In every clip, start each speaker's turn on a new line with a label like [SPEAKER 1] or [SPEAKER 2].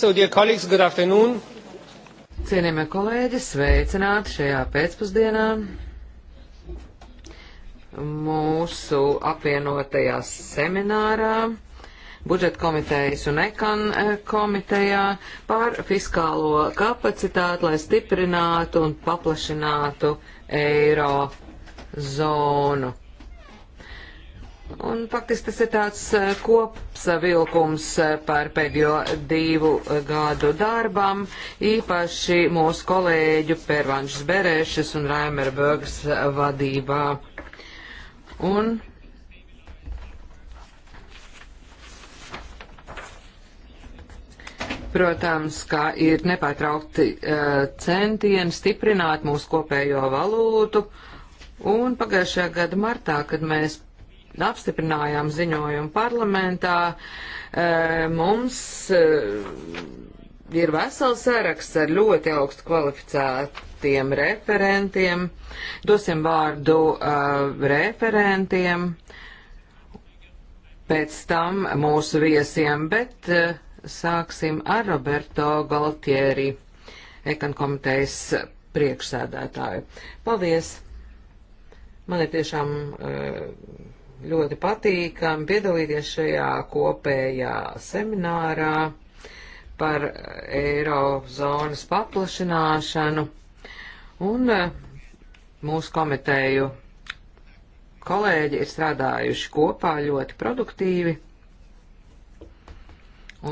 [SPEAKER 1] So, dear colleagues, good afternoon. Cienījamie kolēģi, sveicināti šajā pēcpusdienā mūsu apvienotajā seminārā, budžeta komitejas un ekan e, komitejā par fiskālo kapacitāti, lai stiprinātu un paplašinātu eiro zonu. Un faktiski tas ir tāds eh, kopsavilkums eh, par pēdējo divu eh, gadu darbam, īpaši mūsu kolēģu Pērvanšas Berēšas un Raimerbergas vadībā. Un Protams, kā ir nepārtraukti uh, centieni stiprināt mūsu kopējo valūtu, un pagājušajā gada martā, kad mēs apstiprinājām ziņojumu parlamentā, e, mums e, ir vesels saraksts ar ļoti augstu kvalificētiem referentiem. Dosim vārdu e, referentiem, pēc tam mūsu viesiem, bet sāksim ar Roberto Galtieri, ekonkomitejas priekšsēdētāju. Paldies! Man ir tiešām uh, ļoti patīkami piedalīties šajā kopējā seminārā par Eirozonas paplašināšanu un eh, mūsu komiteju kolēģi ir strādājuši kopā ļoti produktīvi.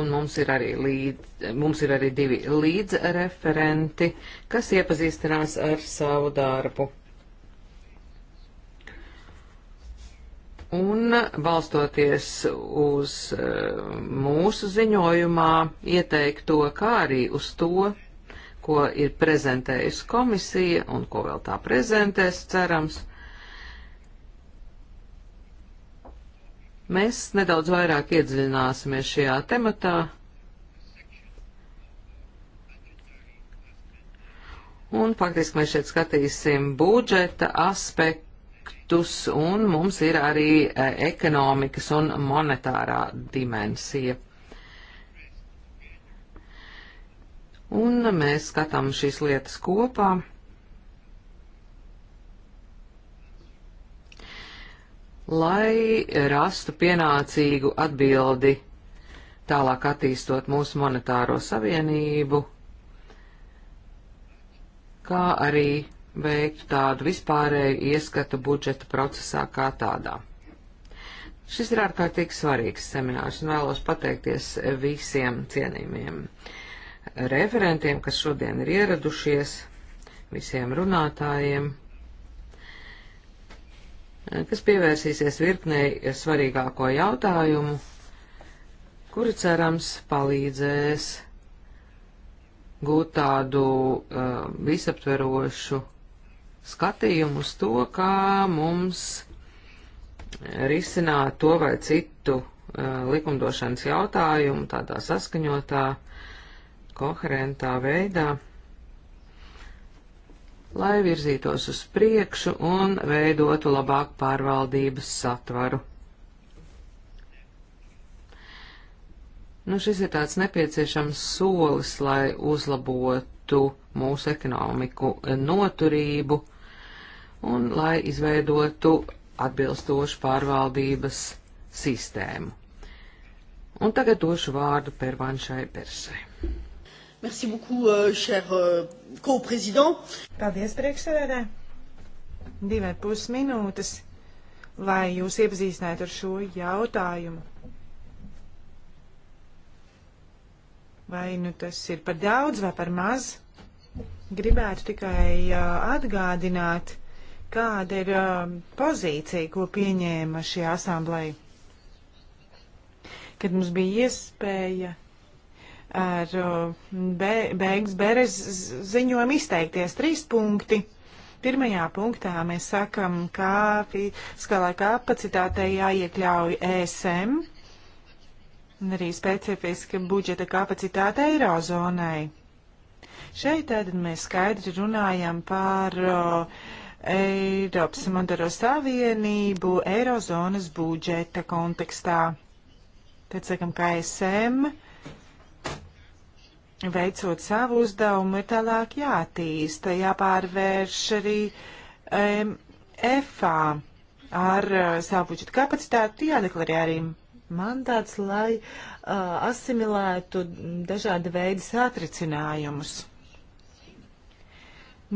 [SPEAKER 1] Un mums ir arī, līdz, mums ir arī divi līdzreferenti, kas iepazīstinās ar savu darbu. Un balstoties uz eh, mūsu ziņojumā ieteikto, kā arī uz to, ko ir prezentējusi komisija un ko vēl tā prezentēs, cerams, mēs nedaudz vairāk iedziļināsimies šajā tematā. Un faktiski mēs šeit skatīsim budžeta aspektu aspektus, un mums ir arī e, ekonomikas un monetārā dimensija. Un mēs skatām šīs lietas kopā. lai rastu pienācīgu atbildi tālāk attīstot mūsu monetāro savienību, kā arī veiktu tādu vispārēju ieskatu budžeta procesā kā tādā. Šis ir ārkārtīgi svarīgs seminārs un vēlos pateikties visiem cienījumiem referentiem, kas šodien ir ieradušies, visiem runātājiem, kas pievērsīsies virknei svarīgāko jautājumu, kuri cerams palīdzēs gūt tādu uh, visaptverošu skatījumu uz to, kā mums risināt to vai citu e, likumdošanas jautājumu tādā saskaņotā, koherentā veidā, lai virzītos uz priekšu un veidotu labāku pārvaldības satvaru. Nu, šis ir tāds nepieciešams solis, lai uzlabotu mūsu ekonomiku noturību un lai izveidotu atbilstošu pārvaldības sistēmu. Un tagad došu vārdu Pervanšai Persai.
[SPEAKER 2] Merci beaucoup, uh, cher uh, co-prezident. Paldies, priekšsēdē. Divai pus minūtes, lai jūs iepazīstinātu ar šo jautājumu. Vai nu tas ir par daudz vai par maz? Gribētu tikai uh, atgādināt, uh, Kāda ir um, pozīcija, ko pieņēma šī asamblēja? Kad mums bija iespēja ar um, be, beigas beres ziņojumu izteikties trīs punkti. Pirmajā punktā mēs sakam, ka fiskalā kapacitātei jāiekļauj ESM un arī specifiska budžeta kapacitāte Eirozonai. Šeit tad mēs skaidri runājam par uh, Eiropas Monetāro Savienību Eirozonas budžeta kontekstā. Tad sakam, ka SM veicot savu uzdevumu ir tālāk jātīsta, jāpārvērš arī um, FA ar uh, savu budžetu kapacitāti, jādeklarē arī mandāts, lai uh, asimilētu dažāda veida satricinājumus.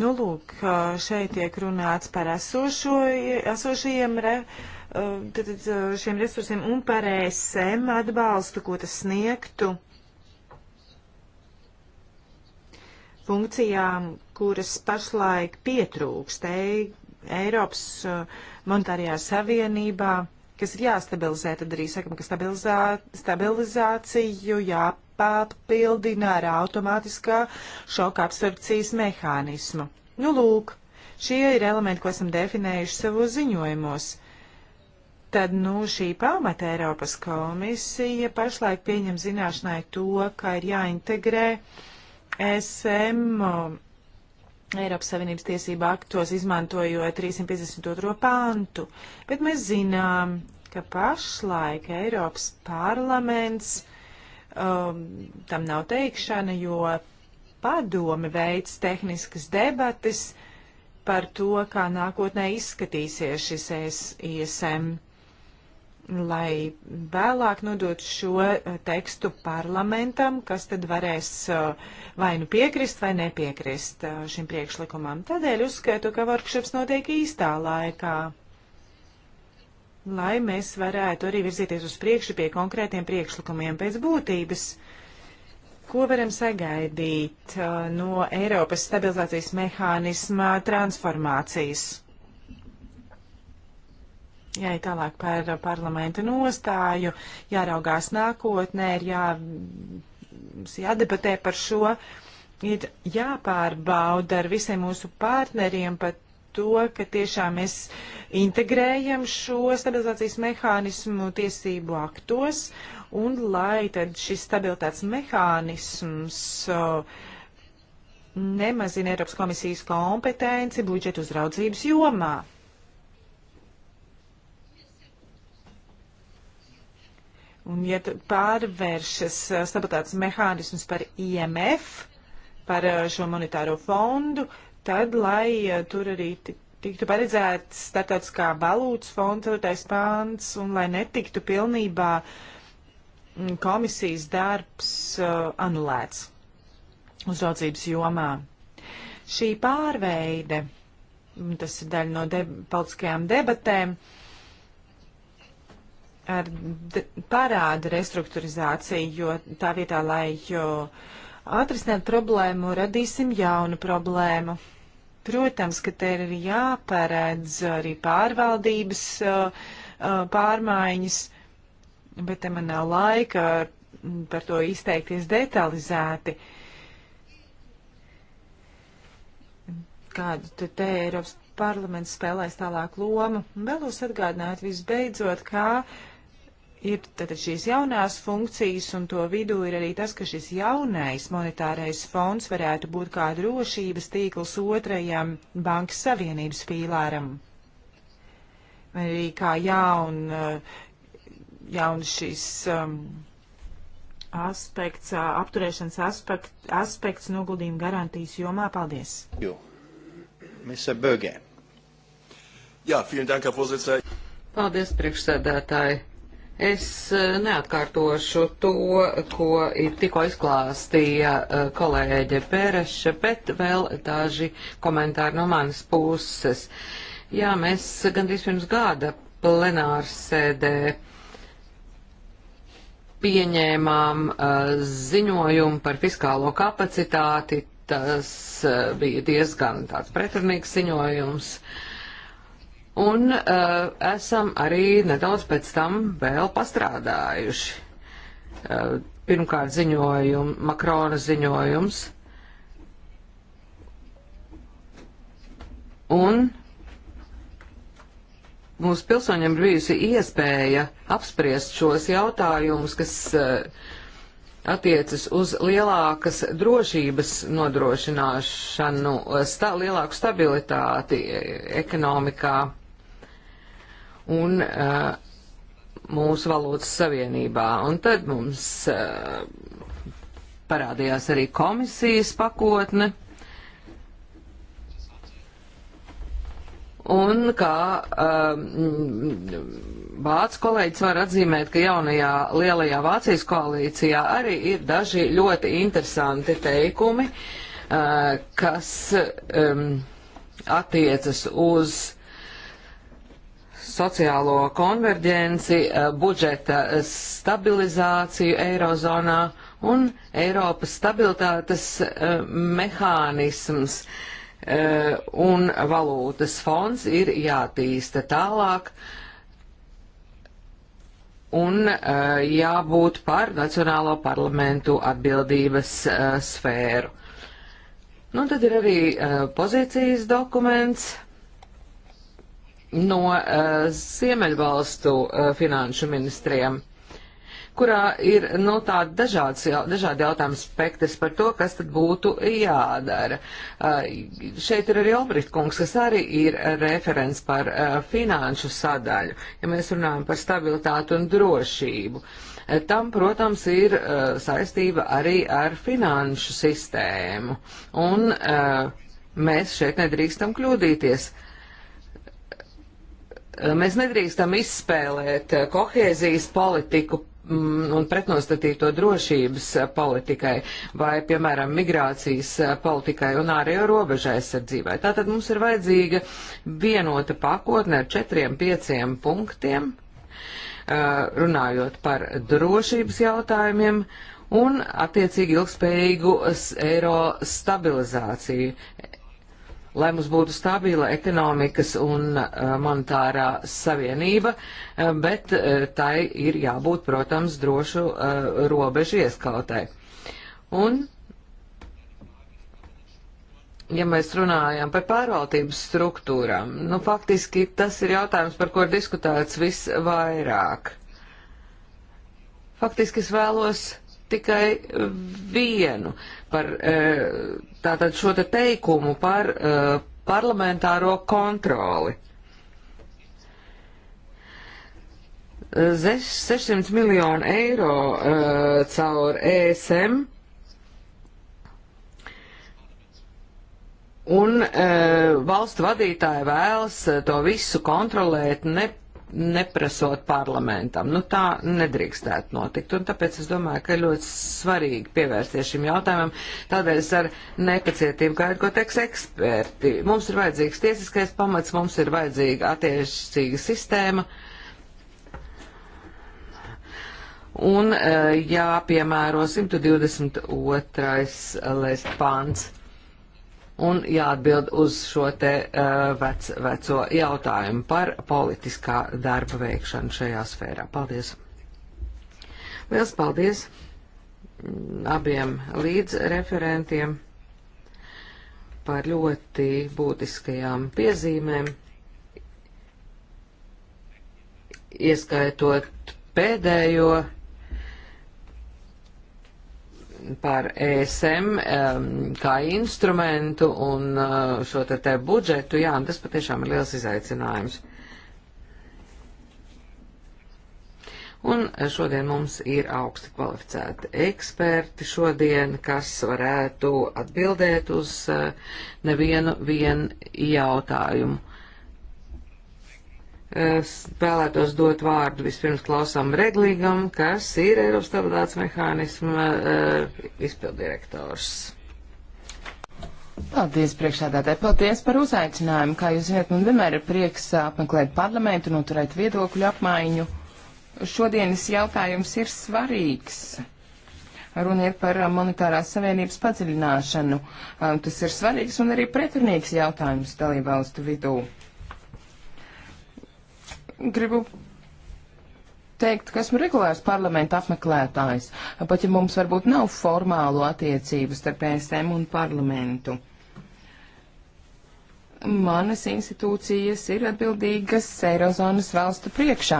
[SPEAKER 2] Nu, lūk, šeit tiek runāts par esošo, esošajiem re, tad, šiem resursiem un par ESM atbalstu, ko tas sniegtu funkcijām, kuras pašlaik pietrūkst Ei, Eiropas monetārajā savienībā. Uh, kas ir jāstabilizē, tad arī sakam, ka stabilizā, stabilizāciju jāpapildina ar automātiskā šoka absorpcijas mehānismu. Nu, lūk, šie ir elementi, ko esam definējuši savos ziņojumos. Tad, nu, šī pamata Eiropas komisija pašlaik pieņem zināšanai to, ka ir jāintegrē SM Eiropas Savienības tiesība aktos izmantojot 352. pantu, bet mēs zinām, ka pašlaik Eiropas parlaments um, tam nav teikšana, jo padomi veids tehniskas debatas par to, kā nākotnē izskatīsies šis ESM. Es lai vēlāk nodot šo eh, tekstu parlamentam, kas tad varēs eh, vai nu piekrist, vai nepiekrist eh, šim priekšlikumam. Tādēļ uzskaitu, ka workshops notiek īstā laikā, lai mēs varētu arī virzīties uz priekšu pie konkrētiem priekšlikumiem pēc būtības. Ko varam sagaidīt no Eiropas stabilizācijas mehānisma transformācijas? Jāi tālāk par parlamenta nostāju, jāraugās nākotnē, ir jā, jādebatē par šo, ir jāpārbauda ar visiem mūsu partneriem pat to, ka tiešām mēs integrējam šo stabilizācijas mehānismu tiesību aktos, un lai tad šis stabilitātes mehānisms nemazina Eiropas komisijas kompetenci budžetu uzraudzības jomā. Un ja pārvēršas eh, stabilitātes mehānisms par IMF, par eh, šo monetāro fondu, tad, lai eh, tur arī tiktu paredzēts startautiskā valūtas fonda ceturtais pāns un lai netiktu pilnībā mm, komisijas darbs anulēts uzraudzības jomā. Šī pārveide, mm, tas ir daļa no de politiskajām debatēm, uh, ar parāda restruktūrizāciju, jo tā vietā, lai atrisinātu problēmu, radīsim jaunu problēmu. Protams, ka te ir jāparedz arī pārvaldības pārmaiņas, bet te man nav laika par to izteikties detalizēti. Kādu te, te Eiropas parlaments spēlēs tālāk lomu? Vēlos atgādināt visbeidzot, kā uh, ir tātad šīs jaunās funkcijas, un to vidū ir arī tas, ka šis jaunais monetārais fonds varētu būt kā drošības tīkls otrajam bankas savienības pīlāram. Vai arī kā jaun, eh, jaun šis um, aspekts, apturēšanas aspekt, aspekts noguldījuma garantijas jomā. Paldies! Mr. Böge. Jā, vielen dank, Herr Vorsitzender. Paldies,
[SPEAKER 1] priekšsēdētāji. Es eh, neatkārtošu to, ko tikko izklāstīja eh, kolēģe Pēreša, bet vēl daži komentāri no manas puses. Jā, mēs gandrīz pirms gada plenārs sēdē pieņēmām uh, ziņojumu par fiskālo kapacitāti. Tas uh, bija diezgan tāds pretrunīgs ziņojums. Uh, Un uh, esam arī nedaudz pēc tam vēl pastrādājuši. Uh, pirmkārt ziņojum, Makrona ziņojums. Un mūsu pilsoņiem ir bijusi iespēja apspriest šos jautājumus, kas uh, attiecas uz lielākas drošības nodrošināšanu, uh, sta lielāku stabilitāti e-, ekonomikā un uh, mūsu valūtas savienībā. Un tad mums uh, parādījās arī komisijas pakotne. Un kā vācu um, kolēģis var atzīmēt, ka jaunajā lielajā Vācijas koalīcijā arī ir daži ļoti interesanti teikumi, uh, kas um, attiecas uz uh, sociālo konverģenci, eh, budžeta stabilizāciju Eirozonā un Eiropas stabilitātes eh, mehānisms eh, un valūtas fonds ir jātīsta tālāk un jābūt par Nacionālo parlamentu atbildības sfēru. Nu, tad ir arī pozīcijas dokuments no uh, Ziemeļvalstu uh, finanšu ministriem kurā ir no nu, tādi dažāds, dažādi jautājumi spektrs par to, kas tad būtu jādara. Uh, šeit ir arī Albrecht kungs, kas arī ir referents par uh, finanšu sadaļu, ja mēs runājam par stabilitātu un drošību. Uh, tam, protams, ir saistība arī ar finanšu sistēmu, un mēs šeit nedrīkstam kļūdīties. Mēs nedrīkstam izspēlēt kohēzijas politiku mm, un pretnostatīt to drošības politikai vai, piemēram, migrācijas politikai un ārējo robežu aizsardzībai. Tātad mums ir vajadzīga vienota pakotne ar četriem, pieciem punktiem, runājot par drošības jautājumiem un attiecīgi ilgspējīgu eiro stabilizāciju, lai mums būtu stabila ekonomikas un uh, monetārā savienība, uh, bet uh, tai ir jābūt, protams, drošu robežu ieskautai. Un, ja mēs runājam par pārvaldības struktūrām, nu, faktiski tas ir jautājums, par ko ir diskutēts visvairāk. Faktiski es vēlos tikai vienu par e, tātad šo te teikumu par e, parlamentāro kontroli. 600 miljonu eiro e, caur ESM un e, valstu vadītāji vēlas to visu kontrolēt ne neprasot parlamentam. Nu, tā nedrīkstētu notikt, un tāpēc es domāju, ka ļoti svarīgi pievērsties šim jautājumam. Tādēļ es ar nepacietību gaidu, ko teiks eksperti. Mums ir vajadzīgs tiesiskais pamats, mums ir vajadzīga attiecīga sistēma. Un eh, jāpiemēro 122. pants un jāatbild uz šo te uh, vec, veco jautājumu par politiskā darba veikšanu šajā sfērā. Paldies! Liels paldies mm, abiem līdzreferentiem par ļoti būtiskajām piezīmēm, ieskaitot pēdējo par ESM um, kā instrumentu un uh, šo te, te budžetu, jā, un tas patiešām ir liels izaicinājums. Un eh, šodien mums ir augsti kvalificēti eksperti šodien, kas varētu atbildēt uz uh, nevienu vien jautājumu vēlētos dot vārdu vispirms klausām Reglīgam, kas ir Eiropas stabilitātes mehānisma eh, izpildirektors.
[SPEAKER 3] Paldies, priekšādātāji, paldies par uzaicinājumu. Kā jūs zināt, man vienmēr ir prieks apmeklēt parlamentu un noturēt viedokļu apmaiņu. Šodienas jautājums ir svarīgs. Runa ir par monetārās savienības padziļināšanu. Um, tas ir svarīgs un arī pretrunīgs jautājums dalībvalstu vidū gribu teikt, ka esmu regulārs parlamenta apmeklētājs, pat ja mums varbūt nav formālu attiecību starp ESM un parlamentu. Manas institūcijas ir atbildīgas Eirozonas valstu priekšā,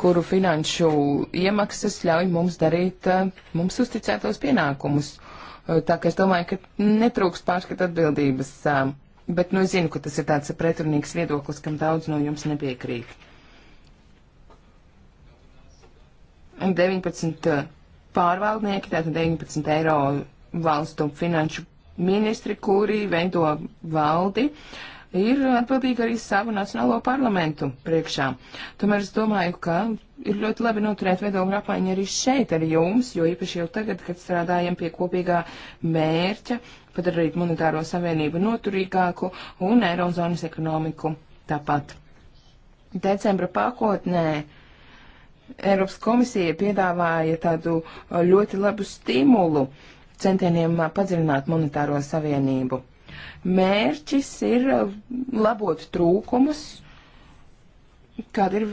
[SPEAKER 3] kuru finanšu iemaksas ļauj mums darīt eh, mums uzticētos pienākumus. Eh, tā ka es domāju, ka netrūks pārskat atbildības, eh, bet nu es zinu, ka tas ir tāds pretrunīgs viedoklis, kam daudz no jums nepiekrīt. 19 eh, pārvaldnieki, tātad 19 eiro valstu finanšu ministri, kuri veido valdi, ir atbildīgi arī savu nacionālo parlamentu priekšā. Tomēr es domāju, ka ir ļoti labi noturēt viedokļu apmaiņu arī šeit ar jums, jo īpaši jau tagad, kad strādājam pie kopīgā mērķa padarīt monetāro savienību noturīgāku un eirozonas ekonomiku tāpat. Decembra pakotnē Eiropas komisija piedāvāja tādu uh, ļoti labu stimulu centieniem uh, padziļināt monetāro savienību. Mērķis ir uh, labot trūkumus, kāda ir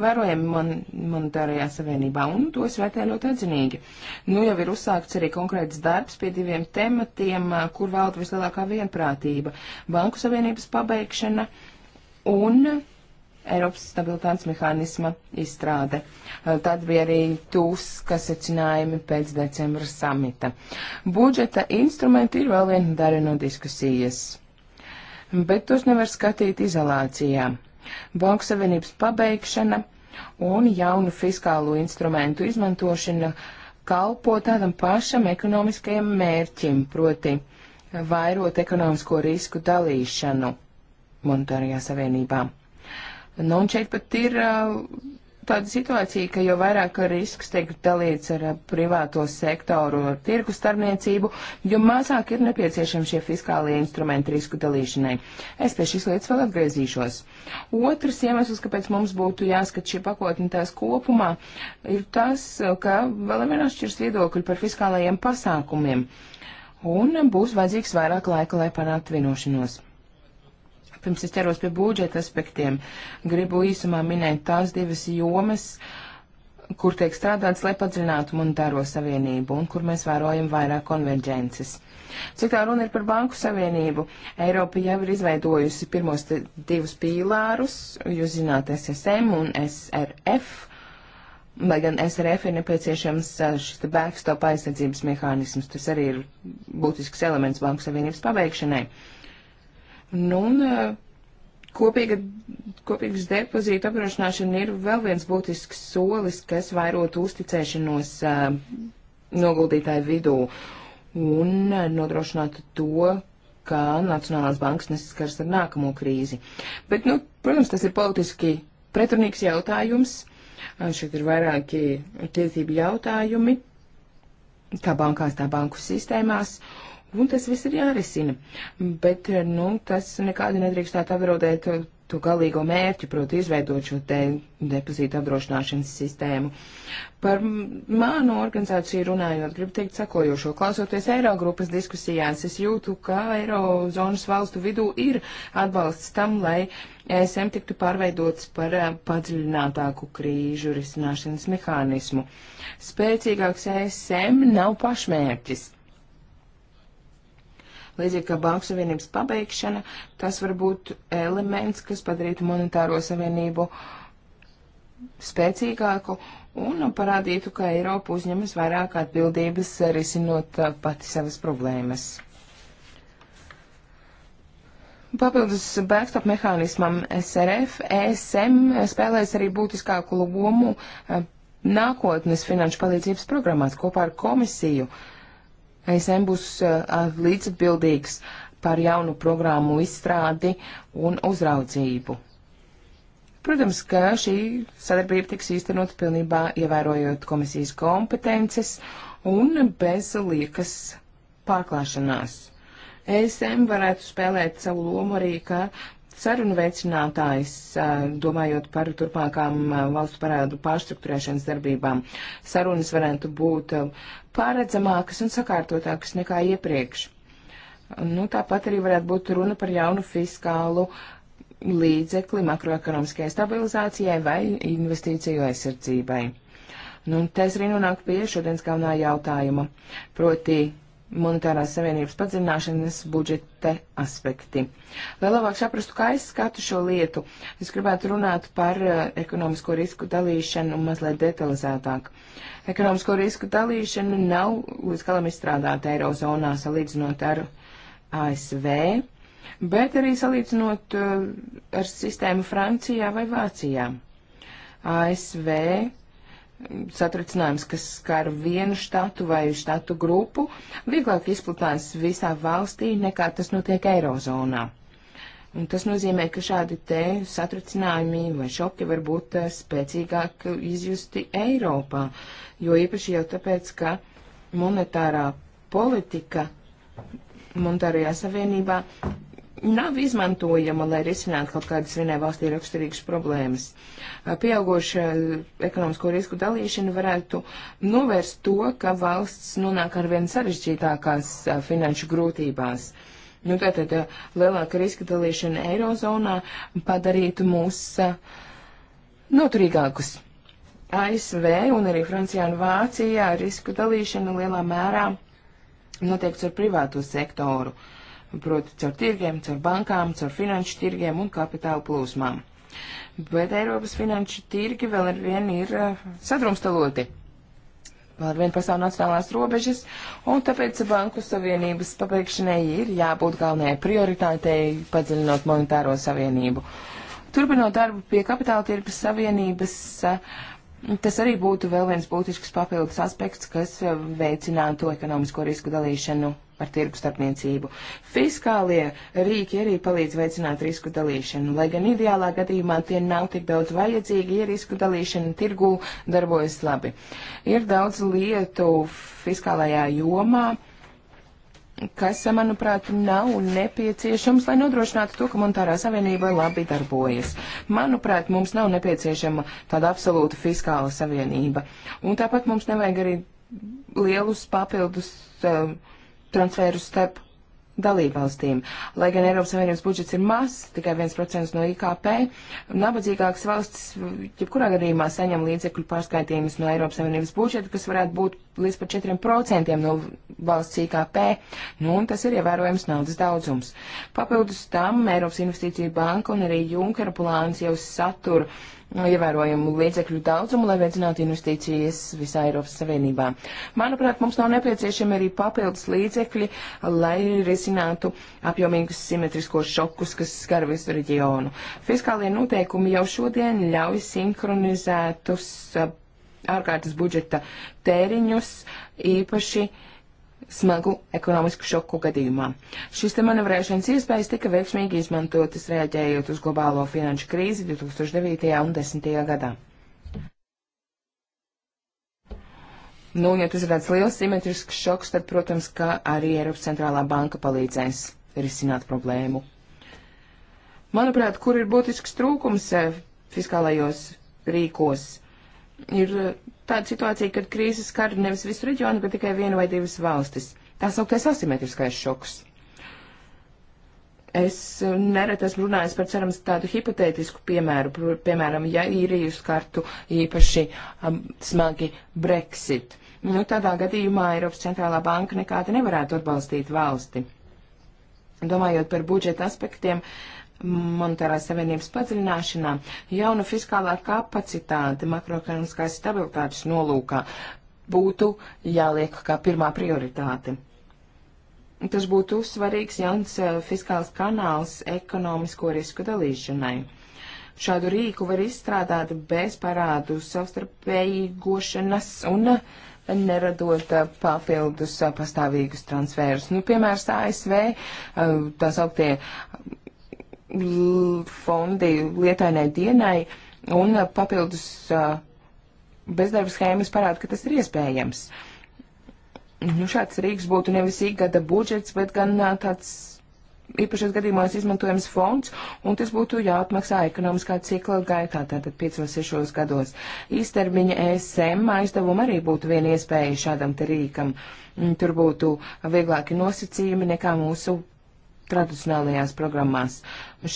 [SPEAKER 3] vērojami man, monetārajā savienībā, un to es vērtēju ļoti atzinīgi. Nu jau ir uzsākts arī konkrēts darbs pie diviem tematiem, kur valda vislielākā vienprātība - banku savienības pabeigšana un Eiropas stabilitātes mehānisma izstrāde. Tad bija arī tūska secinājumi pēc decembra samita. Budžeta instrumenti ir vēl viena daļa no diskusijas, bet tos nevar skatīt izolācijā. Banku savienības pabeigšana un jaunu fiskālo instrumentu izmantošana kalpo tādam pašam ekonomiskajam mērķim, proti vairot ekonomisko risku dalīšanu monetārajā savienībā. Nu, un šeit pat ir uh, tāda situācija, ka jo vairāk risks tiek dalīts ar uh, privāto sektoru, ar tirku starpniecību, jo mazāk ir nepieciešami šie fiskālie instrumenti risku dalīšanai. Es pie šīs lietas vēl atgriezīšos. Otrs iemesls, kāpēc mums būtu jāskat šī pakotne tās kopumā, ir tas, uh, ka vēl ir atšķirs viedokļi par fiskālajiem pasākumiem. Un būs vajadzīgs vairāk laika, lai panāktu vienošanos. Pirms es ķeros pie budžeta aspektiem, gribu īsumā minēt tās divas jomas, kur tiek strādāts, lai padziļinātu monetāro savienību un kur mēs vērojam vairāk konverģences. Cik tā runa ir par banku savienību, Eiropa jau ir izveidojusi pirmos divus pīlārus, jūs zināt, SSM un SRF. Lai gan SRF ir nepieciešams šis backstop aizsardzības mehānisms, tas arī ir būtisks elements banku savienības pabeigšanai. Uh, Nu, un eh, kopīga, kopīgas depozīta apdrošināšana ir vēl viens būtisks solis, kas vairot uzticēšanos eh, noguldītāju vidū un eh, nodrošinātu to, ka Nacionālās bankas nesaskars ar nākamo krīzi. Bet, nu, protams, tas ir politiski pretrunīgs jautājums. Šeit ir vairāki tiesību jautājumi, kā bankās, tā banku sistēmās un tas viss ir jārisina. Bet, eh, nu, tas nekādi nedrīkst tā apdraudēt eh, to galīgo mērķi, proti, izveidot šo te depozītu apdrošināšanas sistēmu. Par mānu organizāciju runājot, gribu teikt sekojošo. Klausoties Eirogrupas diskusijās, es jūtu, ka Eirozonas valstu vidū ir atbalsts tam, lai ESM tiktu pārveidots par eh, padziļinātāku krīžu risināšanas mehānismu. Spēcīgāks ESM nav pašmērķis Līdzīgi kā Banku Savienības pabeigšana, tas var būt elements, kas padarītu monetāro savienību spēcīgāku un parādītu, ka Eiropa uzņemas vairāk atbildības risinot uh, pati savas problēmas. Papildus backstop mehānismam SRF, ESM spēlēs arī būtiskāku lomu uh, nākotnes finanšu palīdzības programmās kopā ar komisiju. Uh, ESM būs eh, līdzatbildīgs par jaunu programmu izstrādi un uzraudzību. Protams, ka šī sadarbība tiks īstenot pilnībā ievērojot komisijas kompetences un bez liekas pārklāšanās. ESM varētu spēlēt savu lomu arī kā sarunu veicinātājs, domājot par turpmākām valstu parādu pārstruktūrēšanas darbībām. Sarunas varētu būt pārredzamākas un sakārtotākas nekā iepriekš. Nu, tāpat arī varētu būt runa par jaunu fiskālu līdzekli makroekonomiskajai stabilizācijai vai investīciju aizsardzībai. Nu, un te es arī nonāku pie šodienas galvenā jautājuma, proti monetārās savienības padziļināšanas budžeta aspekti. Lai labāk saprastu, kā es skatu šo lietu, es gribētu runāt par eh, ekonomisko risku dalīšanu mazliet detalizētāk. Ekonomisko risku dalīšana nav līdz galam izstrādāta Eirozonā salīdzinot ar ASV, bet arī salīdzinot eh, ar sistēmu Francijā vai Vācijā. ASV satricinājums, kas skar vienu štatu vai štatu grupu, vieglāk izplatās visā valstī nekā tas notiek Eirozonā. Un tas nozīmē, ka šādi te satricinājumi vai šoki var būt eh, spēcīgāk izjusti Eiropā, jo īpaši jau tāpēc, ka monetārā politika monetārajā savienībā nav izmantojama, lai risinātu kaut kādas vienai valstī raksturīgas problēmas. Pieaugoša ekonomisko risku dalīšana varētu novērst to, ka valsts nonāk ar vien sarežģītākās finanšu grūtībās. Nu, tātad lielāka riska dalīšana Eirozonā padarītu mūs noturīgākus. ASV un arī Francijā un Vācijā risku dalīšana lielā mērā notiek ar privāto sektoru. Uh, proti caur tirgiem, caur bankām, caur finanšu tirgiem un kapitāla plūsmām. Bet Eiropas finanšu tirgi vēl ar vienu ir uh, sadrumstaloti. Vēl ar vienu pastāv nacionālās robežas, un tāpēc Banku Savienības pabeigšanai ir jābūt galvenajai prioritātei padziļinot monetāro savienību. Turpinot darbu pie kapitāla tirgus savienības, uh, Tas arī būtu vēl viens būtisks papildus aspekts, kas eh, veicinātu ekonomisko risku dalīšanu par tirgu starpniecību. Fiskālie rīki arī palīdz veicināt risku dalīšanu, lai gan ideālā gadījumā tie nav tik daudz vajadzīgi, ja risku dalīšana tirgu darbojas labi. Ir daudz lietu fiskālajā jomā kas, manuprāt, nav nepieciešams, lai nodrošinātu to, ka monetārā savienība labi darbojas. Manuprāt, mums nav nepieciešama tāda absolūta fiskāla savienība. Un tāpat mums nevajag arī lielus papildus uh, transferus starp dalībvalstīm. Lai gan Eiropas Savienības budžets ir mazs, tikai 1% no IKP, nabadzīgākas valstis jebkurā gadījumā saņem līdzekļu pārskaitījumus no Eiropas Savienības budžeta, kas varētu būt līdz pat 4% no valsts IKP, nu un tas ir ievērojams naudas daudzums. Papildus tam Eiropas Investīcija banka un arī Junkera plāns jau satura Nu, ievērojumu līdzekļu daudzumu, lai veicinātu investīcijas visā Eiropas Savienībā. Manuprāt, mums nav nepieciešami arī papildus līdzekļi, lai risinātu apjomīgus simetriskos šokus, kas skar visu reģionu. Fiskālie noteikumi jau šodien ļauj sinhronizētus uh, ārkārtas budžeta tēriņus īpaši uh, smagu ekonomisku šoku gadījumā. Šis te manevrēšanas iespējas tika veiksmīgi izmantotas reaģējot uz globālo finanšu krīzi 2009. un 2010. gadā. Nu, ja tas ir tāds liels simetrisks šoks, tad, protams, ka arī Eiropas centrālā banka palīdzēs risināt problēmu. Manuprāt, kur ir būtisks trūkums eh, fiskālajos rīkos ir eh, tāda situācija, kad krīzes skar nevis visu reģionu, bet tikai vienu vai divas valstis. Tā sauktais asimetriskais šoks. Es eh, nereti esmu runājis par cerams tādu hipotētisku piemēru, piemēram, ja īriju skartu īpaši um, smagi Brexit. Nu, tādā gadījumā Eiropas centrālā banka nekādi nevarētu atbalstīt valsti. Domājot par budžeta aspektiem, uh, monetārās savienības padziļināšanā, jauna fiskālā kapacitāte makroekonomiskās stabilitātes nolūkā būtu jāliek kā pirmā prioritāte. Tas būtu svarīgs jauns eh, fiskāls kanāls ekonomisko risku dalīšanai. Šādu rīku var izstrādāt bez parādu savstarpējīgošanas un neradot eh, papildus eh, pastāvīgus transferus. Nu, piemērs ASV, tās augtie fondi lietainai dienai un papildus uh, bezdarba schēmas parāda, ka tas ir iespējams. Nu, šāds rīks būtu nevis ikgada budžets, bet gan uh, tāds īpašos gadījumos izmantojams fonds, un tas būtu jāatmaksā ekonomiskā cikla gaitā, tātad 5-6 gados. Īstermiņa ESM aizdevuma arī būtu viena iespēja šādam te rīkam. Mm, tur būtu vieglāki nosacījumi nekā mūsu tradicionālajās programmās.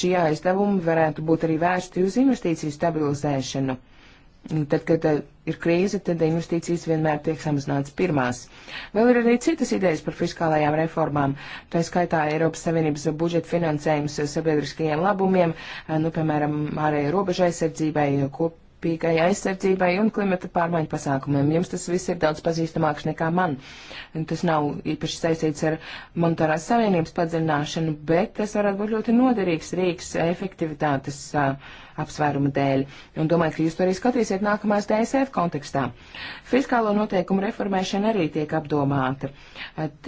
[SPEAKER 3] Šie aizdevumi varētu būt arī vērsti uz investīciju stabilizēšanu. Tad, kad eh, ir krīze, tad investīcijas vienmēr tiek samazināts pirmās. Vēl ir arī citas idejas par fiskālajām reformām. Tā skaitā Eiropas Savienības budžeta finansējums sabiedriskajiem labumiem, eh, nu, piemēram, ārēja robeža aizsardzībai, eh, kop, ilgspējīgai aizsardzībai un klimata pārmaiņu pasākumiem. Jums tas viss ir daudz pazīstamāks nekā man. Tas nav īpaši saistīts ar monetārās savienības padziļināšanu, bet tas varētu būt ļoti noderīgs rīks efektivitātes. Uh, apsvērumu dēļ, un domāju, ka jūs to arī skatīsiet nākamās DSF kontekstā. Fiskālo noteikumu reformēšana arī tiek apdomāta.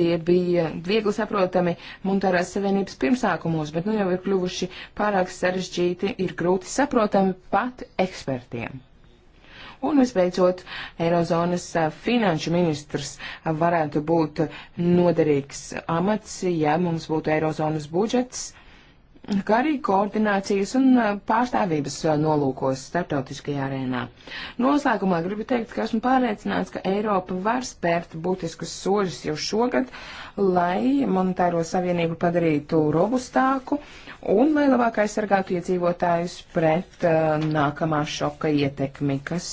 [SPEAKER 3] Tie bija viegli saprotami monetārās savienības pirmsākumos, bet nu jau ir kļuvuši pārāk sarežģīti, ir grūti saprotami pat ekspertiem. Un visbeidzot, Eirozonas finanšu ministrs varētu būt noderīgs amats, ja mums būtu Eirozonas budžets kā arī koordinācijas un eh, pārstāvības eh, nolūkos starptautiskajā arēnā. Noslēgumā gribu teikt, ka esmu pārliecināts, ka Eiropa var spērt būtiskus soļus jau šogad, lai monetāro savienību padarītu robustāku un lai labāk aizsargātu iedzīvotājus pret uh, nākamā šoka ietekmi, kas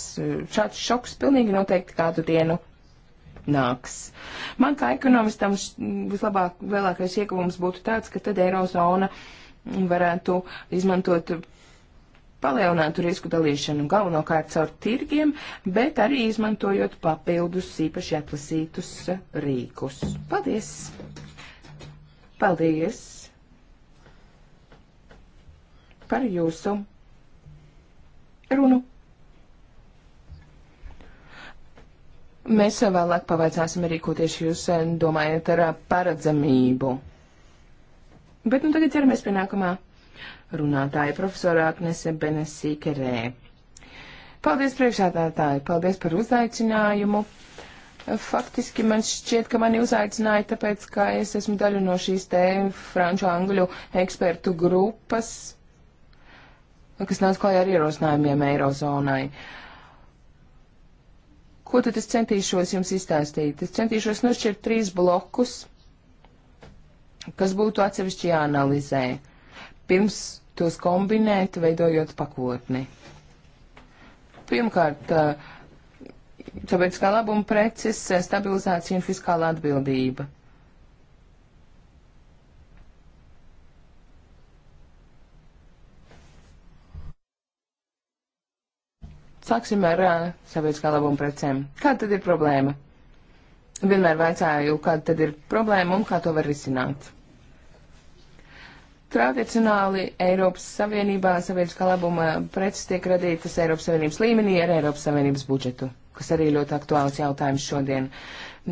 [SPEAKER 3] šāds šoks pilnīgi noteikti kādu dienu nāks. Man kā ekonomistam vislabāk vēlākais ieguvums būtu tāds, ka tad Eirozona uh, varētu izmantot palielinātu risku dalīšanu galvenokārt caur tirgiem, bet arī izmantojot papildus īpaši atlasītus rīkus. Paldies! Paldies par jūsu runu! Mēs vēlāk pavaicāsim arī, ko tieši jūs eh, domājat ar eh, paredzamību. Bet nu tagad ķeramies pie nākamā runātāja profesorā Agnese Benesīkerē. Paldies priekšādātāji, paldies par uzaicinājumu. Faktiski man šķiet, ka mani uzaicināja, tāpēc, ka es esmu daļa no šīs te franču angļu ekspertu grupas, kas nāca klājā ar ierosinājumiem Eirozonai. Ko tad es centīšos jums izstāstīt? Es centīšos nošķirt trīs blokus kas būtu atsevišķi jāanalizē, pirms tos kombinēt, veidojot pakotni. Pirmkārt, tāpēc kā labuma preces, stabilizācija un fiskāla atbildība. Sāksim ar sabiedriskā labuma precēm. Kā tad ir problēma? vienmēr vaicāju, kāda tad ir problēma un kā to var risināt. Tradicionāli Eiropas Savienībā sabiedriskā labuma preces tiek radītas Eiropas Savienības līmenī ar Eiropas Savienības budžetu, kas arī ļoti aktuāls jautājums šodien.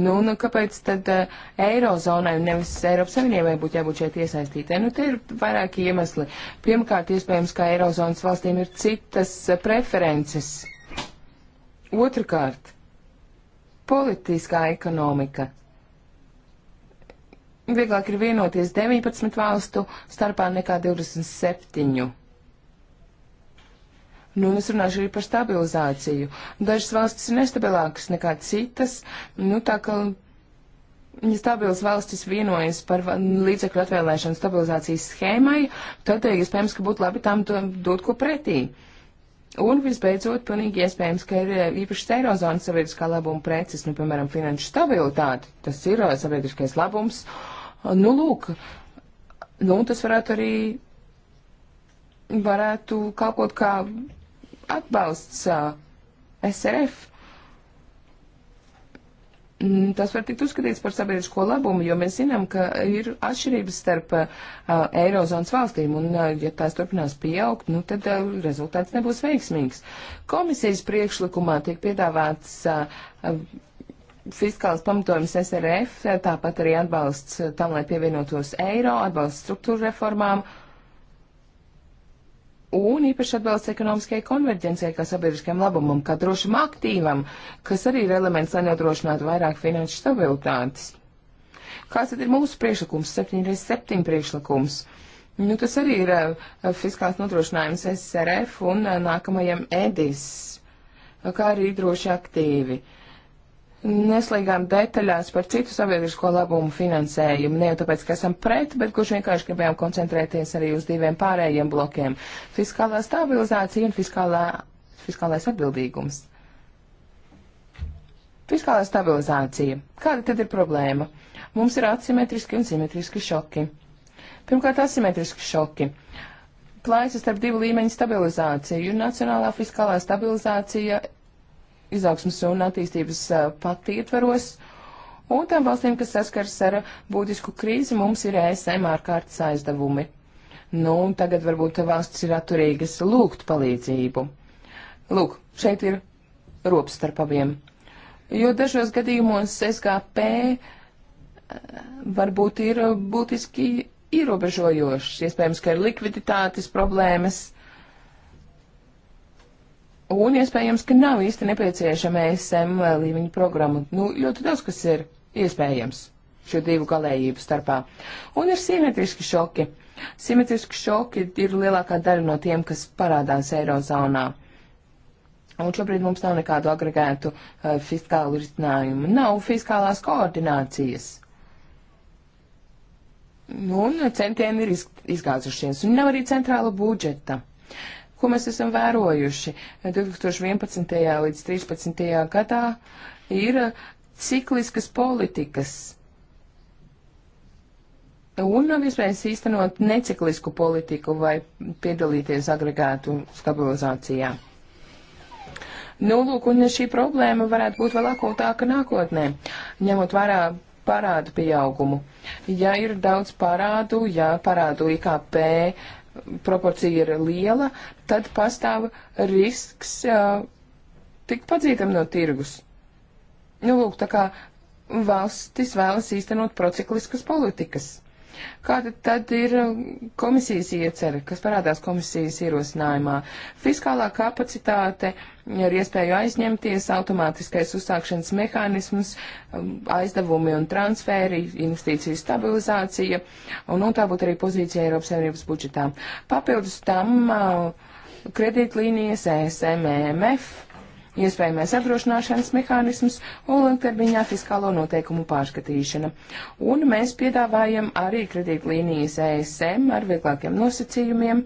[SPEAKER 3] Nu, nu kāpēc tad uh, Eirozonai un nevis Eiropas Savienībai būtu jābūt šeit iesaistītē? Nu, te ir vairāki iemesli. Pirmkārt, iespējams, ka Eirozonas valstīm ir citas eh, preferences. Otrakārt, politiskā ekonomika. Vieglāk ir vienoties 19 valstu starpā nekā 27. Nu, un es runāšu arī par stabilizāciju. Dažas valstis ir nestabilākas nekā citas, nu tā ka ja stabilas valstis vienojas par līdzekļu atvēlēšanu stabilizācijas schēmai, tad eh, iespējams, ja ka būtu labi tam dot ko pretī. Uh, Un visbeidzot, pilnīgi iespējams, ka ir e, īpašas eirozonas sabiedriskā labuma preces, nu, piemēram, finanšu stabilitāte, tas ir e, sabiedriskais labums. Nu, lūk, nu, tas varētu arī, varētu kalpot kā atbalsts e, SRF. Mm, tas var tikt uzskatīts par sabiedrisko labumu, jo mēs zinām, ka ir atšķirības starp uh, Eirozonas valstīm, un uh, ja tās turpinās pieaugt, nu, tad uh, rezultāts nebūs veiksmīgs. Komisijas priekšlikumā tiek piedāvāts uh, fiskāls pamatojums SRF, tāpat arī atbalsts uh, tam, lai pievienotos eiro, atbalsts struktūra reformām. Uh, un īpaši atbalsts ekonomiskajai konverģencijai kā sabiedriskajam labumam, kā drošam aktīvam, kas arī ir elements, lai nodrošinātu vairāk finanšu stabilitātes. Kāds tad ir mūsu priekšlikums, 7x7 priekšlikums? Nu, tas arī ir uh, fiskāls nodrošinājums SRF un uh, nākamajam EDIS, kā arī droši aktīvi. Uh, neslīgām detaļās par citu sabiedrisko labumu finansējumu. Ne jau tāpēc, ka esam pret, bet kurš vienkārši gribējām koncentrēties arī uz diviem pārējiem blokiem - fiskālā stabilizācija un fiskālā, fiskālais atbildīgums. Fiskālā stabilizācija. Kāda tad ir problēma? Mums ir asimetriski un simetriski šoki. Pirmkārt, asimetriski šoki. Plaisas starp divu līmeņu stabilizāciju. Nacionālā fiskālā stabilizācija izaugsmas un attīstības eh, pati ietveros. Un tām valstīm, kas saskars ar būtisku krīzi, mums ir ESM ārkārtas aizdevumi. Nu, un tagad varbūt valsts ir atturīgas lūgt palīdzību. Lūk, šeit ir rops starp abiem. Jo dažos gadījumos SKP eh, varbūt ir būtiski ierobežojošs. Iespējams, ka ir likviditātes problēmas Un iespējams, ka nav īsti nepieciešama ESM līmeņa programma. Nu, ļoti daudz, kas ir iespējams šo divu galējību starpā. Un ir simetriski šoki. Simetriski šoki ir lielākā daļa no tiem, kas parādās Eirozonā. Un šobrīd mums nav nekādu agregētu uh, fiskālu risinājumu. Nav fiskālās koordinācijas. Nu, un centieni ir izgāzušies. Un nav arī centrāla budžeta. Uh, Ko mēs esam vērojuši? 2011. līdz 2013. gadā ir cikliskas politikas. Un nav iespējams īstenot neciklisku politiku vai piedalīties agregātu stabilizācijā. Nu, lūk, un šī problēma varētu būt vēl akūtāka nākotnē, ņemot vērā parādu pieaugumu. Ja ir daudz parādu, ja parādu IKP proporcija ir liela, tad pastāv risks uh, tikt padzītam no tirgus. Nu, lūk, tā kā valstis vēlas īstenot procikliskas politikas. Kāda tad ir um, komisijas iecerē, kas parādās komisijas ierosinājumā? Fiskālā kapacitāte ar iespēju aizņemties, automātiskais uzsākšanas mehānisms, um, aizdevumi un transferi, investīciju stabilizācija, un, un tā būtu arī pozīcija Eiropas Savienības budžetā. Papildus tam uh, kredītlīnijas ESMMF e iespējamais apdrošināšanas mehānisms un ilgtermiņā fiskālo noteikumu pārskatīšana. Un mēs piedāvājam arī kredītlīnijas ESM ar vieglākiem nosacījumiem.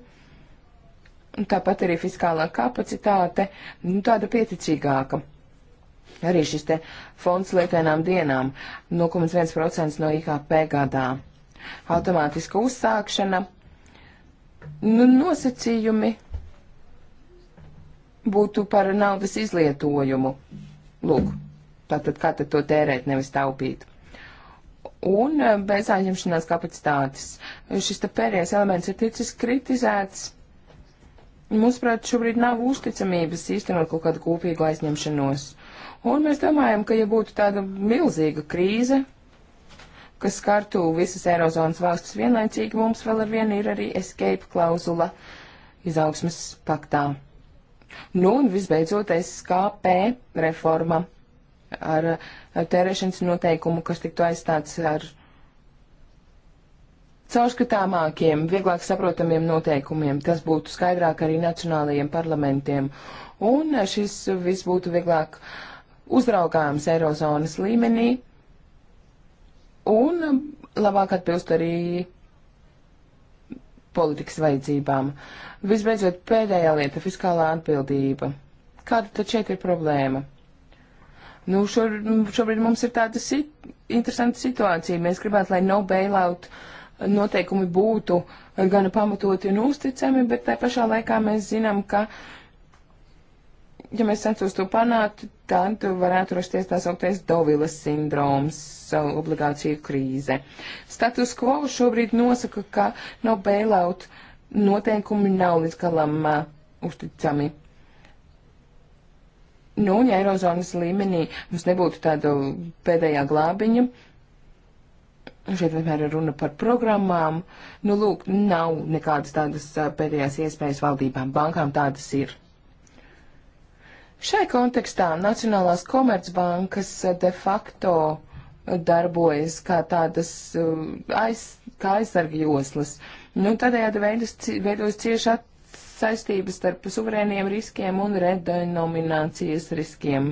[SPEAKER 3] Tāpat arī fiskālā kapacitāte nu, tāda pieticīgāka. Arī šis te fonds lietainām dienām 0,1% no IKP gadā. Automātiska uzsākšana, nu, nosacījumi būtu par naudas izlietojumu. Lūk, tātad kā tad to tērēt, nevis taupīt. Un e, bez aizņemšanās kapacitātes. Šis te pēdējais elements ir ticis kritizēts. Mūsuprāt, šobrīd nav uzticamības īstenot kaut kādu kopīgu aizņemšanos. Un mēs domājam, ka ja būtu tāda milzīga krīze, kas skartu visas Eirozonas valstis vienlaicīgi, mums vēl ar vienu ir arī escape klauzula izaugsmas paktā. Nu un visbeidzot SKP reforma ar, ar tērēšanas noteikumu, kas tiktu aizstāts ar caurskatāmākiem, vieglāk saprotamiem noteikumiem. Tas būtu skaidrāk arī nacionālajiem parlamentiem. Un šis viss būtu vieglāk uzraugāms Eirozonas līmenī un labāk atbilst arī politikas vajadzībām. Visbeidzot, pēdējā lieta - fiskālā atbildība. Kāda tad šeit ir problēma? Nu, šor, šobrīd mums ir tāda sit, interesanta situācija. Mēs gribētu, lai no bailout noteikumi būtu gana pamatoti un uzticami, bet tai pašā laikā mēs zinām, ka uh, ja mēs centos to panākt, tad varētu rasties tā sauktais Dovilas sindroms, obligāciju krīze. Status quo šobrīd nosaka, ka no bailout noteikumi nav līdz galam uh, uzticami. Nu, un ja Eirozonas līmenī mums nebūtu tāda pēdējā glābiņa, šeit vienmēr ir runa par programmām, nu, lūk, nav nekādas tādas pēdējās iespējas valdībām, bankām tādas ir. Šai kontekstā Nacionālās komercbankas eh, de facto eh, darbojas kā tādas eh, aiz, kā aizsarga joslas. Nu, tādējādi veidojas cieši saistības starp suverēniem riskiem un redenominācijas riskiem,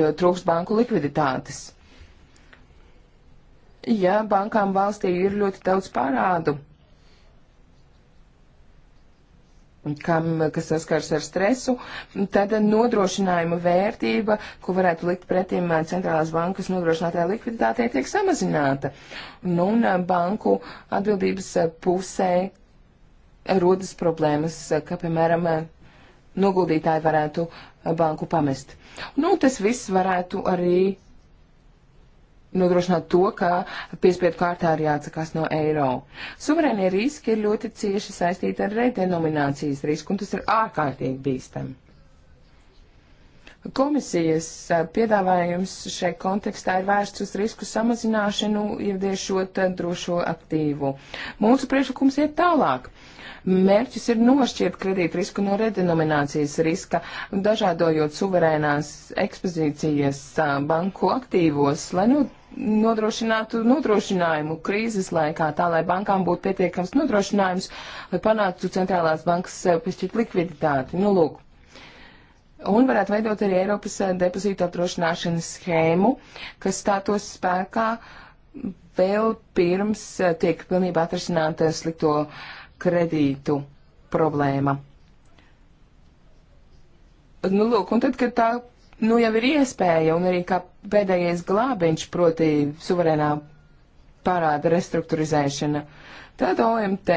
[SPEAKER 3] jo trūks banku likviditātes. Ja bankām valstī ir ļoti daudz parādu, kam, kas saskars ar stresu, tad nodrošinājuma vērtība, ko varētu likt pretim centrālās bankas nodrošinātajā likviditātē, tiek samazināta. Nu, un banku atbildības pusē rodas problēmas, ka, piemēram, noguldītāji varētu banku pamest. Nu, tas viss varētu arī nodrošināt to, ka piespiedu kārtā ir jāatsakās no eiro. Suverēnie riski ir ļoti cieši saistīti ar redenominācijas risku, un tas ir ārkārtīgi bīstami. Komisijas eh, piedāvājums šai kontekstā ir vērsts uz risku samazināšanu, ieviešot eh, drošo aktīvu. Mūsu priekšlikums iet tālāk. Mērķis ir nošķirt kredīt risku no redenominācijas riska, dažādojot suverēnās ekspozīcijas eh, banku aktīvos, lai nu nodrošinātu nodrošinājumu krīzes laikā, tā lai bankām būtu pietiekams nodrošinājums, lai panāktu centrālās bankas piešķirt likviditāti. Nu, lūk. Un varētu veidot arī Eiropas depozītu apdrošināšanas schēmu, kas stātos spēkā vēl pirms tiek pilnībā atrasināta slikto kredītu problēma. Nu, lūk, un tad, kad tā nu jau ir iespēja un arī kā pēdējais glābiņš, proti suverēnā parāda restruktūrizēšana, tad OMT,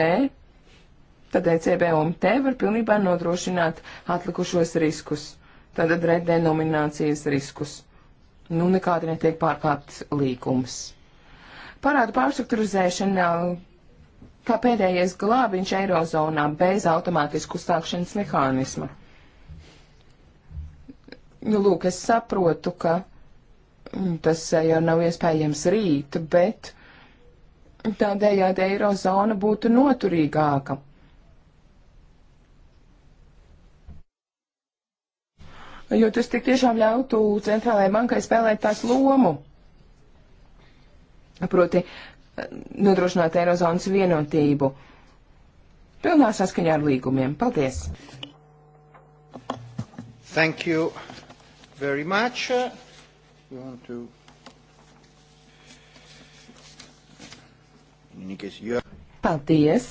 [SPEAKER 3] tad ECB OMT var pilnībā nodrošināt atlikušos riskus, tātad redenominācijas riskus. Nu, nekādi netiek pārkāpts līkums. Parāda pārstruktūrizēšana kā pēdējais glābiņš Eirozonā bez automātisku stākšanas mehānisma. Nu, lūk, es saprotu, ka mm, tas eh, jau nav iespējams rīt, bet tādējādi eirozona būtu noturīgāka. Jo tas tik tiešām ļautu centrālajai bankai spēlēt tās lomu. Proti, eh, nodrošināt eirozonas vienotību. Pilnā saskaņā ar līgumiem. Paldies!
[SPEAKER 2] Thank you very much. Uh, you want to... Paldies!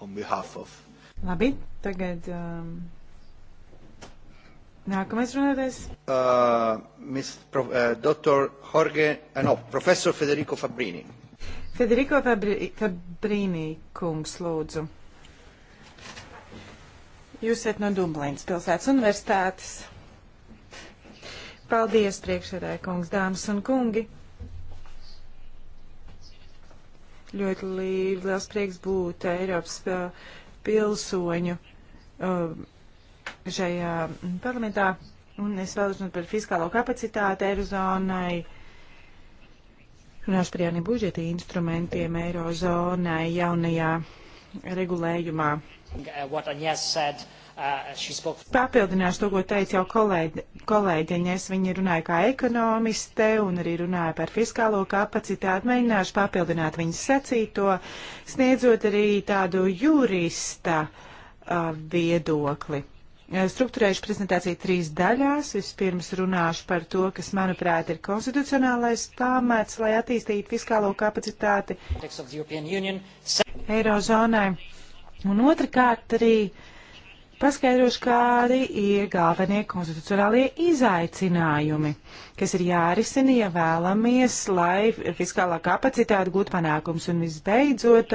[SPEAKER 2] On behalf of. Labi, tagad um, nākamais runātājs. Uh, Mr. Pro, uh, Dr. Jorge, uh, no, Professor Federico Fabrini. Federico Fabri Fabrini kungs, lūdzu. Jūs esat no Dumblīnas pilsētas universitātes. Paldies, priekšsēdētāji kungs, dāmas un kungi. Ļoti liels prieks būt Eiropas uh, pilsoņu uh, šajā parlamentā. Un es vēlos runāt par fiskālo kapacitāti Eirozonai. Runāšu par jauniem budžeta instrumentiem Eirozonai jaunajā regulējumā. Uh, uh, Papildināšu to, ko teica jau kolēģi, kolēģiņas. Viņa runāja kā ekonomiste un arī runāja par fiskālo kapacitāti. Mēģināšu papildināt viņas sacīto, sniedzot arī tādu jurista uh, viedokli. Uh, struktūrēšu prezentāciju trīs daļās. Vispirms runāšu par to, kas, manuprāt, ir konstitucionālais pamats, lai attīstītu fiskālo kapacitāti Eirozonai. Un otrkārt arī paskaidrošu, kādi ir galvenie konstitucionālie izaicinājumi, kas ir jārisina, ja vēlamies, lai fiskālā kapacitāte gūtu panākums. Un visbeidzot,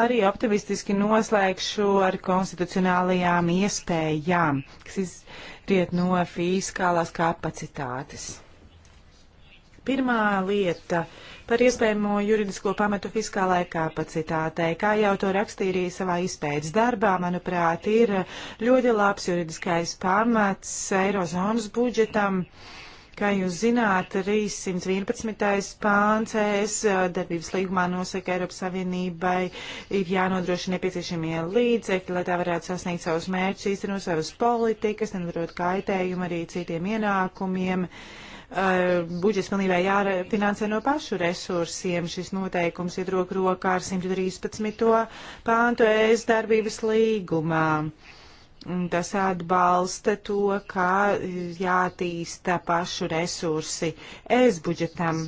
[SPEAKER 2] arī optimistiski noslēgšu ar konstitucionālajām iespējām, kas izriet no fiskālās kapacitātes. Pirmā lieta par iespējamo juridisko pamatu fiskālai kapacitātei. Kā jau to rakstīja arī savā izpējas darbā, manuprāt, ir ļoti labs juridiskais pamats Eirozonas budžetam. Kā jūs zināt, 311. pāns ES eh, darbības līgumā nosaka Eiropas Savienībai ir jānodrošina nepieciešamie līdzekļi, lai tā varētu sasniegt savus mērķus, īstenot savas politikas, nedarot kaitējumu arī citiem ienākumiem. Uh, Eh, budžets pilnībā jāfinansē no pašu resursiem. Šis noteikums iet roku rokā ar 113. pāntu ES darbības līgumā. Tas atbalsta to, kā jātīsta pašu resursi ES budžetam.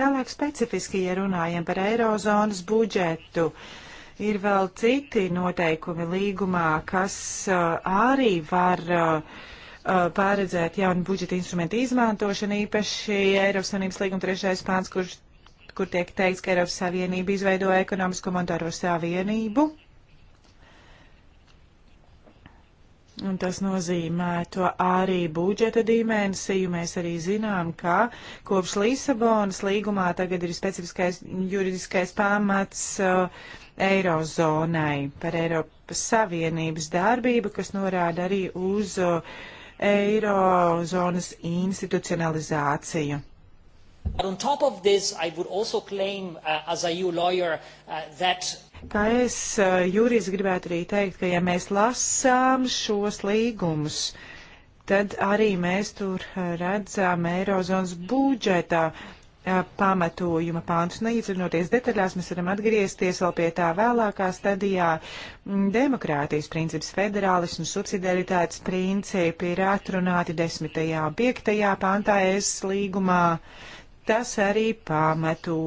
[SPEAKER 2] Tālāk specifiski, ja runājam par eirozonas budžetu, ir vēl citi noteikumi līgumā, kas uh, arī var uh, Uh, pārredzēt jaunu budžeta instrumentu izmantošanu, īpaši Eiropas Savienības līguma trešais pāns, kur, kur tiek teikts, ka Eiropas Savienība izveido ekonomisko monetāro savienību. Un tas nozīmē to arī budžeta dimensiju. Mēs arī zinām, ka kopš Lisabonas līgumā tagad ir specifiskais juridiskais pamats uh, Eirozonai par Eiropas Savienības darbību, kas norāda arī uz uh, eirozonas institucionalizāciju.
[SPEAKER 1] But on top of this, I would also claim, uh, as a EU lawyer, uh, that
[SPEAKER 2] Kā es, uh, Jūrijas, gribētu arī teikt, ka ja mēs lasām šos līgumus, tad arī mēs tur uh, redzam Eirozonas budžetā Eh, pamatojuma pāns. Neiedziļinoties detaļās, mēs varam atgriezties vēl pie tā vēlākā stadijā. Mm, Demokrātijas princips, federālisms un subsidiaritātes principi ir atrunāti 10. un 5. pāntā es līgumā. Tas arī pamato,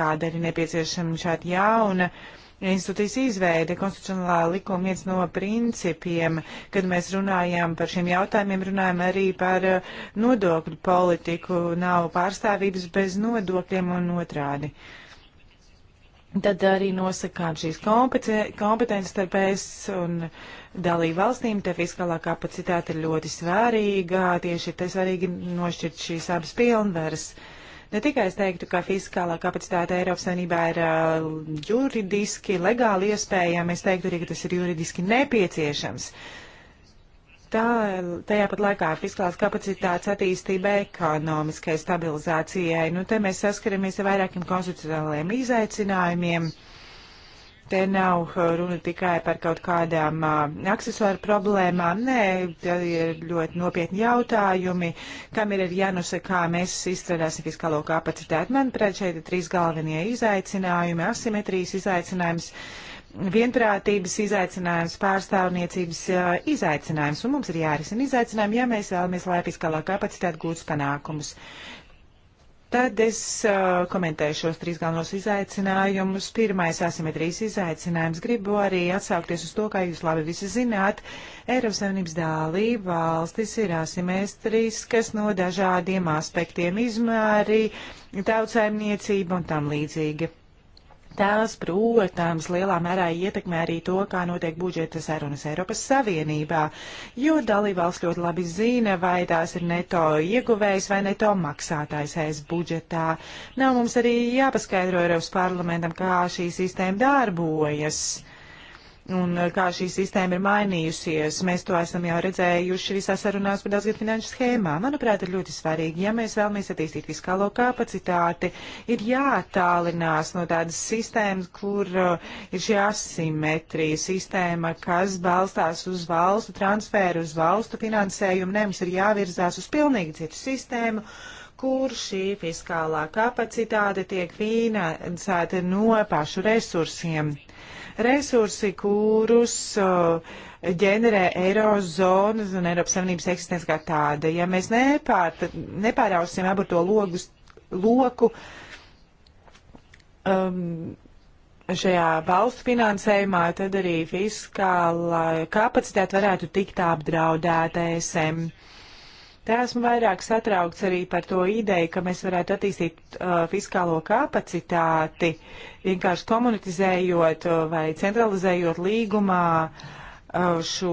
[SPEAKER 2] kādēļ ir nepieciešama šāda jauna uh, institūcijas izveide. Konstitucionālā likuma viens no principiem, kad mēs runājam par šiem jautājumiem, runājam arī par eh, nodokļu politiku. Nav pārstāvības bez nodokļiem un otrādi. Tad arī nosakām šīs kompetences starp es un dalību valstīm. Te fiskālā kapacitāte ir ļoti svērīga. Tieši te svarīgi nošķirt šīs abas pilnvaras. Uh, Ne tikai es teiktu, ka fiskālā kapacitāte Eiropas Savienībā ir uh, juridiski, legāli iespējama, es teiktu arī, ka tas ir juridiski nepieciešams. Tā, tajā pat laikā fiskālās kapacitātes attīstība ekonomiskai stabilizācijai, nu te mēs saskaramies ar vairākiem konstitucionālajiem izaicinājumiem Te nav uh, runa tikai par kaut kādām uh, aksesuāru problēmām, nē, tie ir ļoti nopietni jautājumi, kam ir jānosaka, kā mēs izstrādāsim fiskālo kapacitāti. Manuprāt, šeit ir trīs galvenie izaicinājumi - asimetrijas izaicinājums, vienprātības izaicinājums, pārstāvniecības uh, izaicinājums, un mums ir jārisina izaicinājumi, ja mēs vēlamies, lai fiskālā kapacitāte gūtu panākumus. Uh, Tad es uh, komentēju šos trīs galvenos izaicinājumus. Pirmais asimetrijas izaicinājums. Gribu arī atsaukties uz to, kā jūs labi visi zināt. Eiropas Savienības dalība valstis ir asimetriskas no dažādiem aspektiem izmērī, tautsēmniecība un tam līdzīgi. Tās, protams, lielā mērā ietekmē arī to, kā notiek budžeta sarunas Eiropas Savienībā, jo dalībvalsts ļoti labi zina, vai tās ir neto ieguvējs vai neto maksātājs es budžetā. Nav mums arī jāpaskaidro Eiropas parlamentam, kā šī sistēma darbojas un eh, kā šī sistēma ir mainījusies. Mēs to esam jau redzējuši visās sarunās par daudzgad finanšu schēmā. Manuprāt, ir ļoti svarīgi, ja mēs vēlamies attīstīt fiskālo kapacitāti, ir jātālinās no tādas sistēmas, kur eh, ir šī asimetrija sistēma, kas balstās uz valstu transferu, uz valstu finansējumu. Ne, mums ir jāvirzās uz pilnīgi citu sistēmu kur šī fiskālā kapacitāte tiek finansēta no pašu resursiem resursi, kurus uh, ģenerē Eirozonas un Eiropas Savienības eksistence kā tāda. Ja mēs nepār, nepārausim abu to logus, loku um, šajā valstu finansējumā, tad arī fiskāla kapacitāte varētu tikt apdraudēta SM. Uh, Tā esmu vairāk satraukts arī par to ideju, ka mēs varētu attīstīt uh, fiskālo kapacitāti, vienkārši komunitizējot uh, vai centralizējot līgumā uh, šo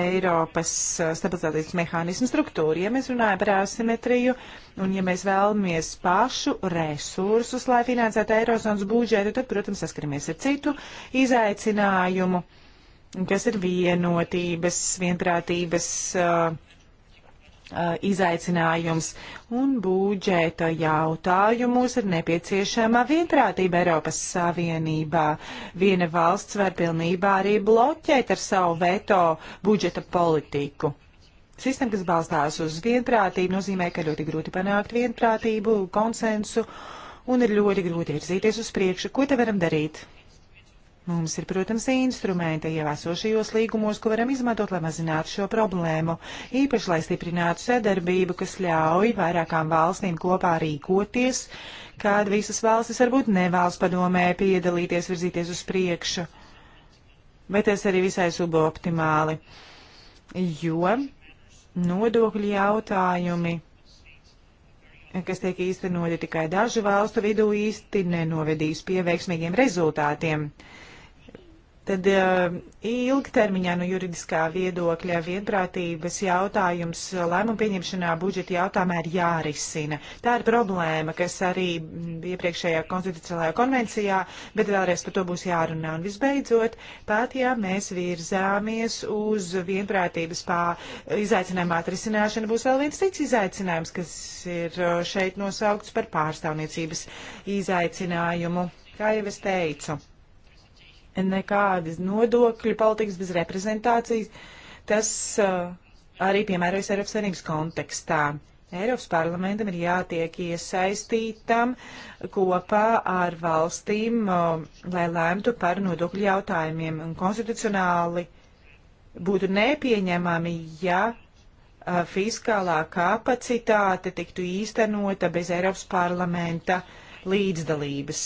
[SPEAKER 2] Eiropas uh, stabilizācijas mehānismu struktūru. Ja mēs runājam par asimetriju, uh, Un, ja mēs vēlamies pašu resursus, lai finansētu Eirozonas budžetu, tad, protams, saskaramies ar citu izaicinājumu, kas ir vienotības, vienprātības uh, izaicinājums, un budžeta jautājumos ir nepieciešama vienprātība Eiropas Savienībā. Viena valsts var pilnībā arī bloķēt ar savu veto budžeta politiku. Sistēma, kas balstās uz vienprātību, nozīmē, ka ļoti grūti panākt vienprātību, konsensu, un ir ļoti grūti virzīties uz priekšu. Ko te varam darīt? Mums ir, protams, instrumenti jau esošajos līgumos, ko varam izmantot, lai mazinātu šo problēmu, īpaši lai stiprinātu sadarbību, kas ļauj vairākām valstīm kopā rīkoties, kad visas valstis varbūt nevēlas padomē piedalīties, virzīties uz priekšu. Bet tas arī visai suboptimāli, jo nodokļu jautājumi kas tiek īstenoti tikai dažu valstu vidū, īsti nenovedīs pie veiksmīgiem rezultātiem. Uh, Tad eh, ilgtermiņā no juridiskā viedokļa vienprātības jautājums lēmumu pieņemšanā budžeta jautājumā ir jārisina. Tā ir problēma, kas arī mm, iepriekšējā konstitucionālajā konvencijā, bet vēlreiz par to būs jārunā. Un visbeidzot, pat ja mēs virzāmies uz vienprātības pā izaicinājumā atrisināšanu, būs vēl viens cits izaicinājums, kas ir eh, šeit nosaukts par pārstāvniecības izaicinājumu. Kā jau es teicu nekādas nodokļu politikas bez reprezentācijas. Tas uh, arī piemērojas Eiropas Savienības kontekstā. Eiropas parlamentam ir jātiek iesaistītam kopā ar valstīm, uh, lai lēmtu par nodokļu jautājumiem. Un konstitucionāli būtu nepieņemami, ja uh, fiskālā kapacitāte tiktu īstenota bez Eiropas parlamenta uh, līdzdalības.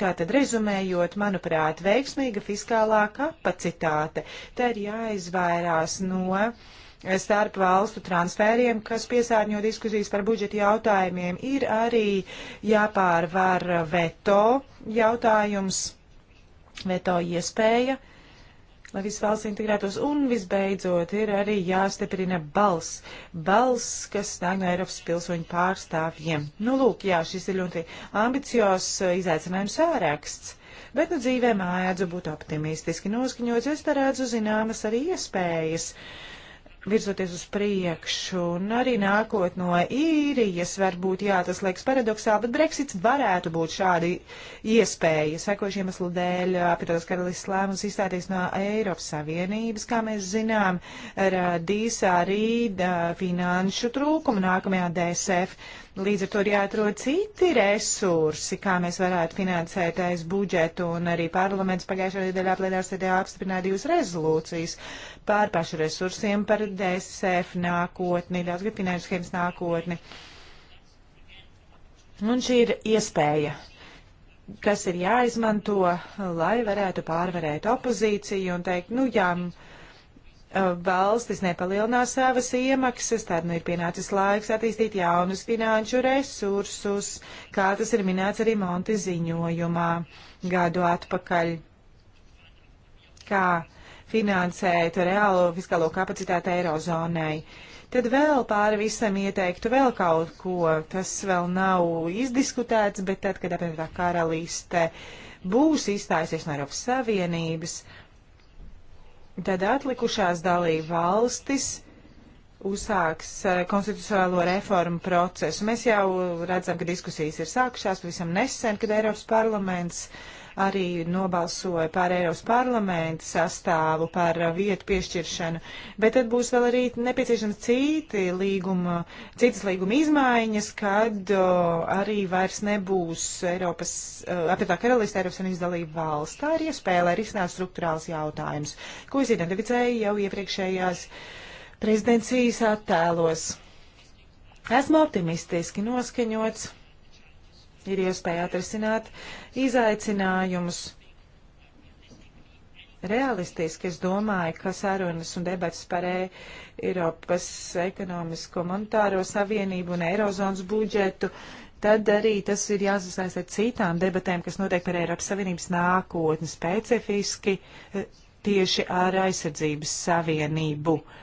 [SPEAKER 2] Tātad rezumējot, manuprāt, veiksmīga fiskālā kapacitāte. Tā ir jāizvairās no starp valstu transfēriem, kas piesārņo diskusijas par budžeta jautājumiem, ir arī jāpārvar veto jautājums, veto iespēja. Uh, lai visas valsts integrētos. Un visbeidzot ir arī jāstiprina balss. Balss, kas nāk no Eiropas pilsoņu pārstāvjiem. Nu, lūk, jā, šis ir ļoti ambiciozs uh, izaicinājums ārāksts. Bet nu dzīvē mājādzu būt optimistiski noskaņots, es te redzu zināmas arī iespējas. Uh, virzoties uz priekšu, un arī nākot no īrijas, varbūt, jā, tas liekas paradoxāli, bet Brexits varētu būt šādi iespēja. Sekojuši iemeslu dēļ apvienotās karalists lēmums izstāties no Eiropas Savienības, kā mēs zinām, radīs arī finanšu trūkumu nākamajā DSF. Līdz ar to ir jāatrod citi resursi, kā mēs varētu finansēt aiz budžetu, un arī parlaments pagājušajā nedēļā plēdārsēdē apstiprināja divas rezolūcijas par pašu resursiem, par DSF nākotni, daudzgad finanšu schēmas nākotni. Un šī ir iespēja, kas ir jāizmanto, lai varētu pārvarēt opozīciju un teikt, nu jā, ja, valstis nepalielinās savas iemaksas, tad nu ir pienācis laiks attīstīt jaunus finanšu resursus, kā tas ir minēts arī Monti ziņojumā gadu atpakaļ. Kā finansēt reālo fiskālo kapacitāti Eirozonai. Tad vēl pāri visam ieteiktu vēl kaut ko, tas vēl nav izdiskutēts, bet tad, kad apvienotā karaliste būs izstājusies no Eiropas Savienības, uh, Tad atlikušās dalība valstis uzsāks eh, konstitucionālo reformu procesu. Mēs jau redzam, ka diskusijas ir sākušās pavisam nesen, kad Eiropas parlaments uh, arī nobalsoja par Eiropas parlamentu sastāvu, par vietu piešķiršanu, bet tad būs vēl arī nepieciešams citi līguma, citas līguma izmaiņas, kad o, arī vairs nebūs Eiropas, apvienotā karalista Eiropas Savienības dalība valsts. Tā ir iespēja, lai risinātu struktūrāls jautājums, ko es identificēju jau iepriekšējās prezidencijas attēlos. Esmu optimistiski noskaņots ir iespēja atrisināt izaicinājumus. Realistiski es domāju, ka sarunas un debats par e- Eiropas ekonomisko monetāro savienību un Eirozonas budžetu tad arī tas ir jāsasaist ar citām debatēm, kas notiek par Eiropas Savienības nākotni specifiski e, tieši ar aizsardzības savienību. Uh,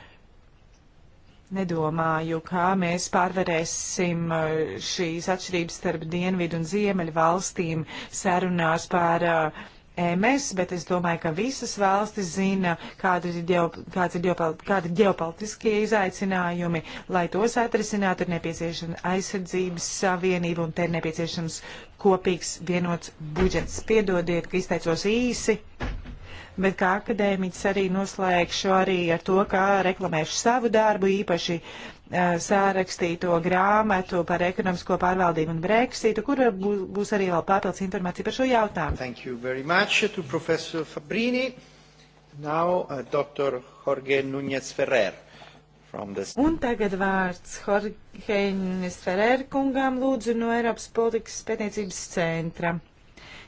[SPEAKER 2] Nedomāju, kā mēs pārvarēsim eh, šīs atšķirības starp dienvidu un ziemeļu valstīm sarunās par uh, eh, e MS, bet es domāju, ka visas valstis zina, kāda ir, ģeo, kāds ir, ģeopal, kāda ir ģeopolitiskie izaicinājumi. Lai tos atrisinātu, ir nepieciešama aizsardzības savienība un te ir nepieciešams kopīgs vienots budžets. Piedodiet, ka izteicos īsi bet kā akadēmiķis arī noslēgšu arī ar to, kā reklamēšu savu darbu, īpaši uh, sārakstīto grāmatu par ekonomisko pārvaldību un Brexitu, kur būs, būs arī vēl papildus informācija par šo jautājumu. Thank you very much to Professor Fabrini. Now, uh, Dr. Jorge Núñez Ferrer. Un tagad vārds Jorge Núñez Ferrer kungām lūdzu no Eiropas politikas pētniecības centra.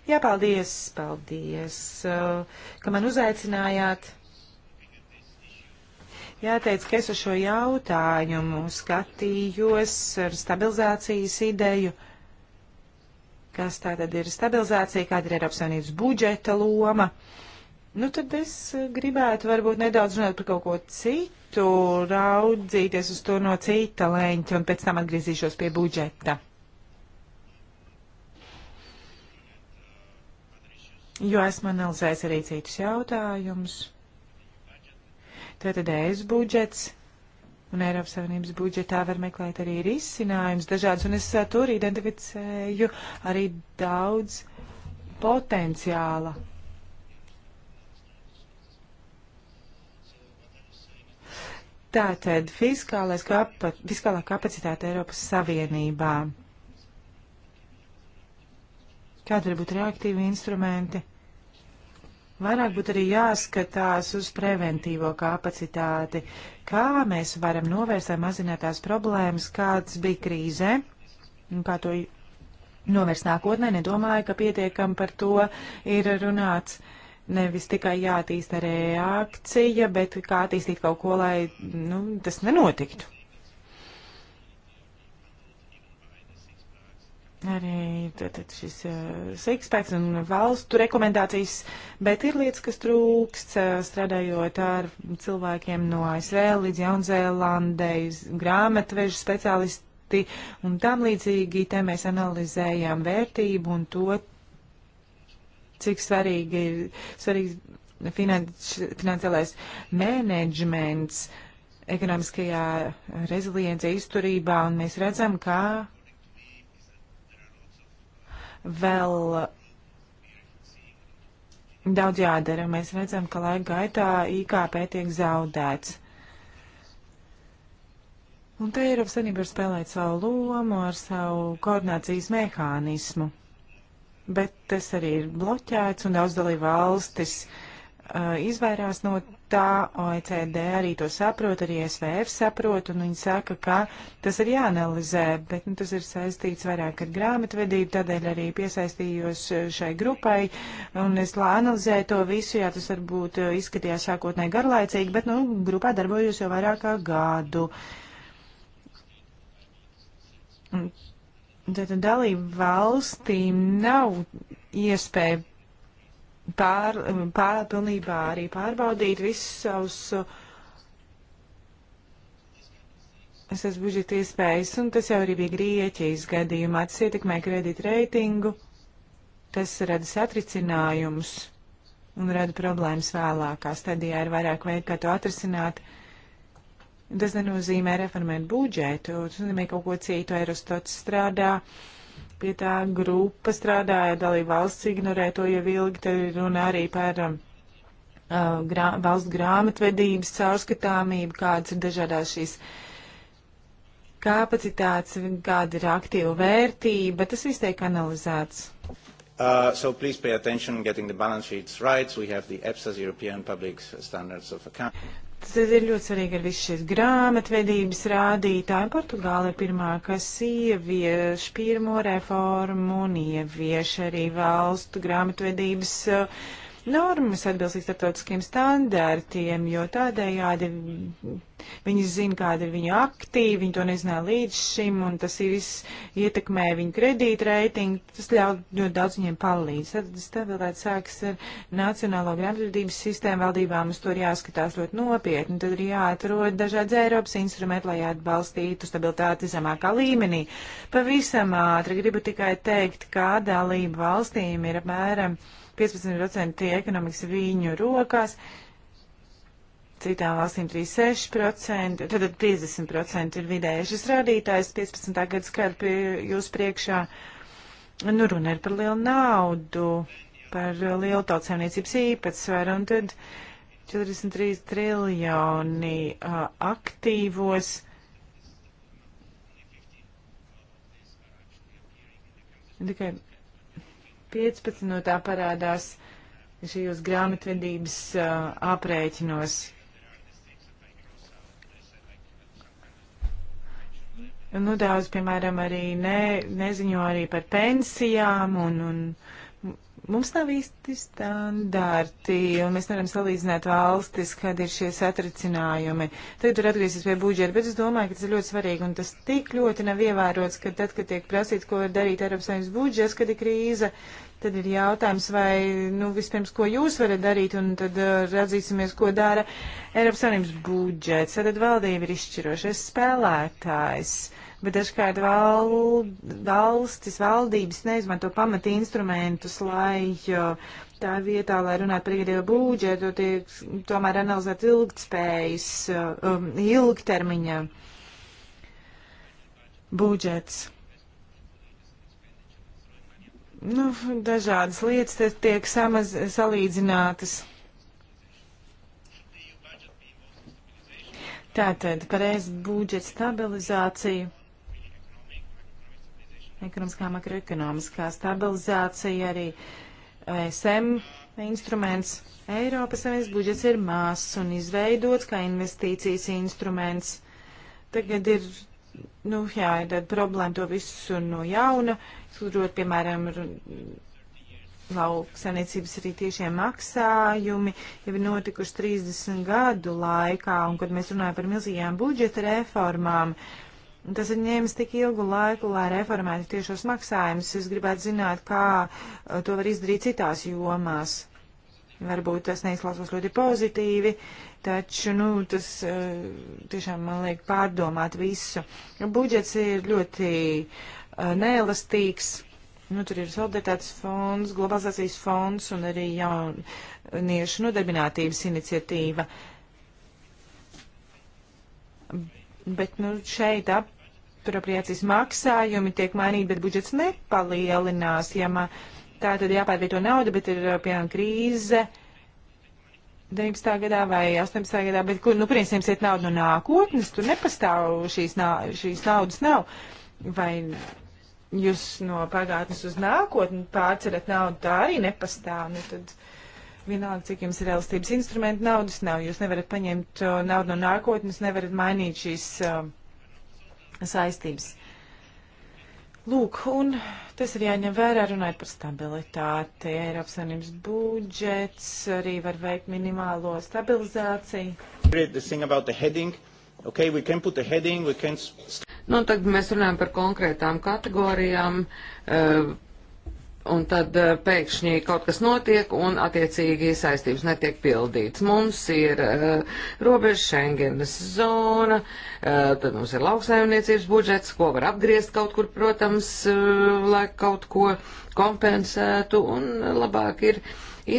[SPEAKER 2] Jā, paldies, paldies, uh, ka man uzaicinājāt. Jāteic, ka es uz šo jautājumu skatījos ar stabilizācijas ideju. Kas tā tad ir stabilizācija, kāda ir Eiropas Savienības budžeta loma? Nu, tad es gribētu varbūt nedaudz runāt par kaut ko citu, raudzīties uz to no cita leņķa un pēc tam atgriezīšos pie budžeta. jo esmu analizējis arī citus jautājumus. Tātad ES budžets un Eiropas Savienības budžetā var meklēt arī risinājums dažādas, un es eh, tur identificēju arī daudz potenciāla. Tātad fiskālais kapa, fiskālā kapacitāte Eiropas Savienībā. Kādi var būt reaktīvi instrumenti? Vairāk būtu arī jāskatās uz preventīvo kapacitāti, kā mēs varam novērst vai mazināt tās problēmas, kāds bija krīzē un kā to novērst nākotnē. Nedomāju, ka pietiekam par to ir runāts nevis tikai jātīsta reakcija, bet kā attīstīt kaut ko, lai nu, tas nenotiktu. arī tātad šis uh, eh, sikspēks un valstu rekomendācijas, bet ir lietas, kas trūkst, uh, strādājot ar cilvēkiem no ASV līdz Jaunzēlandei, grāmatvežu speciālisti un tam līdzīgi, te mēs analizējām vērtību un to, cik svarīgi ir svarīgs finanš, finansiālais menedžments ekonomiskajā reziliencija izturībā, un mēs redzam, kā vēl daudz jādara. Mēs redzam, ka laika gaitā IKP tiek zaudēts. Un te Eiropas Savienība var spēlēt savu lomu ar savu koordinācijas mehānismu. Bet tas arī ir bloķēts un daudz dalību valstis uh, uh, izvairās no tā, OECD arī to saprot, arī SVF saprot, un viņi saka, ka tas ir jāanalizē, bet nu, tas ir saistīts vairāk ar grāmatvedību, tādēļ arī piesaistījos eh, šai grupai, un es lā analizēju to visu, jā, tas varbūt eh, izskatījās sākotnē garlaicīgi, bet, nu, grupā darbojos jau vairāk kā gadu. Tātad dalību valstīm nav iespēja pār, pār, pilnībā arī pārbaudīt visus savus. Es esmu budžeta iespējas, un tas jau arī bija Grieķijas gadījumā. Tas ietekmē kredīt reitingu, tas rada satricinājumus un rada problēmas vēlākā stadijā. Ir vairāk veidu, kā to atrisināt. Tas nenozīmē reformēt budžetu, tas nozīmē kaut ko citu. Eirostats strādā. Uh, pie tā grupa strādāja, dalība valsts ignorē to jau ilgi, te runa arī par um, uh, grā, valsts grāmatvedības caurskatāmību, kādas ir dažādās šīs kapacitātes, kāda ir aktīva vērtība, tas viss tiek analizēts. Uh, so please pay attention getting the balance sheets right. We have the EPSA's European Public Standards of Account. Tad ir ļoti svarīgi ar visu šīs grāmatvedības rādītāji. Portugāla ir pirmā, kas ievieš pirmo reformu un ievieš arī valstu grāmatvedības uh, normas atbilstīs starptautiskiem standārtiem, jo tādējādi viņi zina, kāda ir viņu aktīva, viņi to nezināja līdz šim, un tas ir viss ietekmē viņu kredītreitingu, tas ļauj ļoti daudz viņiem palīdz. Tad stabilitāte sāks ar Nacionālo grāmatvedības sistēmu valdībām, uz to ir jāskatās ļoti nopietni, tad ir jāatrod dažādas Eiropas instrumenti, lai atbalstītu stabilitāti zemākā līmenī. Pavisam ātri gribu tikai teikt, kā dalība valstīm ir apmēram. Um, 15% ekonomikas viņu rokās, citām valstīm 36%, tad 50% ir vidēji šis rādītājs, 15. gada skaidri pie jūs priekšā. Nu, runa ir par lielu naudu, par lielu tautsēmniecības īpatsvaru, un tad 43 triljoni uh, aktīvos. Tikai 15. No tā parādās šajos grāmatvedības uh, aprēķinos. Nu, daudz, piemēram, arī ne, neziņo arī par pensijām un, un Mums nav īsti standarti, un mēs nevaram salīdzināt valstis, kad ir šie satricinājumi. Tagad ir atgriezies pie budžeta, bet es domāju, ka tas ir ļoti svarīgi, un tas tik ļoti nav ievērots, ka tad, kad tiek prasīts, ko var darīt Eiropas Savienības budžets, kad ir krīze, tad ir jautājums, vai, nu, vispirms, ko jūs varat darīt, un tad uh, redzīsimies, ko dara Eiropas Savienības budžets. Tad valdība ir izšķirošais spēlētājs. Uh, bet dažkārt val, valstis, valdības neizmanto pamati instrumentus, lai tā vietā, lai runātu par iegadīju būdžetu, tiek tomēr analizēt ilgtspējas, um, ilgtermiņa budžets nu, dažādas lietas tiek samaz, salīdzinātas. Tātad pareizi budžeta stabilizācija ekonomiskā makroekonomiskā stabilizācija, arī ESM instruments. Eiropas Savienības budžets ir mazs un izveidots kā investīcijas instruments. Tagad ir, nu jā, ir tāda problēma to visu no jauna, skudrot, piemēram, lauksaimniecības arī tiešie maksājumi jau ir notikuši 30 gadu laikā, un kad mēs runājam par milzīgām budžeta reformām, uh, Tas ir ņēmis tik ilgu laiku, lai reformētu tiešos maksājumus. Es gribētu zināt, kā uh, to var izdarīt citās jomās. Varbūt tas neizklausās ļoti pozitīvi, taču nu, tas uh, tiešām man liek pārdomāt visu. Budžets ir ļoti uh, neelastīgs. Nu, tur ir solidaritātes fonds, globalizācijas fonds un arī jauniešu nodarbinātības iniciatīva Bet nu, šeit apropriācijas maksājumi tiek mainīti, bet budžets nepalielinās. Ja mā, tā tad jāpārvieto nauda, bet ir uh, piemēram krīze 19. gadā vai 18. gadā, bet kur, nu, principiem iet nauda no nākotnes, tur nepastāv šīs, nā, šīs naudas nav. Vai jūs no pagātnes uz nākotni pārcerat naudu, tā arī nepastāv. Nu, tad, uh, Vienalga, cik jums ir elastības instrumenti, naudas nav. Jūs nevarat paņemt uh, naudu no nākotnes, nevarat mainīt šīs uh, saistības. Lūk, un tas ir jāņem vērā runājot par stabilitāti. Eiropas Savienības budžets arī var veikt minimālo stabilizāciju. Okay, heading, can... Nu, tagad mēs runājam par konkrētām kategorijām.
[SPEAKER 1] Uh, un tad eh, pēkšņi kaut kas notiek un attiecīgi saistības netiek pildīts. Mums ir uh, robeža Schengenas zona, uh, tad mums ir lauksaimniecības budžets, ko var apgriezt kaut kur, protams, uh, lai kaut ko kompensētu un labāk ir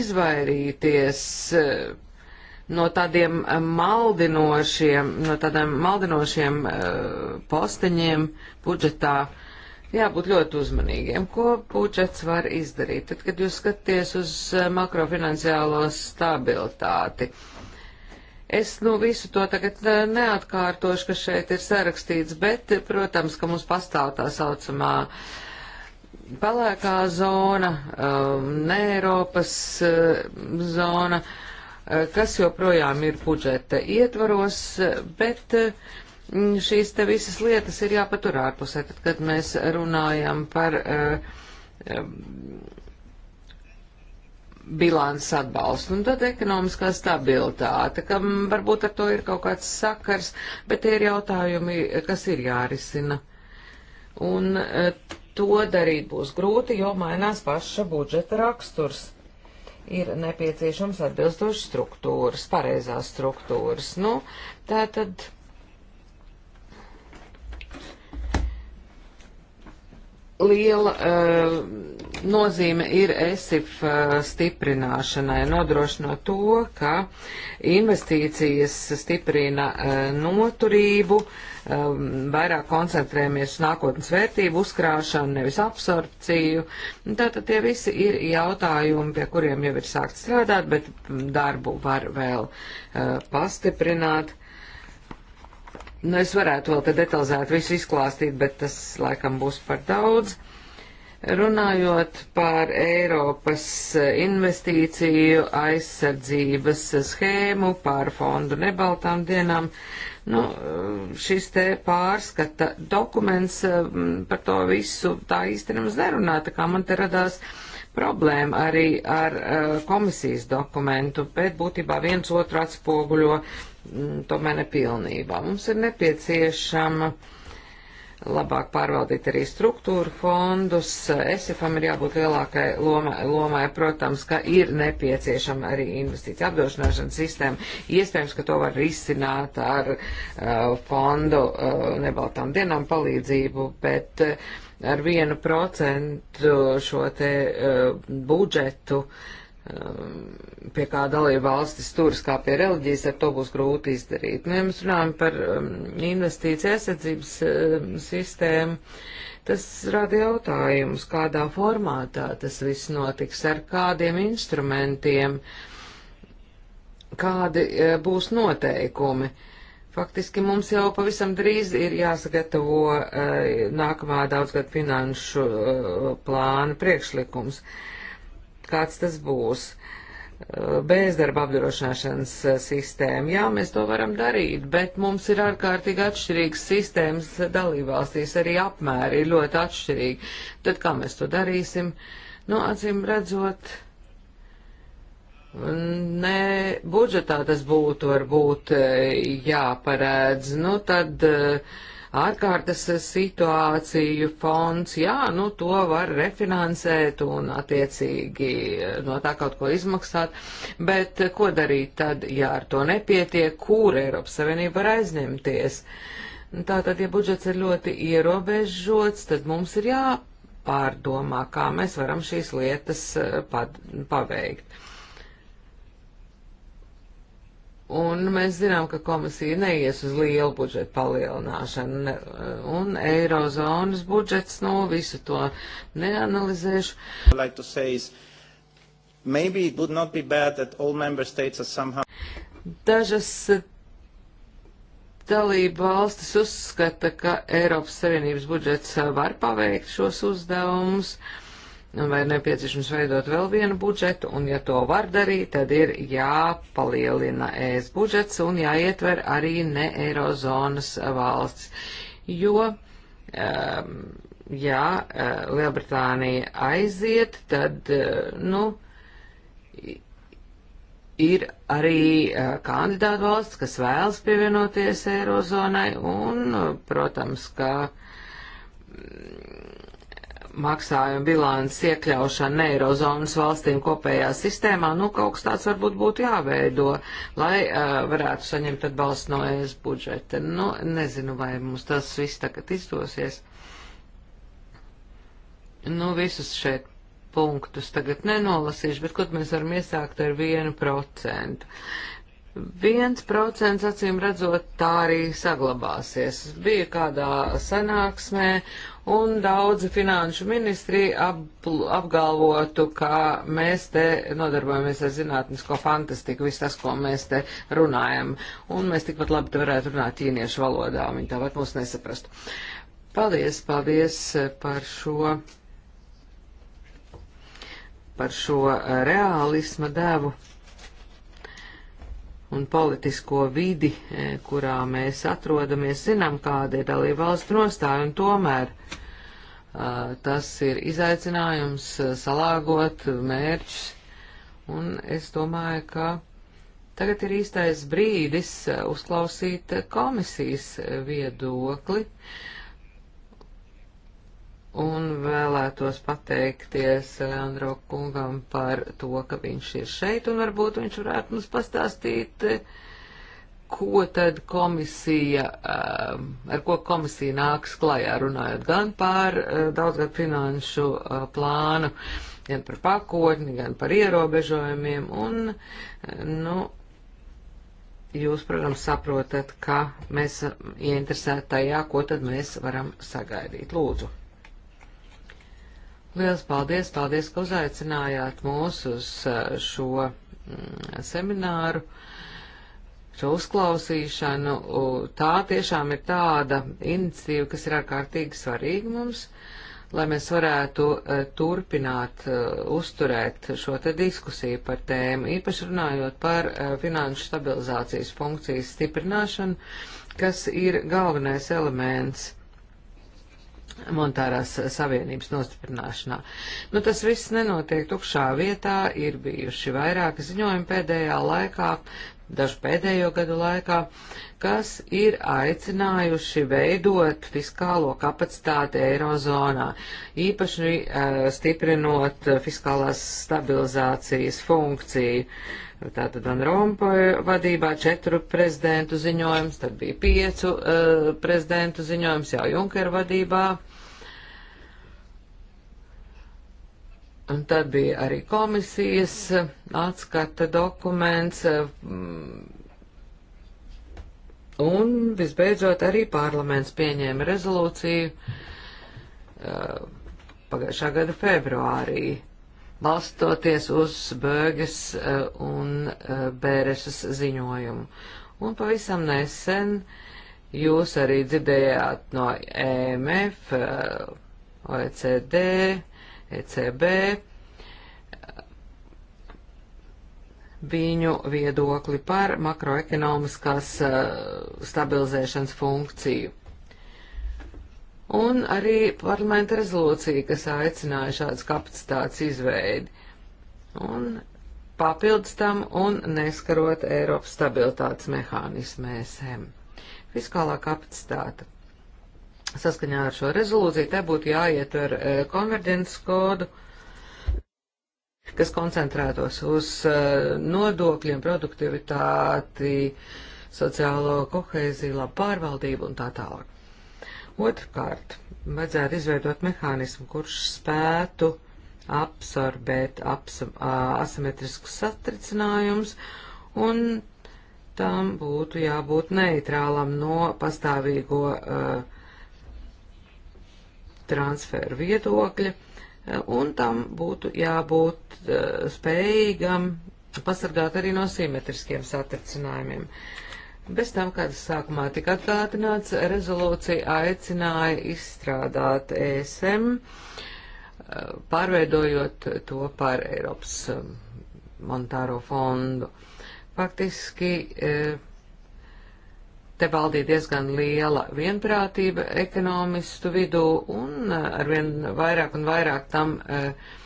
[SPEAKER 1] izvairīties. Uh, no tādiem maldinošiem, no tādiem maldinošiem uh, posteņiem budžetā, uh, jābūt ļoti uzmanīgiem, ko budžets var izdarīt. Tad, kad jūs skaties uz eh, makrofinansiālo stabilitāti, es nu visu to tagad eh, neatkārtošu, kas šeit ir sarakstīts, bet, protams, ka mums pastāv tā saucamā pelēkā zona, eh, ne Eiropas zona, kas joprojām ir budžeta ietvaros, bet uh, Mm, šīs te visas lietas ir jāpatur ārpusē, tad, kad mēs runājam par uh, uh, bilāns atbalstu un tad ekonomiskā stabilitāte, kam varbūt ar to ir kaut kāds sakars, bet tie ir jautājumi, kas ir jārisina. Un uh, to darīt būs grūti, jo mainās paša budžeta raksturs ir nepieciešams atbilstošas struktūras, pareizās struktūras. Nu, tā tad liela uh, nozīme ir ESIF uh, eh, stiprināšanai, nodrošinot to, ka investīcijas stiprina uh, noturību, um, vairāk koncentrējamies nākotnes vērtību uzkrāšanu, nevis absorpciju. Tātad tie visi ir jautājumi, pie kuriem jau ir sākt strādāt, bet darbu var vēl pastiprināt. Nu, es varētu vēl te detalizēt visu izklāstīt, bet tas laikam būs par daudz. Runājot par Eiropas investīciju aizsardzības schēmu, par fondu nebaltām dienām, nu, šis te pārskata dokuments mm, par to visu tā īstenībā nerunā, tā kā man te radās problēma arī ar eh, komisijas dokumentu, bet būtībā viens otru atspoguļo Mm, tomēr nepilnībā. Mums ir nepieciešama labāk pārvaldīt arī struktūru fondus. SFM ir jābūt lielākai lomai, lomai, protams, ka ir nepieciešama arī investīcija apdrošināšanas sistēma. Iespējams, ka to var risināt ar uh, fondu uh, nebaltām dienām palīdzību, bet uh, ar vienu procentu šo te uh, budžetu uh, Um, pie kā dalība valstis turas, kā pie reliģijas, ar to būs grūti izdarīt. Nu, ja mēs runājam par um, investīciju aizsardzības um, sistēmu, tas rada jautājumus, kādā formātā tas viss notiks, ar kādiem instrumentiem, kādi e, būs noteikumi. Faktiski mums jau pavisam drīz ir jāsagatavo e, nākamā daudzgad finanšu e, plāna priekšlikums. Uh, kāds tas būs. Eh, bezdarba apdrošināšanas eh, sistēma. Jā, mēs to varam darīt, bet mums ir ārkārtīgi atšķirīgas sistēmas dalībvalstīs, arī apmēri ir ļoti atšķirīgi. Tad kā mēs to darīsim? Nu, acīm redzot, ne budžetā tas būtu varbūt eh, jāparēdz. Nu, tad uh, ārkārtas situāciju fonds, jā, nu to var refinansēt un attiecīgi no tā kaut ko izmaksāt, bet ko darīt tad, ja ar to nepietiek, kur Eiropas Savienība var aizņemties? Tātad, ja budžets ir ļoti ierobežots, tad mums ir jāpārdomā, kā mēs varam šīs lietas eh, paveikt. Un mēs zinām, ka komisija neies uz lielu budžetu palielināšanu, ne, un eirozonas budžets, nu, visu to neanalizēšu.
[SPEAKER 2] Like is,
[SPEAKER 1] somehow... Dažas eh, dalība valstis uzskata, ka Eiropas Savienības budžets eh, var paveikt šos uzdevumus. Uh, un vai ir nepieciešams veidot vēl vienu budžetu, un ja to var darīt, tad ir jāpalielina ES budžets un jāietver arī ne Eirozonas valsts, jo, um, ja eh, Lielbritānija aiziet, tad, eh, nu, ir arī uh, kandidātu valsts, kas vēlas pievienoties Eirozonai, un, protams, ka uh, maksājuma bilances iekļaušana Eirozonas valstīm kopējā sistēmā, nu kaut kas tāds varbūt būtu jāveido, lai uh, varētu saņemt atbalstu no ES budžeta. Nu, nezinu, vai mums tas viss tagad izdosies. Nu, visus šeit punktus tagad nenolasīšu, bet kaut mēs varam iesākt ar vienu procentu. Viens procents acīm redzot tā arī saglabāsies. Bija kādā sanāksmē un daudzi finanšu ministri ap, apgalvotu, ka mēs te nodarbojamies ar zinātnisko fantastiku, viss tas, ko mēs te runājam, un mēs tikpat labi te varētu runāt ķīniešu valodā, un viņi tāpat mūs nesaprastu. Paldies, paldies par šo, par šo eh, reālisma devu un politisko vidi, e, kurā mēs atrodamies, zinām, kāda ir dalība valsts nostāja, un tomēr e, tas ir izaicinājums e, salāgot mērķus, un es domāju, ka tagad ir īstais brīdis uzklausīt komisijas viedokli. Uh, un vēlētos pateikties Leandro kungam par to, ka viņš ir šeit, un varbūt viņš varētu mums pastāstīt, ko tad komisija, um, ar ko komisija nāks klajā, runājot gan par uh, daudzgad finanšu uh, plānu, gan par pakotni, gan par ierobežojumiem, un, uh, nu, jūs, protams, saprotat, ka mēs ieinteresēti tajā, ko tad mēs varam sagaidīt. Lūdzu! Liels paldies, paldies, ka uzaicinājāt mūs uz eh, šo mm, semināru, šo uzklausīšanu. Tā tiešām ir tāda iniciatīva, kas ir ārkārtīgi svarīga mums, lai mēs varētu eh, turpināt eh, uzturēt šo te diskusiju par tēmu, īpaši runājot par finanšu stabilizācijas funkcijas stiprināšanu, kas ir galvenais elements monetārās savienības nostiprināšanā. Nu, tas viss nenotiek tukšā vietā, ir bijuši vairāki ziņojumi pēdējā laikā, dažu pēdējo gadu laikā, kas ir aicinājuši veidot fiskālo kapacitāti Eirozonā, īpaši uh, stiprinot eh, fiskālās stabilizācijas funkciju. Uh, Tātad Van Rompuja vadībā četru prezidentu ziņojums, tad bija piecu uh, prezidentu ziņojums jau Junkera vadībā. Un tad bija arī komisijas eh, atskata dokuments. Eh, un visbeidzot arī parlaments pieņēma rezolūciju uh, pagājušā gada februārī. Uh, balstoties uz Bērges eh, un eh, Bērešas ziņojumu. Un pavisam nesen jūs arī dzirdējāt no EMF, eh, OECD, ECB viņu viedokli par makroekonomiskās stabilizēšanas funkciju un arī parlamenta rezolūcija, kas aicināja šādas kapacitātes izveidi. Un papildus tam un neskarot Eiropas stabilitātes mehānismu ESM. Fiskālā kapacitāte. Saskaņā ar šo rezolūciju te būtu jāietver e, konverģences kodu, kas koncentrētos uz e, nodokļiem, produktivitāti, sociālo koheiziju, labu pārvaldību un tā tālāk. Otrkārt, vajadzētu izveidot mehānismu, kurš spētu absorbēt abs asimetriskus satricinājumus, un tam būtu jābūt neitrālam no pastāvīgo uh, transferu viedokļa, un tam būtu jābūt uh, spējīgam pasargāt arī no simetriskiem satricinājumiem. Uh, Bez tam, kad sākumā tika atgādināts, rezolūcija aicināja izstrādāt ESM, pārveidojot to par Eiropas um, monetāro fondu. Faktiski eh, te valdīja diezgan liela vienprātība ekonomistu vidū un eh, arvien vairāk un vairāk tam uh,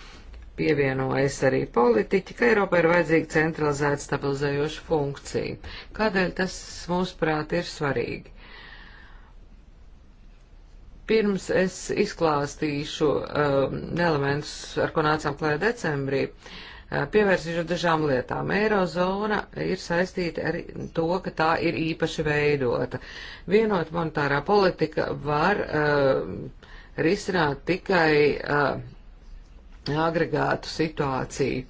[SPEAKER 1] pievienojas arī politiķi, ka Eiropai ir vajadzīga centralizēta stabilizējoša funkcija. Kādēļ tas, mūsuprāt, ir svarīgi? Pirms es izklāstīšu um, elementus, ar ko nācām klājā decembrī, uh, pievērsīšu dažām lietām. Eirozona ir saistīta ar to, ka tā ir īpaši veidota. Vienot monetārā politika var uh, risināt tikai uh, agregētu situāciju.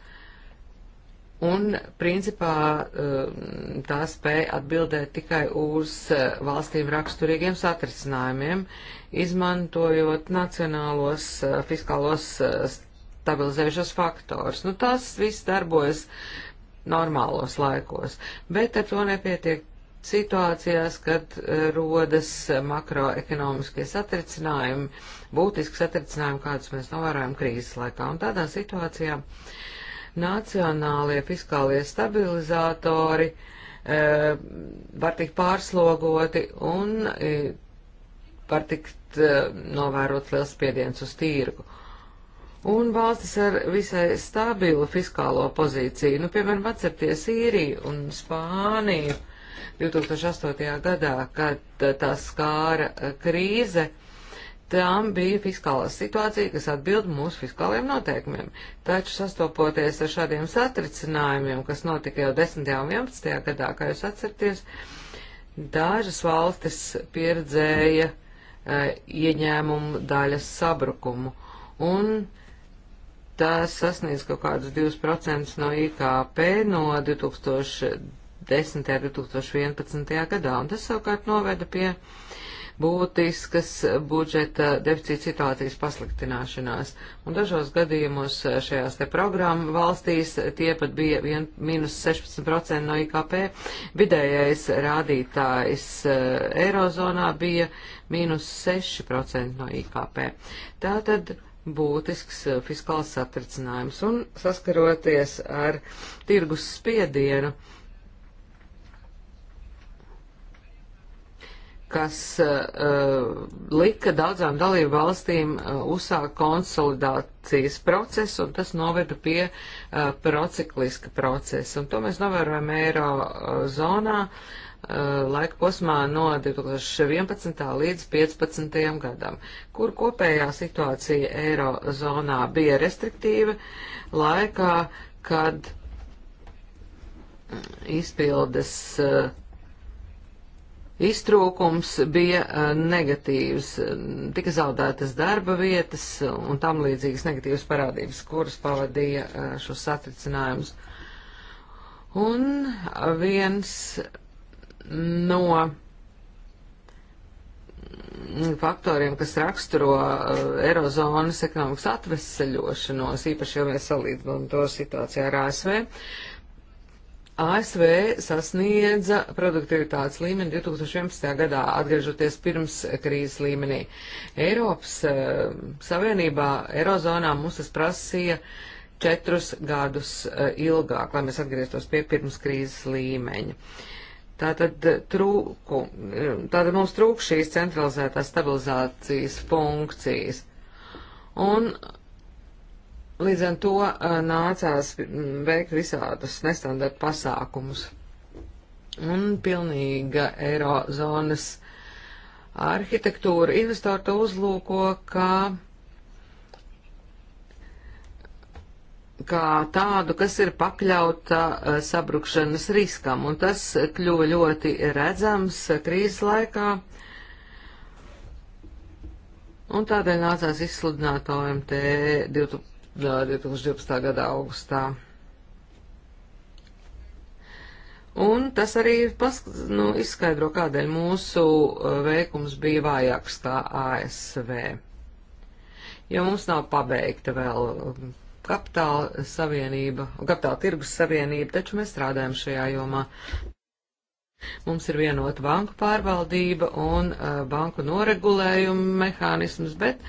[SPEAKER 1] Un, principā, um, tā spēja atbildēt tikai uz uh, valstīm raksturīgiem satricinājumiem, izmantojot nacionālos uh, fiskālos uh, stabilizējušos faktors. Nu, tas viss darbojas normālos laikos, bet ar to nepietiek situācijās, kad eh, rodas makroekonomiskie satricinājumi, būtiski satricinājumi, kādus mēs novērojam krīzes laikā. Un tādā situācijā nacionālie fiskālie stabilizatori eh, var tikt pārslogoti un eh, var tikt novērots liels spiediens uz tīrgu un valstis ar visai stabilu fiskālo pozīciju. Nu, piemēram, atcerieties īriju un Spāniju. 2008. gadā, kad eh, tā skāra eh, krīze, tam bija fiskālā situācija, kas atbild mūsu fiskāliem noteikumiem. Taču sastopoties ar šādiem satricinājumiem, kas notika jau 10. un 11. gadā, kā jūs atceraties, dažas valstis pieredzēja e, ieņēmumu daļas sabrukumu. Un tas sasniedz kaut kādus 2% no IKP no 2000. 2010. un 2011. gadā, un tas savukārt noveda pie būtiskas budžeta deficīta situācijas pasliktināšanās. Un dažos gadījumos šajās te programmu valstīs tie pat bija vien, minus 16% no IKP. Vidējais rādītājs eh, Eirozonā bija minus 6% no IKP. Tātad būtisks eh, fiskāls satricinājums un saskaroties ar tirgus spiedienu. Uh, kas uh, lika daudzām dalību valstīm uh, uzsākt konsolidācijas procesu, un tas noveda pie uh, procikliska procesa. Un to mēs novērojam eiro uh, zonā uh, laika posmā no 2011. līdz 2015. gadam, kur kopējā situācija eiro zonā bija restriktīva laikā, kad izpildes uh, Iztrūkums bija e, negatīvs, e, tika zaudētas darba vietas un tam līdzīgas negatīvas parādības, kuras pavadīja e, šos satricinājumus. Un viens no faktoriem, kas raksturo Eirozonas ekonomikas atveseļošanos, īpaši, ja mēs salīdzinām to situāciju ar ASV, ASV sasniedza produktivitātes līmeni 2011. gadā, atgriežoties pirms krīzes līmenī. Eiropas uh, Savienībā, Eirozonā mums tas prasīja četrus gadus uh, ilgāk, lai mēs atgrieztos pie pirms krīzes līmeņa. Tātad, eh, trūku, tātad mums trūk šīs centralizētās stabilizācijas funkcijas. Un Līdz ar to nācās veikt visādus nestandarta pasākumus. Un pilnīga eirozonas arhitektūra investori to uzlūko, kā, kā tādu, kas ir pakļauta sabrukšanas riskam, un tas kļuva ļoti redzams krīzes laikā. Un tādēļ nācās izsludināt OMT 2000. 2012. gada augustā. Un tas arī pas, nu, izskaidro, kādēļ mūsu uh, veikums bija vājāks kā ASV. Jo mums nav pabeigta vēl um, kapitāla savienība, kapitāla tirgus savienība, taču mēs strādājam šajā jomā. Mums ir vienota banku pārvaldība un uh, banku noregulējuma mehānisms, bet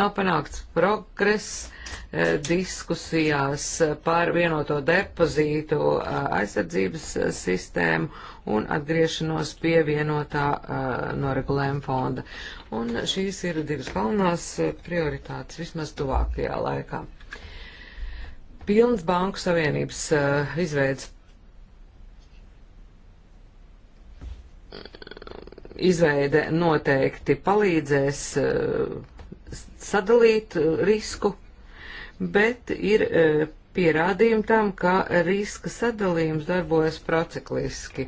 [SPEAKER 1] nav panākts progress Eh, diskusijās eh, par vienoto depozītu eh, aizsardzības sistēmu un atgriešanos pie vienotā noregulējuma fonda. Un šīs ir divas galvenās prioritātes vismaz tuvākajā laikā. Pilns Banku Savienības izveids izveide noteikti palīdzēs sadalīt risku bet ir e, pierādījumi tam, ka riska sadalījums darbojas procikliski.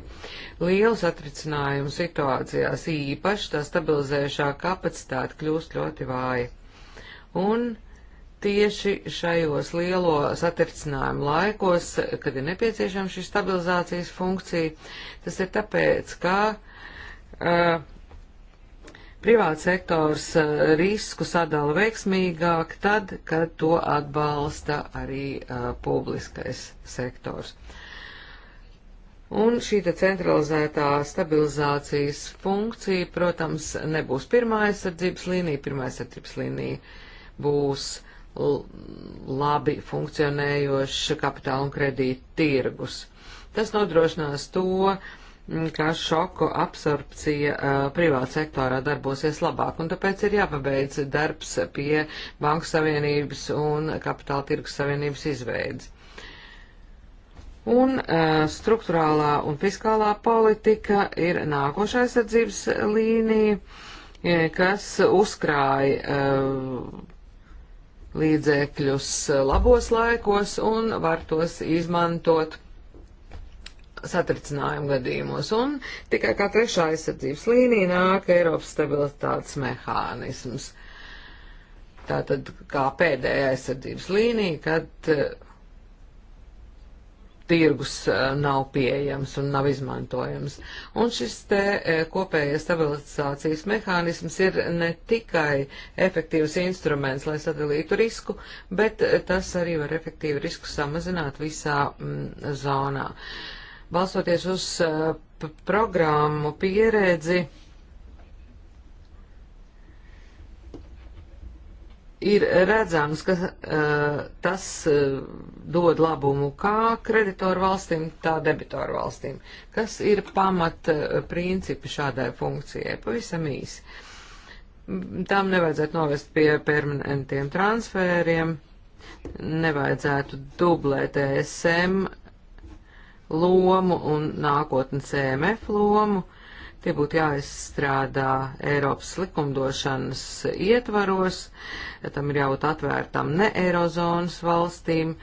[SPEAKER 1] Liels atricinājums situācijās īpaši tā stabilizējušā kapacitāte kļūst ļoti vāja. Un tieši šajos lielo satricinājumu laikos, kad ir nepieciešama šī stabilizācijas funkcija, tas ir tāpēc, ka uh, privāts sektors eh, risku sadala veiksmīgāk tad, kad to atbalsta arī uh, publiskais sektors. Un šī centralizētā stabilizācijas funkcija, protams, nebūs pirmā aizsardzības līnija. Pirmā aizsardzības līnija būs labi funkcionējošs kapitāla un kredīta tirgus. Tas nodrošinās to, uh, Mm, ka šoku absorpcija uh, eh, privāta sektorā darbosies labāk, un tāpēc ir jāpabeidz darbs pie Banku Savienības un Kapitāla tirgus Savienības izveidas. Un uh, struktūrālā un fiskālā politika ir nākošā aizsardzības līnija, eh, kas uzkrāja uh, līdzekļus labos laikos un var tos izmantot satricinājumu gadījumos, un tikai kā trešā aizsardzības līnija nāk Eiropas stabilitātes mehānisms. Tātad kā pēdējā aizsardzības līnija, kad uh, tirgus uh, nav pieejams un nav izmantojams. Un šis te uh, kopējais stabilizācijas mehānisms ir ne tikai efektīvs instruments, lai sadalītu risku, bet tas arī var efektīvi risku samazināt visā mm, zonā. Uh, balstoties uz eh, programmu pieredzi, ir redzams, ka uh, tas uh, dod labumu kā kreditoru valstīm, tā debitoru valstīm, kas ir pamat uh, principi šādai funkcijai, pavisam īsi. Tām nevajadzētu novest pie permanentiem transfēriem, nevajadzētu dublēt ESM lomu un nākotnes EMF lomu. Tie būtu jāizstrādā Eiropas likumdošanas ietvaros, tam ir jābūt atvērtam ne Eirozonas valstīm,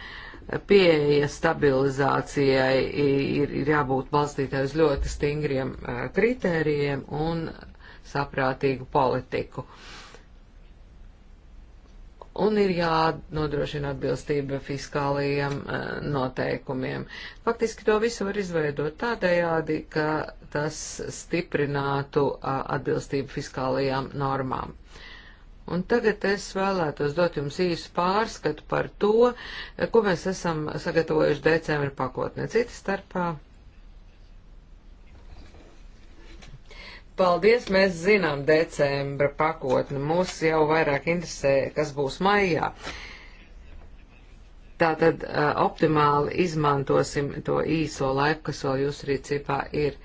[SPEAKER 1] pieeja stabilizācijai ir, ir jābūt balstītai uz ļoti stingriem eh, kritērijiem un saprātīgu politiku. Uh, un ir jānodrošina atbilstība fiskālajiem eh, noteikumiem. Faktiski to visu var izveidot tādējādi, ka tas stiprinātu atbilstību fiskālajām normām. Un tagad es vēlētos dot jums īsu pārskatu par to, ko mēs esam sagatavojuši decembra pakotnē. Cita starpā Paldies, mēs zinām decembra pakotni. Mūs jau vairāk interesē, kas būs maijā. Tātad uh, optimāli izmantosim to īso laiku, kas vēl jūsu rīcībā ir.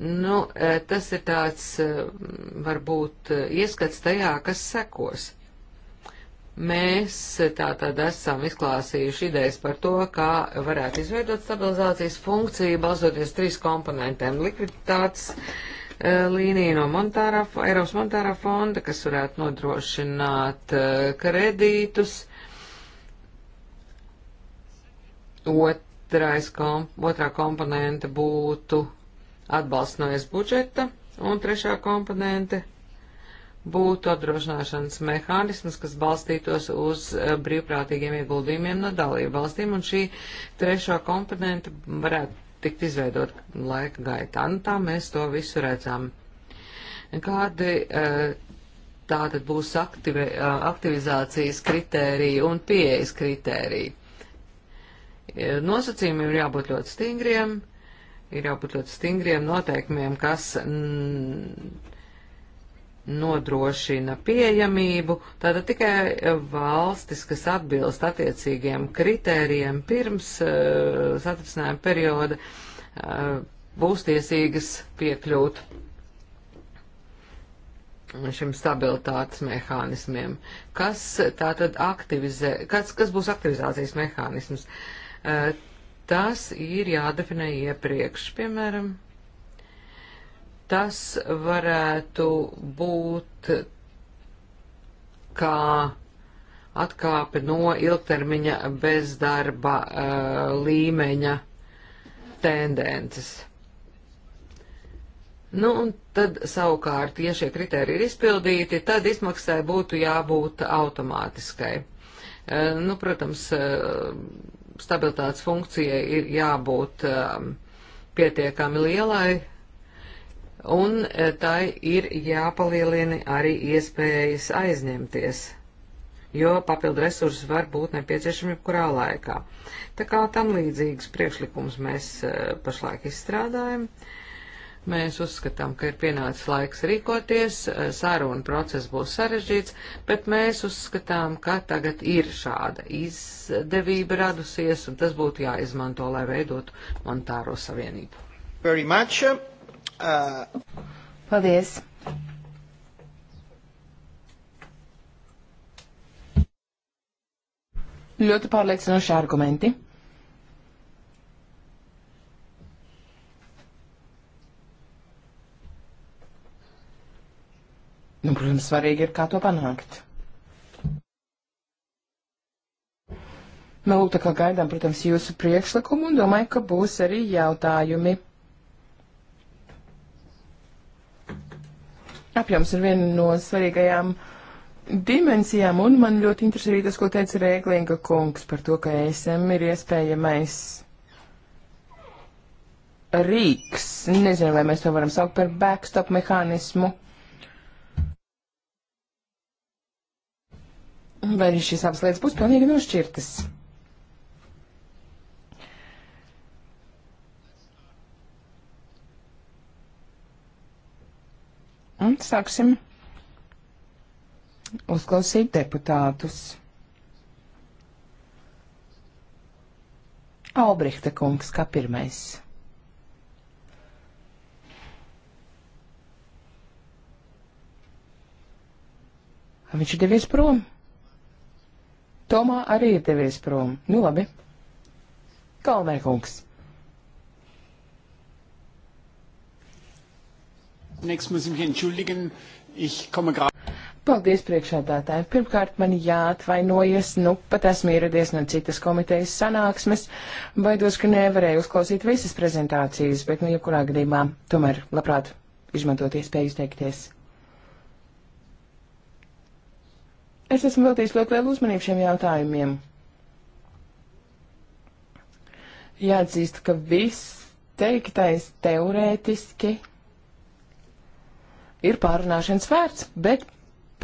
[SPEAKER 1] Nu, uh, tas ir tāds, uh, varbūt, ieskats tajā, kas sekos. Mēs tātad esam izklāsījuši idejas par to, kā varētu izveidot stabilizācijas funkciju, balstoties trīs komponentiem - likviditātes, uh, Eh, līnija no monetārā, Eiropas monetārā fonda, kas varētu nodrošināt eh, kredītus. Otrais, komp otrā komponente būtu atbalsts no es budžeta, un trešā komponente būtu apdrošināšanas mehānisms, kas balstītos uz eh, brīvprātīgiem ieguldījumiem no dalību valstīm, un šī trešā komponente varētu tikt izveidot laika gaitā. Nu, tā mēs to visu redzam. Kādi eh, tā tad būs aktivi, eh, aktivizācijas kritērija un pieejas kritērija? Eh, nosacījumiem ir jābūt ļoti stingriem, ir jābūt ļoti stingriem noteikumiem, kas. Mm, nodrošina pieejamību, tātad tikai e, valstis, kas atbilst attiecīgiem kritērijiem pirms uh, satricinājuma perioda, uh, būs tiesīgas piekļūt šim stabilitātes mehānismiem. Kas tātad aktivizē, kas, kas būs aktivizācijas mehānisms? Uh, tas ir jādefinē iepriekš, piemēram Tas varētu būt kā atkāpe no ilgtermiņa bezdarba uh, līmeņa tendences. Nu, un tad savukārt, ja šie kriteriji ir izpildīti, tad izmaksai būtu jābūt automātiskai. Uh, nu, protams, uh, stabilitātes funkcijai ir jābūt pietiekami lielai, un e, tai ir jāpalielina arī iespējas aizņemties, jo papildu resursi var būt nepieciešami jebkurā laikā. Tā kā tam līdzīgas priekšlikums mēs e, pašlaik izstrādājam. Mēs uzskatām, ka ir pienācis laiks rīkoties, e, saruna process būs sarežģīts, bet mēs uzskatām, ka tagad ir šāda izdevība radusies, un tas būtu jāizmanto, lai veidotu monetāro savienību. Very much. Uh... Paldies!
[SPEAKER 3] Ļoti pārliecinoši argumenti. Nu, protams, svarīgi ir, kā to panākt. Nu, tā kā gaidām, protams, jūsu priekšlikumu un domāju, ka būs arī jautājumi. apjoms ir viena no svarīgajām dimensijām, un man ļoti interesē arī tas, ko teica Rēglinga kungs par to, ka ESM ir iespējamais rīks. Nezinu, vai mēs to varam saukt par backstop mehānismu. Vai šīs abas lietas būs pilnīgi nošķirtas? Un sāksim uzklausīt deputātus. Albrihta kungs, kā pirmais. Viņš ir devies prom. Tomā arī ir devies prom. Nu labi. Kalnē kungs.
[SPEAKER 2] Zunächst muss ich mich entschuldigen. Ich komme gerade.
[SPEAKER 3] Paldies, priekšādātāji. Pirmkārt, man jāatvainojas, nu, pat esmu ieradies no citas komitejas sanāksmes. Baidos, ka nevarēju uzklausīt visas prezentācijas, bet, nu, jebkurā gadījumā, tomēr, labprāt, izmantot iespēju izteikties. Es esmu veltījis ļoti lielu uzmanību šiem jautājumiem. Jāatzīst, ka viss teiktais teorētiski ir pārunāšanas vērts, bet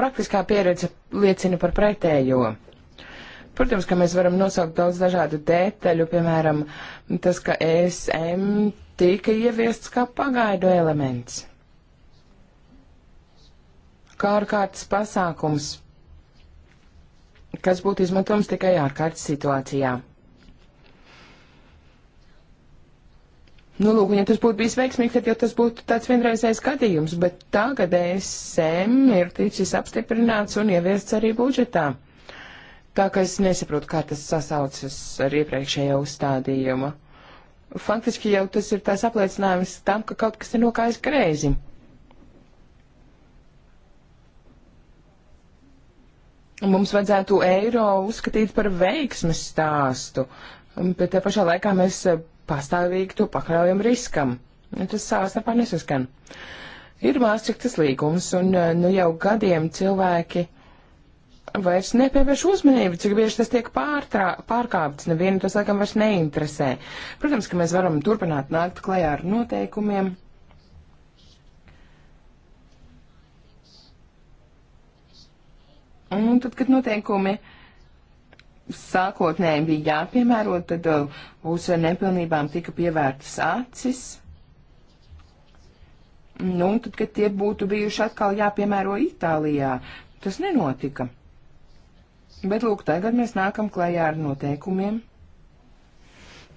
[SPEAKER 3] praktiskā pieredze liecina par pretējo. Protams, ka mēs varam nosaukt daudz dažādu detaļu, piemēram, tas, ka ESM tika ieviests kā pagaidu elements. Kā ārkārtas pasākums, kas būtu izmantojams tikai ārkārtas situācijā. Nu, lūk, ja tas būtu bijis veiksmīgi, tad jau tas būtu tāds vienreizējs gadījums, bet tagad ESM ir ticis apstiprināts un ieviests arī budžetā. Tā ka es nesaprotu, kā tas sasaucas ar iepriekšējo uzstādījumu. Faktiski jau tas ir tās apliecinājums tam, ka kaut kas ir nokājis greizi. Mums vajadzētu eiro uzskatīt par veiksmes stāstu, Um, bet te pašā laikā mēs uh, pastāvīgi to pakļaujam riskam. Tas savā starpā nesaskan. Ir mākslīgs līgums, un uh, nu jau gadiem cilvēki vairs nepievērš uzmanību, cik bieži tas tiek pārtrā, pārkāpts. Nevienu tas, laikam, vairs neinteresē. Protams, ka mēs varam turpināt nākt klajā ar noteikumiem. Un tad, kad noteikumi uh, sākotnēji bija jāpiemēro, tad mūsu uh, nepilnībām tika pievērtas acis. Nu, un tad, kad tie būtu bijuši atkal jāpiemēro Itālijā, tas nenotika. Bet, lūk, tagad mēs nākam klajā ar noteikumiem.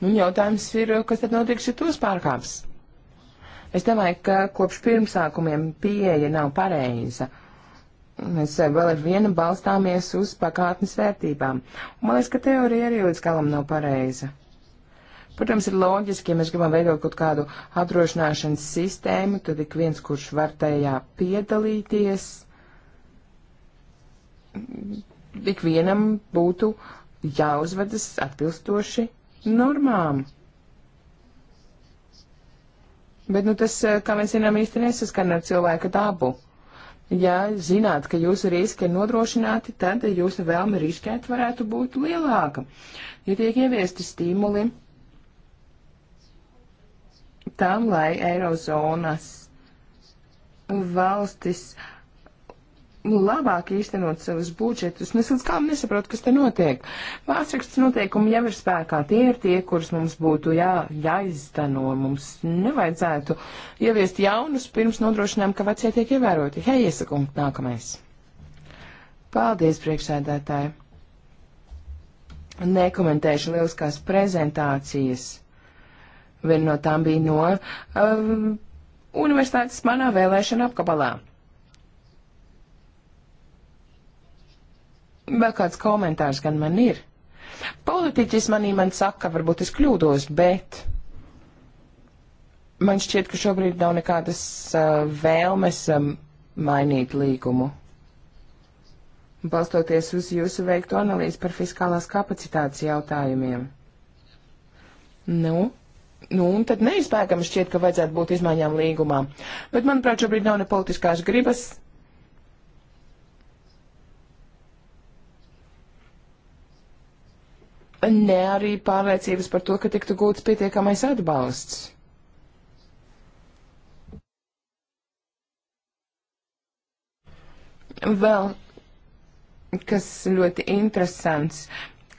[SPEAKER 3] Nu, jautājums ir, kas tad notiks, ja tos pārkāps? Es domāju, ka kopš pirmsākumiem pieeja nav pareiza. Uh, Mēs vēl ar vienu balstāmies uz pakāpnes vērtībām. Un man liekas, ka teorija arī līdz galam nav pareiza. Protams, ir loģiski, ja mēs gribam veidot kaut kādu atrošināšanas sistēmu, tad ik viens, kurš var tajā piedalīties, ik vienam būtu jāuzvedas atbilstoši normām. Bet, nu, tas, kā mēs zinām, īsti nesaskan ar cilvēka dabu ja zināt, ka jūsu riski ir nodrošināti, tad jūsu vēlme riskēt varētu būt lielāka. Ja tiek ieviesti stimuli tam, lai Eirozonas valstis uh, labāk īstenot savus budžetus. Es līdz kādam nesaprotu, kas te notiek. Vārsrakstas noteikumi jau ir spēkā. Tie ir tie, kurus mums būtu jā, jāizdano. Mums nevajadzētu ieviest jaunus, pirms nodrošinām, ka vecie tiek ievēroti. Hei, iesakumi nākamais. Paldies, priekšsēdētāji. Nekomentēšu lieliskās prezentācijas. Viena no tām bija no um, universitātes manā vēlēšana apkabalā. Vēl kāds komentārs gan man ir. Politiķis manī man saka, varbūt es kļūdos, bet man šķiet, ka šobrīd nav nekādas uh, vēlmes um, mainīt līgumu. Balstoties uz jūsu veikto analīzi par fiskālās kapacitātes jautājumiem. Nu, Nu, un tad neizbēgami šķiet, ka vajadzētu būt izmaiņām līgumā. Bet, manuprāt, šobrīd nav ne politiskās gribas, ne arī pārliecības par to, ka tiktu gūts pietiekamais atbalsts. Vēl kas ļoti interesants,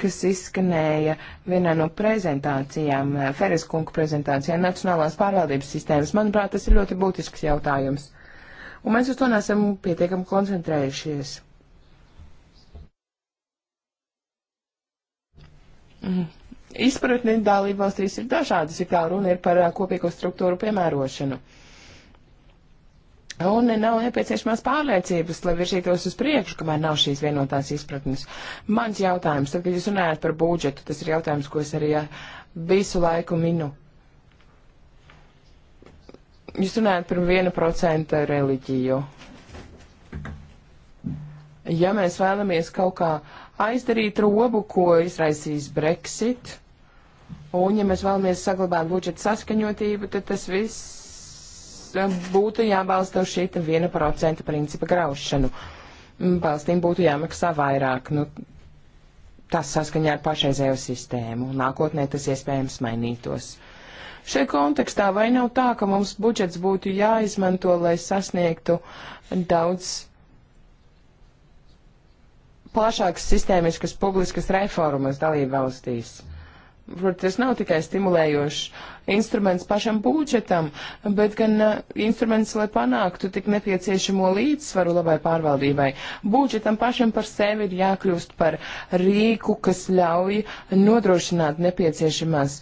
[SPEAKER 3] kas izskanēja vienā no prezentācijām, Feres kunga prezentācijā, Nacionālās pārvaldības sistēmas. Manuprāt, tas ir ļoti būtisks jautājums. Un mēs uz to nesam pietiekami koncentrējušies. Izpratni dalību valstīs ir dažādas, ir kā runa ir par kopīgo struktūru piemērošanu. Un nav nepieciešamās pārliecības, lai virzītos uz priekšu, kamēr nav šīs vienotās izpratnes. Mans jautājums, tad, kad jūs runājat par budžetu, tas ir jautājums, ko es arī visu laiku minu. Jūs runājat par 1% reliģiju. Ja mēs vēlamies kaut kā uh, aizdarīt robu, ko izraisīs Brexit. Un, ja mēs vēlamies saglabāt budžeta saskaņotību, tad tas viss um, būtu jābalsta uz šīta 1% principa graušanu. Balstīm mm, būtu jāmaksā vairāk. Nu, tas saskaņā ar pašreizējo sistēmu. Nākotnē tas iespējams mainītos. Šajā kontekstā vai nav tā, ka mums budžets būtu jāizmanto, lai sasniegtu daudz plašākas sistēmiskas publiskas reformas dalībvalstīs. Protams, tas nav tikai stimulējošs instruments pašam būdžetam, bet gan uh, instruments, lai panāktu tik nepieciešamo līdzsvaru labai pārvaldībai. Būdžetam pašam par sevi ir jākļūst par rīku, kas ļauj nodrošināt nepieciešamās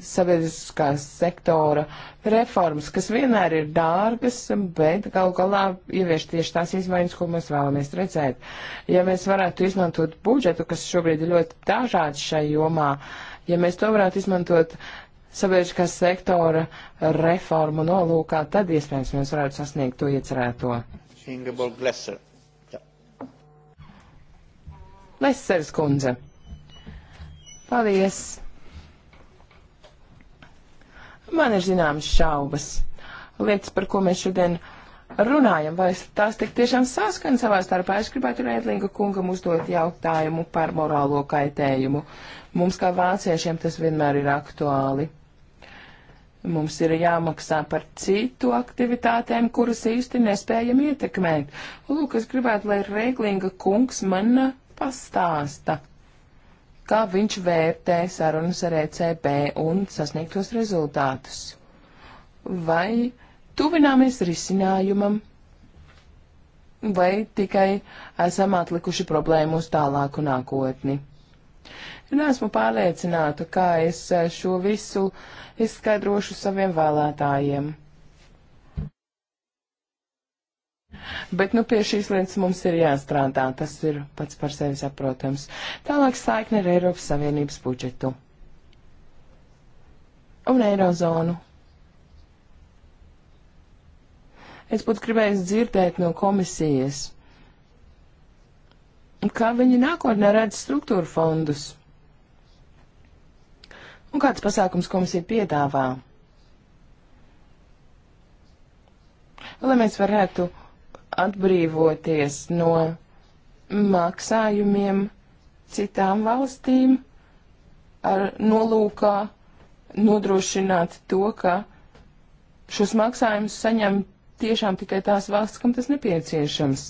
[SPEAKER 3] sabiedriskās sektora reformas, kas vienmēr ir dārgas, bet gal galā ievieš tieši tās izmaiņas, ko mēs vēlamies redzēt. Ja mēs varētu izmantot budžetu, kas šobrīd ir ļoti dažāds šai jomā, ja mēs to varētu izmantot sabiedriskās sektora reformu nolūkā, tad iespējams mēs varētu sasniegt to iecerēto.
[SPEAKER 2] Ingeborg Lesser.
[SPEAKER 3] Ja. Lesers kundze. Paldies! Man ir zināmas šaubas. Lietas, par ko mēs šodien runājam, vai tās tik tiešām saskan savā starpā. Es gribētu Rēdlinga kungam uzdot jautājumu par morālo kaitējumu. Mums kā vāciešiem tas vienmēr ir aktuāli. Mums ir jāmaksā par citu aktivitātēm, kuras īsti nespējam ietekmēt. Lūk, es gribētu, lai Rēglinga kungs man pastāsta, kā viņš vērtē sarunas ar ECB un sasniegtos rezultātus. Vai tuvināmies risinājumam, vai tikai esam atlikuši problēmu uz tālāku nākotni? Nesmu pārliecināta, kā es šo visu izskaidrošu saviem vēlētājiem. Bet nu, pie šīs lietas mums ir jāstrādā, tas ir pats par sevi saprotams. Tālāk saikne ar Eiropas Savienības budžetu un Eirozonu. Es būtu gribējis dzirdēt no komisijas, kā viņi nākotnē redz struktūra fondus un kāds pasākums komisija piedāvā, lai mēs varētu atbrīvoties no maksājumiem citām valstīm ar nolūkā nodrošināt to, ka šos maksājumus saņem tiešām tikai tās valsts, kam tas nepieciešams.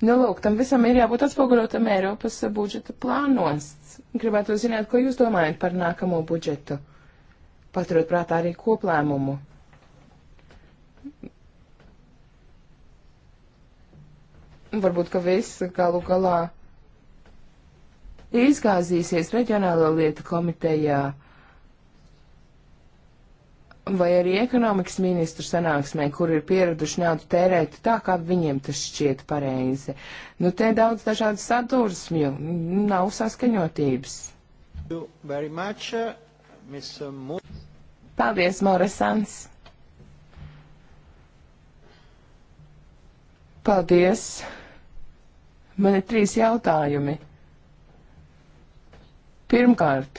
[SPEAKER 3] Nu, lūk, tam visam ir jābūt atspoguļotam Eiropas budžeta plānos. Gribētu zināt, ko jūs domājat par nākamo budžetu, paturot prātā arī koplēmumu. varbūt, ka viss galu galā izgāzīsies reģionālo lietu komitejā vai arī ekonomikas ministru sanāksmē, kur ir pieraduši naudu tērēt tā, kā viņiem tas šķiet pareizi. Nu, te daudz dažādas sadursmju, nav saskaņotības.
[SPEAKER 2] Much, uh,
[SPEAKER 3] Paldies, Moresans! Paldies! Man ir trīs jautājumi. Pirmkārt,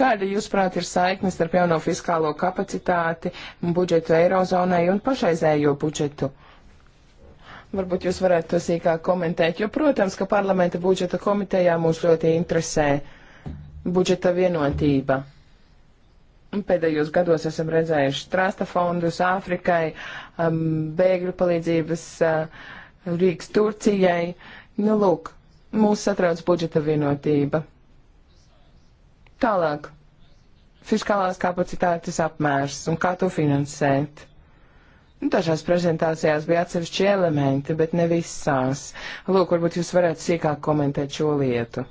[SPEAKER 3] kāda, jūsuprāt, ir saikne starp jauno fiskālo kapacitāti, budžetu Eirozonai un pašreizējo budžetu? Varbūt jūs varētu to sīkāk komentēt, jo, protams, ka parlamenta budžeta komitejā mūs ļoti interesē budžeta vienotība. Pēdējos gados esam redzējuši trasta fondus Āfrikai, um, bēgļu palīdzības uh, Rīgas Turcijai. Nu, lūk, mūs satrauc budžeta vienotība. Tālāk. Fiskālās kapacitātes apmērs un kā to finansēt. Nu, dažās prezentācijās bija atsevišķi elementi, bet ne visās. Lūk, varbūt jūs varētu sīkāk komentēt šo lietu.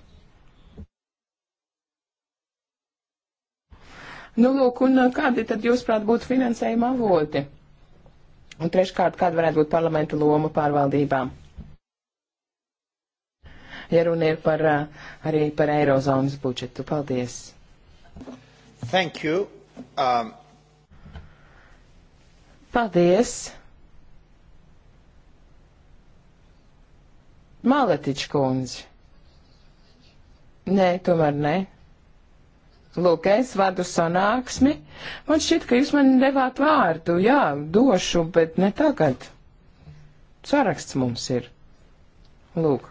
[SPEAKER 3] Nu, lūk, un kādi tad, jūsuprāt, būtu finansējuma avoti? Un treškārt, kāda varētu būt parlamenta loma pārvaldībām? Ja runa ir par, eh, arī par eirozonas budžetu. Paldies!
[SPEAKER 2] Thank you. Um...
[SPEAKER 3] Paldies! Maletiķ kundze. Nē, tomēr nē. Lūk, es vadu sanāksmi. Man šķiet, ka jūs man devāt vārdu. Jā, došu, bet ne tagad. Saraksts mums ir. Lūk.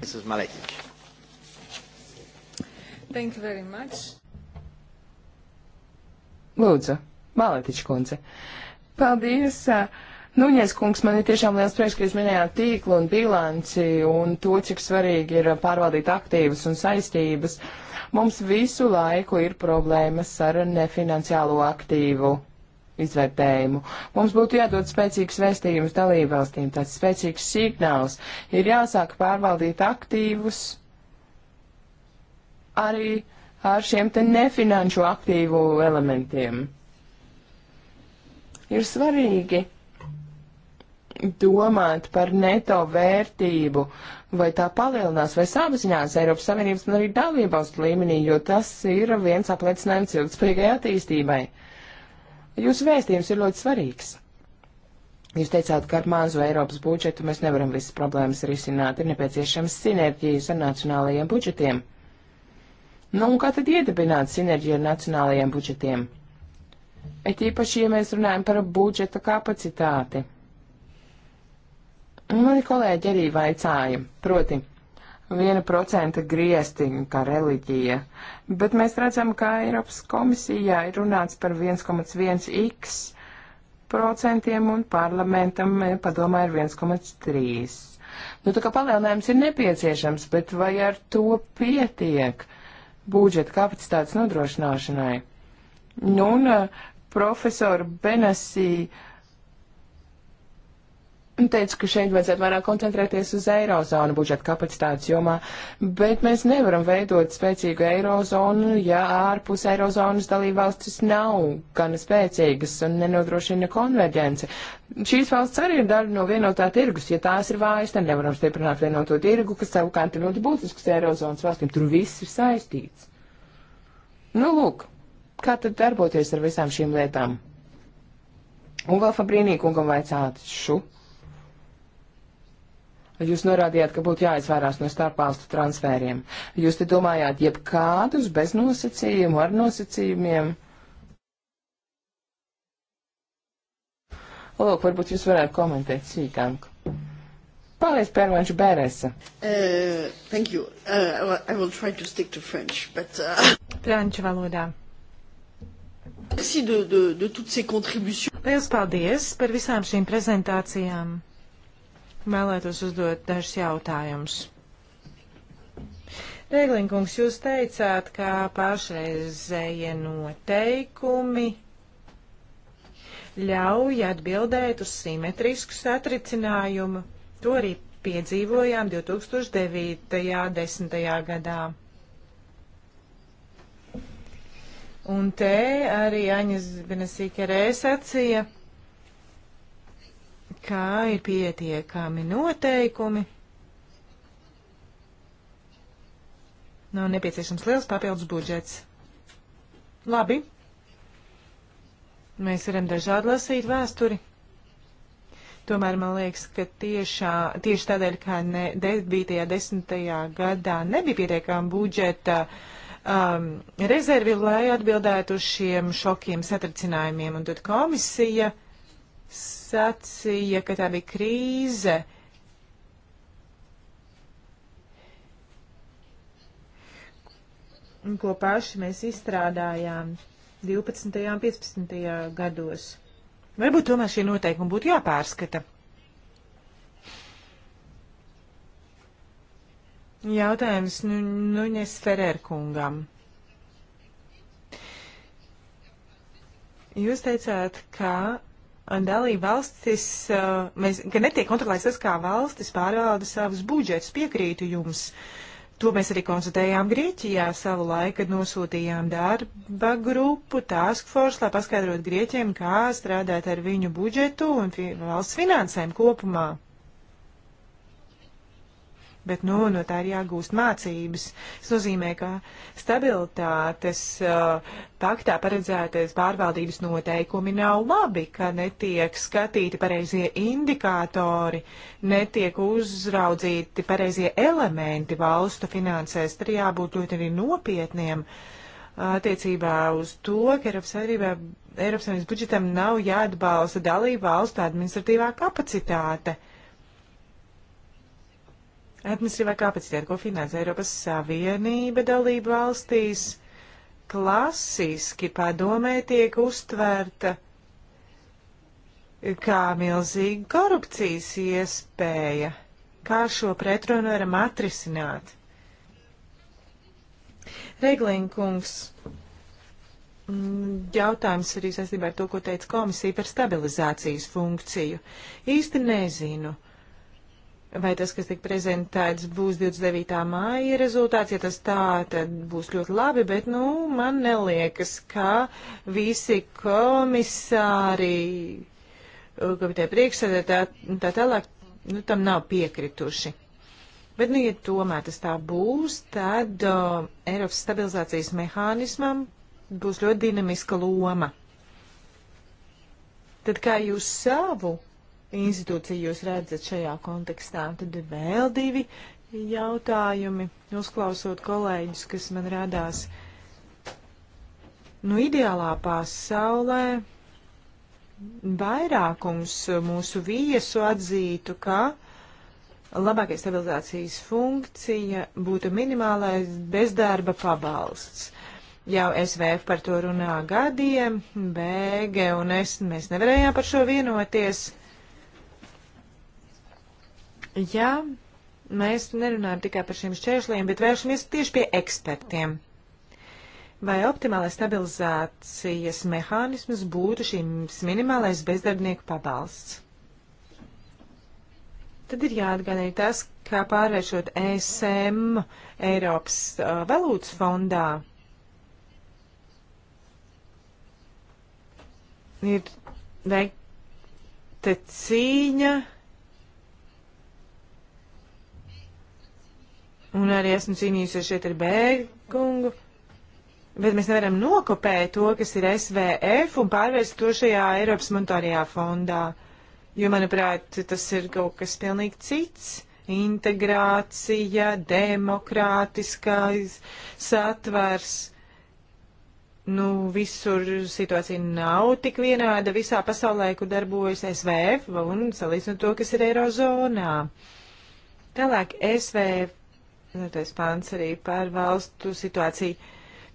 [SPEAKER 2] Mrs. Maletič.
[SPEAKER 1] Thank you very much.
[SPEAKER 3] Lūdzu, Maletič kundze. Paldies. Nuņies kungs, man ir tiešām liels prieks, ka jūs minējāt tīklu un bilanci un to, cik svarīgi ir pārvaldīt aktīvas un saistības. Uh, Mums visu laiku ir problēmas ar nefinanciālo aktīvu izvērtējumu. Mums būtu jādod spēcīgs vēstījums dalībvalstīm, tāds spēcīgs signāls. Ir jāsāk pārvaldīt aktīvus arī ar šiem te nefinanšu aktīvu elementiem. Ir svarīgi domāt par neto vērtību, vai tā palielinās vai samazinās Eiropas Savienības un arī dalībvalstu līmenī, jo tas ir viens apliecinājums ilgspējīgai attīstībai. Jūsu vēstījums ir ļoti svarīgs. Jūs teicāt, ka ar mazu Eiropas budžetu mēs nevaram visas problēmas risināt, ir nepieciešams sinerģijas ar nacionālajiem budžetiem. Nu, un kā tad iedibināt sinerģiju ar nacionālajiem budžetiem? Et īpaši, ja mēs runājam par budžeta kapacitāti. Mani kolēģi arī vaicāja, proti, viena procenta griesti kā reliģija, bet mēs redzam, ka Eiropas komisijā ir runāts par 1,1x procentiem un parlamentam eh, padomā ir 1,3. Nu, tā kā palielinājums ir nepieciešams, bet vai ar to pietiek budžeta kapacitātes nodrošināšanai? Nu, un eh, profesoru Benesī uh, teica, ka šeit vajadzētu vairāk koncentrēties uz eirozonu budžeta kapacitātes jomā, bet mēs nevaram veidot spēcīgu eirozonu, ja ārpus eirozonas dalībvalstis nav gan spēcīgas un nenodrošina konverģenci. Šīs valsts arī ir daļa no vienotā tirgus. Ja tās ir vājas, tad nevaram stiprināt vienoto tirgu, kas savukārt ir ļoti būtisks eirozonas valstīm. Tur viss ir saistīts. Nu, lūk, kā tad darboties ar visām šīm lietām? Un vēl Fabrīnī kungam vajadzētu šu Jūs norādījāt, ka būtu jāizvairās no starpvalstu transfēriem. Jūs te domājāt, jebkādus bez nosacījumu, ar nosacījumiem? Lūk, varbūt jūs varētu komentēt sīkāk. Paldies, Pērvanš Bērese.
[SPEAKER 2] Uh, thank you. Uh, I will try to stick to French, but... Uh... Franču valodā. Merci de, de, de toutes ces contributions. Liels paldies par visām šīm prezentācijām vēlētos uzdot dažus jautājumus. Rēglinkungs, jūs teicāt, ka pašreizējie noteikumi ļauj atbildēt uz simetrisku satricinājumu. To arī piedzīvojām 2009. 10. gadā. Un te arī Aņas Benesīkerē sacīja, ka ir pietiekami noteikumi. Nav nu, nepieciešams liels papildus budžets. Labi. Mēs varam dažādi lasīt vēsturi. Tomēr man liekas, ka tiešā, tieši tādēļ, ka 9. un 10. gadā nebija pietiekama budžeta um, rezervi, lai atbildētu uz šiem šokiem, satricinājumiem, un tad komisija uh, sacīja, ka tā bija krīze. ko paši mēs izstrādājām 12. un 15. gados. Varbūt tomēr šie noteikumi būtu jāpārskata. Jautājums Nuņes nu, Ferērkungam. Jūs teicāt, ka dalība valstis, uh, mēs, ka netiek kontrolēts tas, kā valstis pārvalda savus budžetus. Piekrītu jums. To mēs arī konstatējām Grieķijā savu laiku, kad nosūtījām darba grupu Task Force, lai paskaidrotu Grieķiem, kā strādāt ar viņu budžetu un fi valsts finansēm kopumā bet nu, no tā ir jāgūst mācības. Tas nozīmē, ka stabilitātes uh, paktā paredzētais pārvaldības noteikumi nav labi, ka netiek skatīti pareizie indikātori, netiek uzraudzīti pareizie elementi valstu finansēs. Tur jābūt ļoti arī nopietniem uh, attiecībā uz to, ka Eiropas Savienībā. Eiropas Savienības budžetam nav jāatbalsta dalību valstu administratīvā kapacitāte. Uh, Administratīvā kapacitāte, ko finansē Eiropas Savienība dalību valstīs, klasiski padomē tiek uztvērta kā milzīga korupcijas iespēja. Kā šo pretrunu varam atrisināt? Reglinkungs, mm, jautājums arī saistībā ar to, ko teica komisija par stabilizācijas funkciju. Īsti nezinu. Uh, Vai tas, kas tika prezentēts, būs 29. māja rezultāts? Ja tas tā, tad būs ļoti labi, bet, nu, man neliekas, ka visi komisāri, komiteja priekšsēdētāji, tā tālāk, nu, tam nav piekrituši. Bet, nu, ja tomēr tas tā būs, tad o, Eiropas stabilizācijas mehānismam būs ļoti dinamiska loma. Tad kā jūs savu institūciju jūs redzat šajā kontekstā. Un tad ir vēl divi jautājumi, uzklausot kolēģis, kas man rādās. Nu, ideālā pasaulē vairākums mūsu viesu atzītu, ka labākai stabilizācijas funkcija būtu minimālais bezdarba pabalsts. Jau SVF par to runā gadiem, BG un es, mēs nevarējām par šo vienoties. Ja mēs nerunājam tikai par šiem šķēršļiem, bet vēršamies tieši pie ekspertiem. Vai optimālais stabilizācijas mehānisms būtu šīs minimālais bezdarbnieku pabalsts? Tad ir jāatgādina tas, kā pārvēršot ESM Eiropas uh, valūtas fondā. Ir veikta cīņa Un arī esmu cīnījusies šeit ar bēgungu. Bet mēs nevaram nokopēt to, kas ir SVF, un pārvērst to šajā Eiropas monetārajā fondā. Jo, manuprāt, tas ir kaut kas pilnīgi cits - integrācija, demokrātiskais satvers. Nu, visur situācija nav tik vienāda visā pasaulē, kur darbojas SVF un salīdzinot to, kas ir Eirozonā. Tālāk SVF Tais pāns arī par valstu situāciju.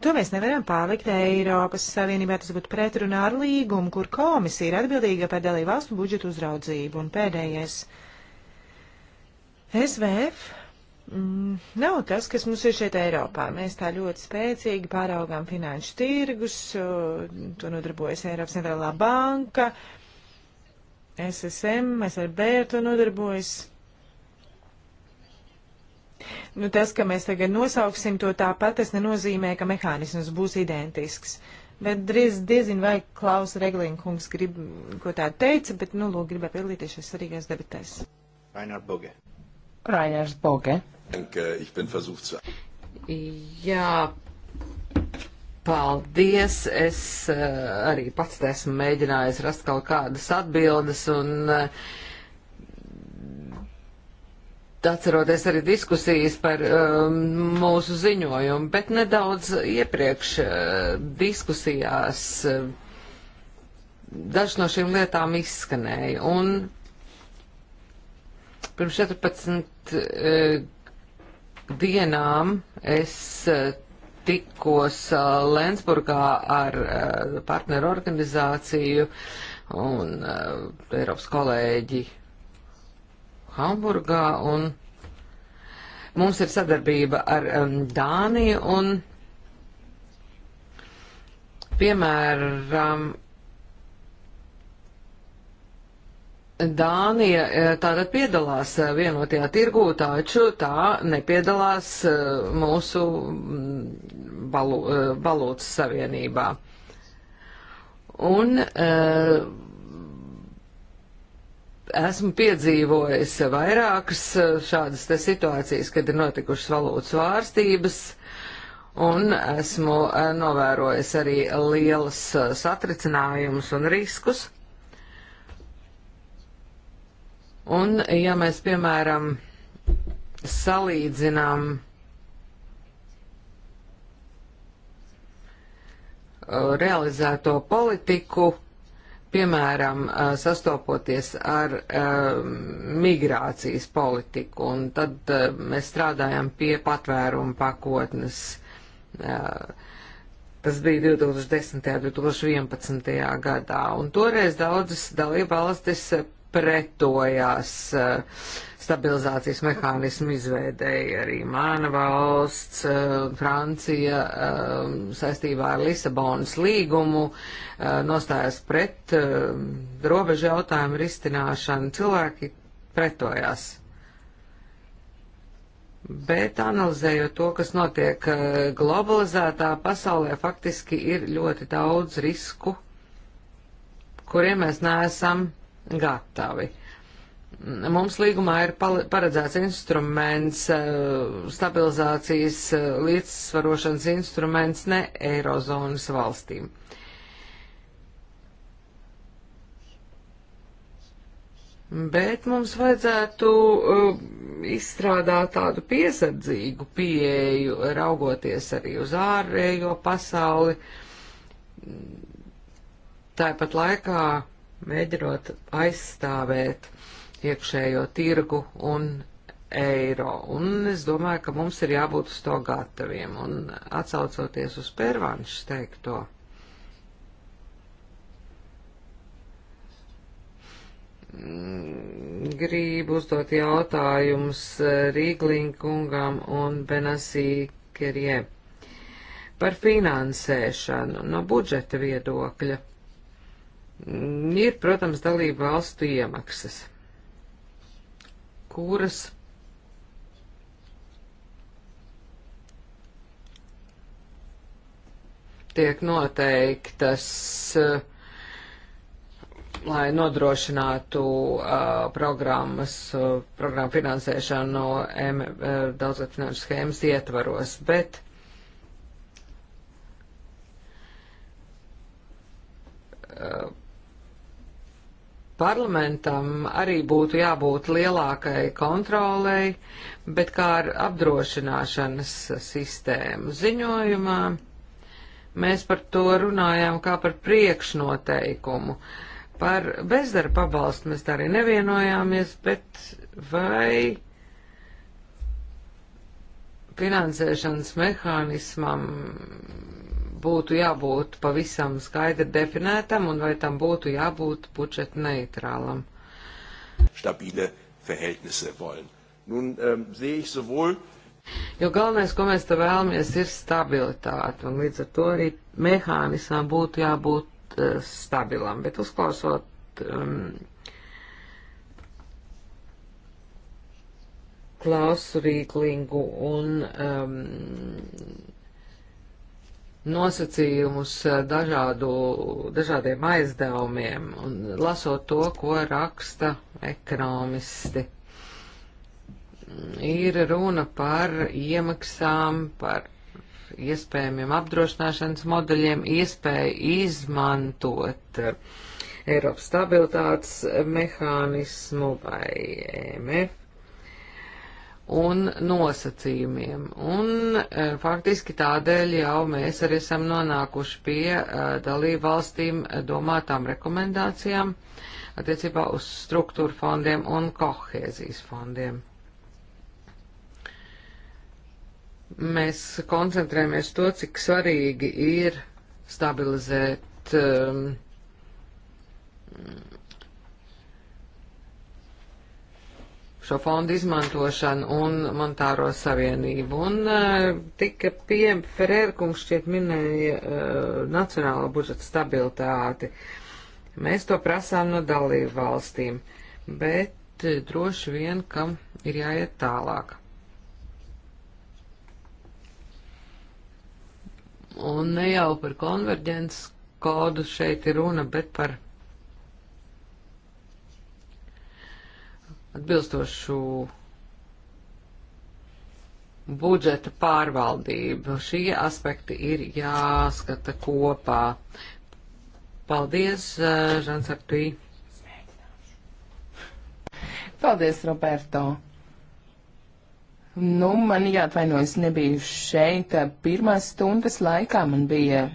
[SPEAKER 2] To mēs nevaram pārlikt Eiropas Savienībā. Tas būtu pretrunā ar līgumu, kur komisija ir atbildīga par dalību valstu budžetu uzraudzību. Un pēdējais. SVF mm, nav tas, kas mums ir šeit Eiropā. Mēs tā ļoti spēcīgi pāraugām finanšu tirgus, to nodarbojas Eiropas centrālā banka, SSM, SRB ar to nodarbojas. Nu, tas, ka mēs tagad nosauksim to tāpat, tas nenozīmē, ka mehānisms būs identisks. Bet drīz diezin vai Klaus Reglīna kungs grib, ko tā teica, bet, nu, lūk, gribētu piedalīties šajās svarīgās debatēs. Rainērs Boge. Rainērs Boge. Jā,
[SPEAKER 1] paldies. Es eh, arī pats esmu mēģinājis rast kaut kādas atbildes un uh, atceroties arī diskusijas par um, mūsu ziņojumu, bet nedaudz iepriekš uh, diskusijās uh, dažas no šīm lietām izskanēja. Un pirms 14 uh, dienām es uh, tikos uh, Lensburgā ar uh, partneru organizāciju un uh, Eiropas kolēģi Hamburgā, un mums ir sadarbība ar um, Dāniju, un, piemēram, Dānija e, tātad piedalās e, vienotajā tirgū, taču tā nepiedalās e, mūsu mm, valūtas savienībā. Un uh, esmu piedzīvojis vairākas eh, šādas situācijas, kad ir notikušas valūtas vārstības, un esmu eh, novērojis arī lielas eh, satricinājumus un riskus. Un, ja mēs, piemēram, salīdzinām realizēto politiku, piemēram, sastopoties ar migrācijas politiku, un tad mēs strādājam pie patvērumu pakotnes. Tas bija 2010. un 2011. gadā, un toreiz daudzas dalībvalstis pretojās uh, stabilizācijas mehānismu izveidēja arī mana valsts, eh, Francija eh, saistībā ar Lisabonas līgumu, eh, nostājās pret robežu jautājumu risināšanu, cilvēki pretojās. Bet analizējot to, kas notiek globalizētā pasaulē, faktiski ir ļoti daudz risku, kuriem mēs neesam gatavi. Uh, Mums līgumā ir paredzēts instruments, eh, stabilizācijas eh, līdzsvarošanas instruments ne Eirozonas valstīm. Bet mums vajadzētu uh, izstrādāt tādu piesardzīgu pieeju, raugoties arī uz ārējo pasauli. Tāpat laikā mēģinot aizstāvēt iekšējo tirgu un eiro. Un es domāju, ka mums ir jābūt uz to gataviem. Un atsaucoties uz pērvanšas teikto. Mm, Gribu uzdot jautājumus eh, Rīglinkungam un Benasī Kerjē par finansēšanu no budžeta viedokļa. Mm, ir, protams, dalība valstu iemaksas kuras tiek noteiktas, eh, lai nodrošinātu uh, programmas, uh, programmu finansēšanu no uh, daudzgad finanšu schēmas ietvaros, bet uh, Parlamentam arī būtu jābūt lielākai kontrolei, bet kā ar apdrošināšanas sistēmu ziņojumā, mēs par to runājām kā par priekšnoteikumu. Par bezdarba pabalstu mēs tā arī nevienojāmies, bet vai finansēšanas mehānismam būtu jābūt pavisam skaidri definētam un vai tam būtu jābūt budžeta neitrālam.
[SPEAKER 2] Stabile verhältnisse wollen. Nun ähm, sehe ich sowohl.
[SPEAKER 1] Jo galvenais, ko mēs te vēlamies, ir stabilitāte, un līdz ar to arī mehānismam būtu jābūt uh, stabilam, bet uzklausot um, Klausu Rīklingu un um, nosacījumus eh, dažādu, dažādiem aizdevumiem un lasot to, ko raksta ekonomisti. Ir runa par iemaksām, par iespējamiem apdrošināšanas modeļiem, iespēju izmantot Eiropas stabilitātes mehānismu vai e MF un nosacījumiem. Un e, faktiski tādēļ jau mēs arī esam nonākuši pie e, dalību valstīm domātām rekomendācijām attiecībā uz struktūra fondiem un kohēzijas fondiem. Mēs koncentrējamies to, cik svarīgi ir stabilizēt um, e, šo fondu izmantošanu un monetāro savienību. Un uh, tika pie Ferērkungs šķiet minēja uh, nacionālo budžeta stabilitāti. Mēs to prasām no dalību valstīm, bet uh, droši vien, ka ir jāiet tālāk. Un ne jau par konverģences kodu šeit ir runa, bet par atbilstošu budžeta pārvaldību. Šie aspekti ir jāskata kopā. Paldies, Žants eh, Artī.
[SPEAKER 3] Paldies, Roberto. Nu, man jāatvainojas, nebiju šeit eh, pirmās stundas laikā, man bija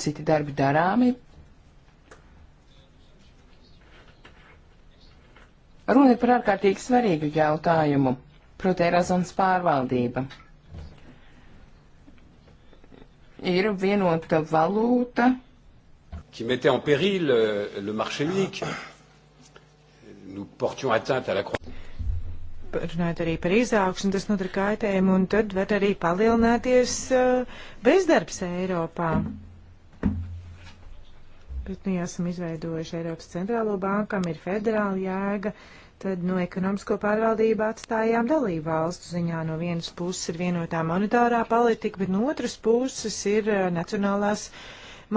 [SPEAKER 3] citi darbi darāmi, Runa ir par ārkārtīgi svarīgu jautājumu, proti Eirozonas pārvaldība. Ir vienota valūta.
[SPEAKER 2] Qui mettait en péril le, euh, le marché unique. Nous portions atteinte à la croissance runājot arī par izaugsmu, tas nodara kaitējumu, un tad var arī palielināties uh, bezdarbs Eiropā. Bet nu, esam izveidojuši Eiropas centrālo bankam, ir federāla jēga, Tad no nu, ekonomisko pārvaldību atstājām dalību valstu ziņā. No vienas puses ir vienotā monetārā politika, bet no otras puses ir eh, nacionālās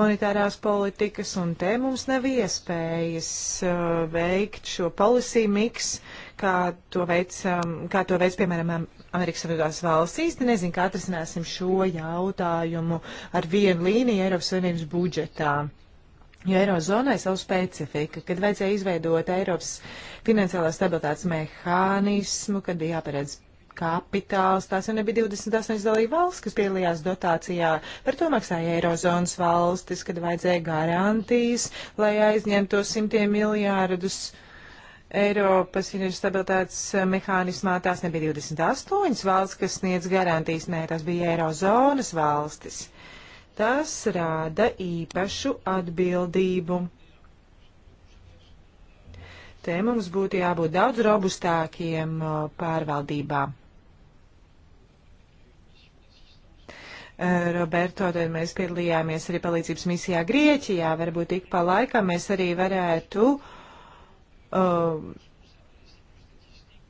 [SPEAKER 2] monetārās politikas, un te mums nav iespējas uh, veikt šo policy mix, kā to veids, um, kā to veids piemēram, Amerikas Savienotās valsts īsti nezinu, kā atrisināsim šo jautājumu ar vienu līniju Eiropas Savienības budžetā. Uh, Jo Eirozonai savu specifiku, kad vajadzēja izveidot Eiropas finansiālās stabilitātes mehānismu, kad bija jāparedz kapitāls, tās jau nebija 28 dalība valsts, kas piedalījās dotācijā. Par to maksāja Eirozonas valstis, kad vajadzēja garantijas, lai aizņemtu simtiem miljārdus. Eiropas finanšu stabilitātes mehānismā tās nebija 28 valsts, kas sniedz garantijas, nē, tās bija Eirozonas valstis. Tas rāda īpašu atbildību. Te mums būtu jābūt daudz robustākiem uh, pārvaldībā. Uh, Roberto, tad mēs piedalījāmies arī palīdzības misijā Grieķijā. Varbūt ik pa laikam mēs arī varētu uh,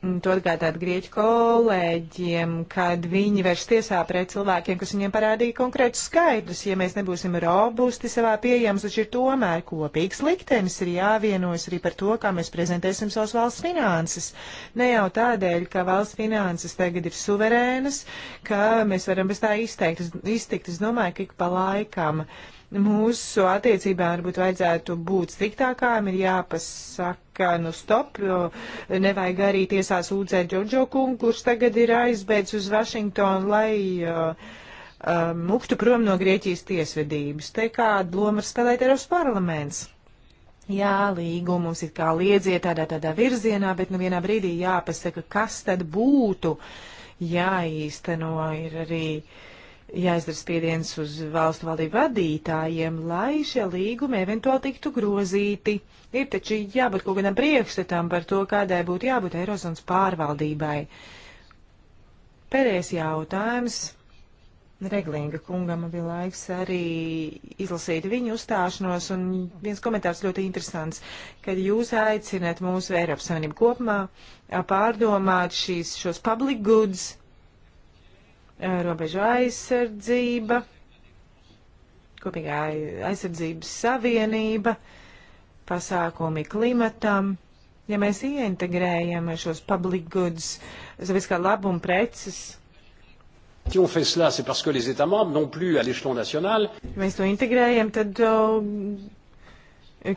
[SPEAKER 2] Mm, to atgādāt grieķu kolēģiem, kad viņi vērš tiesā pret cilvēkiem, kas viņiem parādīja konkrētus skaidrus. Ja mēs nebūsim robusti savā pieejams, taču ir tomēr kopīgs liktenis, ir jāvienojas arī par to, kā mēs prezentēsim savas valsts finanses. Ne jau tādēļ, ka valsts finanses tagad ir suverēnas, ka mēs varam bez tā izteikt. iztikt. Es domāju, ka ik pa laikam. Uh, mūsu attiecībām varbūt vajadzētu būt striktākām, ir jāpasaka, nu stop, jo nevajag arī tiesā sūdzēt Džordžo kungu, kurš tagad ir aizbēdz uz Vašingtonu, lai uh, um, muktu prom no Grieķijas tiesvedības. Te kāda loma var spēlēt Eiropas parlaments? Jā, līgumu mums ir kā liedzie tādā, tādā virzienā, bet nu vienā brīdī jāpasaka, kas tad būtu jāīsteno ir arī. Uh, jāizdara spiediens uz valstu valdību vadītājiem, lai šie līgumi eventuāli tiktu grozīti. Ir taču jābūt kaut kādam priekšstatam par to, kādai būtu jābūt Eirozonas pārvaldībai. Pēdējais jautājums. Reglinga kungam bija laiks arī izlasīt viņu uzstāšanos, un viens komentārs ļoti interesants, kad jūs aicināt mūsu Eiropas Savienību kopumā pārdomāt šīs, šos public goods, Eh, robežu aizsardzība, kopīgā aizsardzības savienība, pasākumi klimatam. Ja mēs ieintegrējam šos public goods, sabiedriskā labuma preces,
[SPEAKER 1] Si on fait cela, c'est parce que les États membres non plus à l'échelon national.
[SPEAKER 2] Mēs to integrējam, tad oh,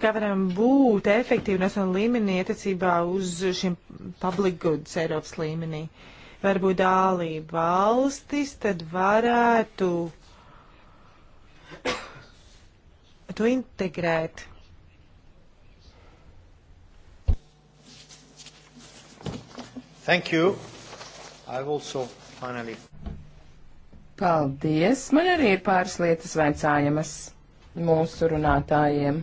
[SPEAKER 2] kā varam būt efektīvi nacionāla līmenī attiecībā uz šiem public goods Eiropas līmenī. Uh, varbūt dālība valstis, tad varētu to integrēt. Thank you. I've also finally.
[SPEAKER 3] Paldies. Man arī ir pāris lietas vajadzājamas mūsu runātājiem.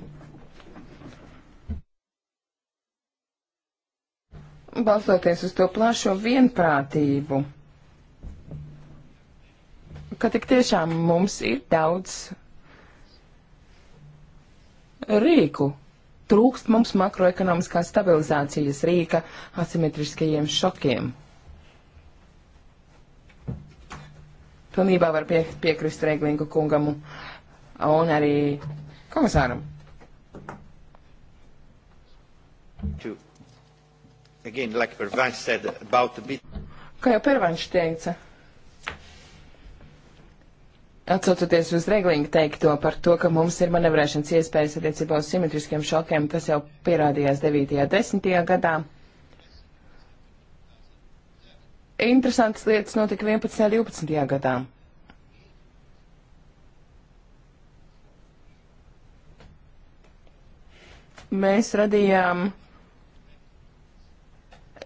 [SPEAKER 3] balstoties uz to plašo vienprātību, ka tik tiešām mums ir daudz rīku. Trūkst mums makroekonomiskās stabilizācijas rīka asimetriskajiem šokiem. Pilnībā var pie, piekrist Reiglingu kungam un arī komisāram.
[SPEAKER 2] Two again, like Pervanš said, about the bit.
[SPEAKER 3] Kā jau Pervanš teica, Atcaucoties uz Reglinga teikto par to, ka mums ir manevrēšanas iespējas attiecībā uz simetriskiem šokiem, tas jau pierādījās 9. un 10. gadā. Interesantas lietas notika 11. un 12. gadā. Mēs radījām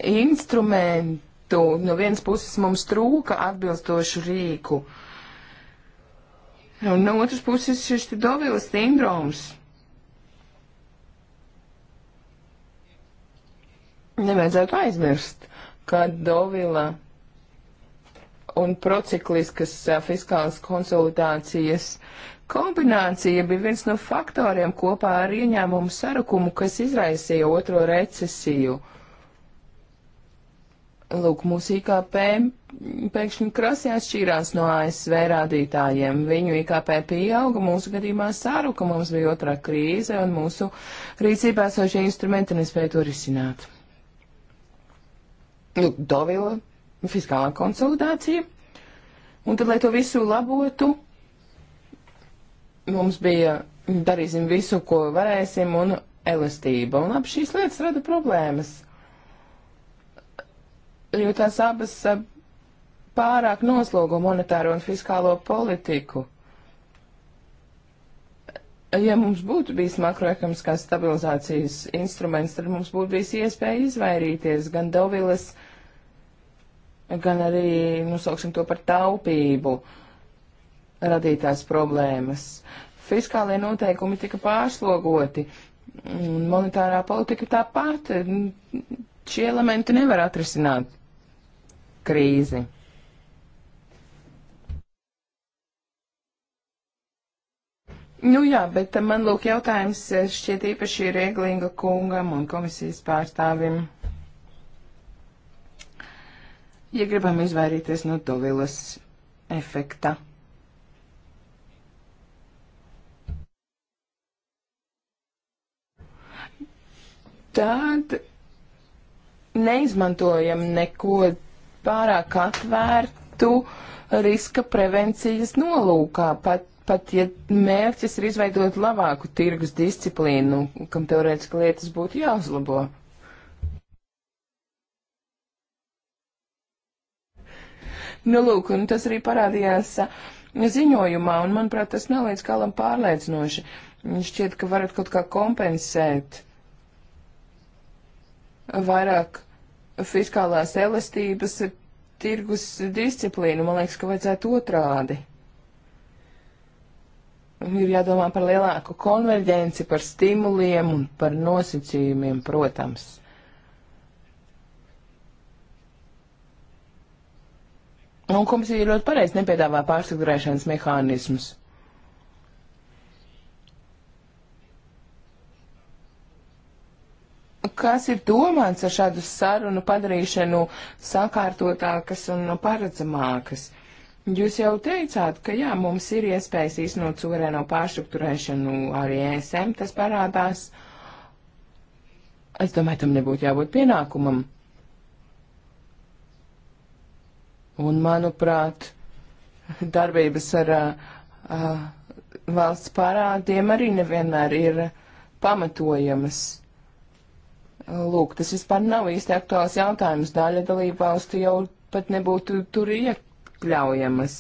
[SPEAKER 3] instrumentu, no vienas puses mums trūka atbilstošu rīku, un no otras puses šis Dovila sindroms. Nevajadzētu aizmirst, ka Dovila un procikliskas fiskālas konsolidācijas kombinācija bija viens no faktoriem kopā ar ieņēmumu sarukumu, kas izraisīja otro recesiju. Uh, Lūk, mūsu IKP pēkšņi krasi atšķīrās no ASV rādītājiem. Viņu IKP pieauga, mūsu gadījumā sāruka, mums bija otrā krīze un mūsu rīcībā sošie instrumenti nespēja to risināt. Lūk, Dovila, fiskālā konsolidācija. Un tad, lai to visu labotu, mums bija darīsim visu, ko varēsim, un elastība. Un ap šīs lietas rada problēmas jo tās abas eh, pārāk noslogo monetāro un fiskālo politiku. Ja mums būtu bijis makroekonomiskās stabilizācijas instruments, tad mums būtu bijis iespēja izvairīties gan Dovilas, gan arī, nosauksim nu, to par taupību, radītās problēmas. Fiskālie noteikumi tika pārslogoti, un monetārā politika tāpat Šie elementi nevar atrisināt krīzi. Nu jā, bet man lūk jautājums eh, šķiet īpaši Rieglinga kungam un komisijas pārstāvim. Ja gribam izvairīties no Dovilas efekta. Tad neizmantojam neko pārāk atvērtu riska prevencijas nolūkā, pat, pat ja mērķis ir izveidot labāku tirgus disciplīnu, kam teorētiski lietas būtu jāuzlabo. Nu, lūk, un tas arī parādījās ziņojumā, un, manuprāt, tas nav līdz galam pārliecinoši. Šķiet, ka varat kaut kā kompensēt vairāk fiskālās elastības tirgus disciplīnu. Man liekas, ka vajadzētu otrādi. Ir jādomā par lielāku konverģenci, par stimuliem un par nosacījumiem, protams. Un komisija ļoti pareizi nepiedāvā pārstrukturēšanas mehānismus. kas ir domāts ar šādu sarunu padarīšanu sakārtotākas un paredzamākas. Jūs jau teicāt, ka jā, mums ir iespējas īstenot suverēno pārstruktūrēšanu arī ESM, tas parādās. Es domāju, tam nebūtu jābūt pienākumam. Un, manuprāt, darbības ar uh, valsts parādiem arī nevienmēr ir pamatojamas. Lūk, tas vispār nav īsti aktuāls jautājums. Daļa dalībvalstu jau pat nebūtu tur iekļaujamas.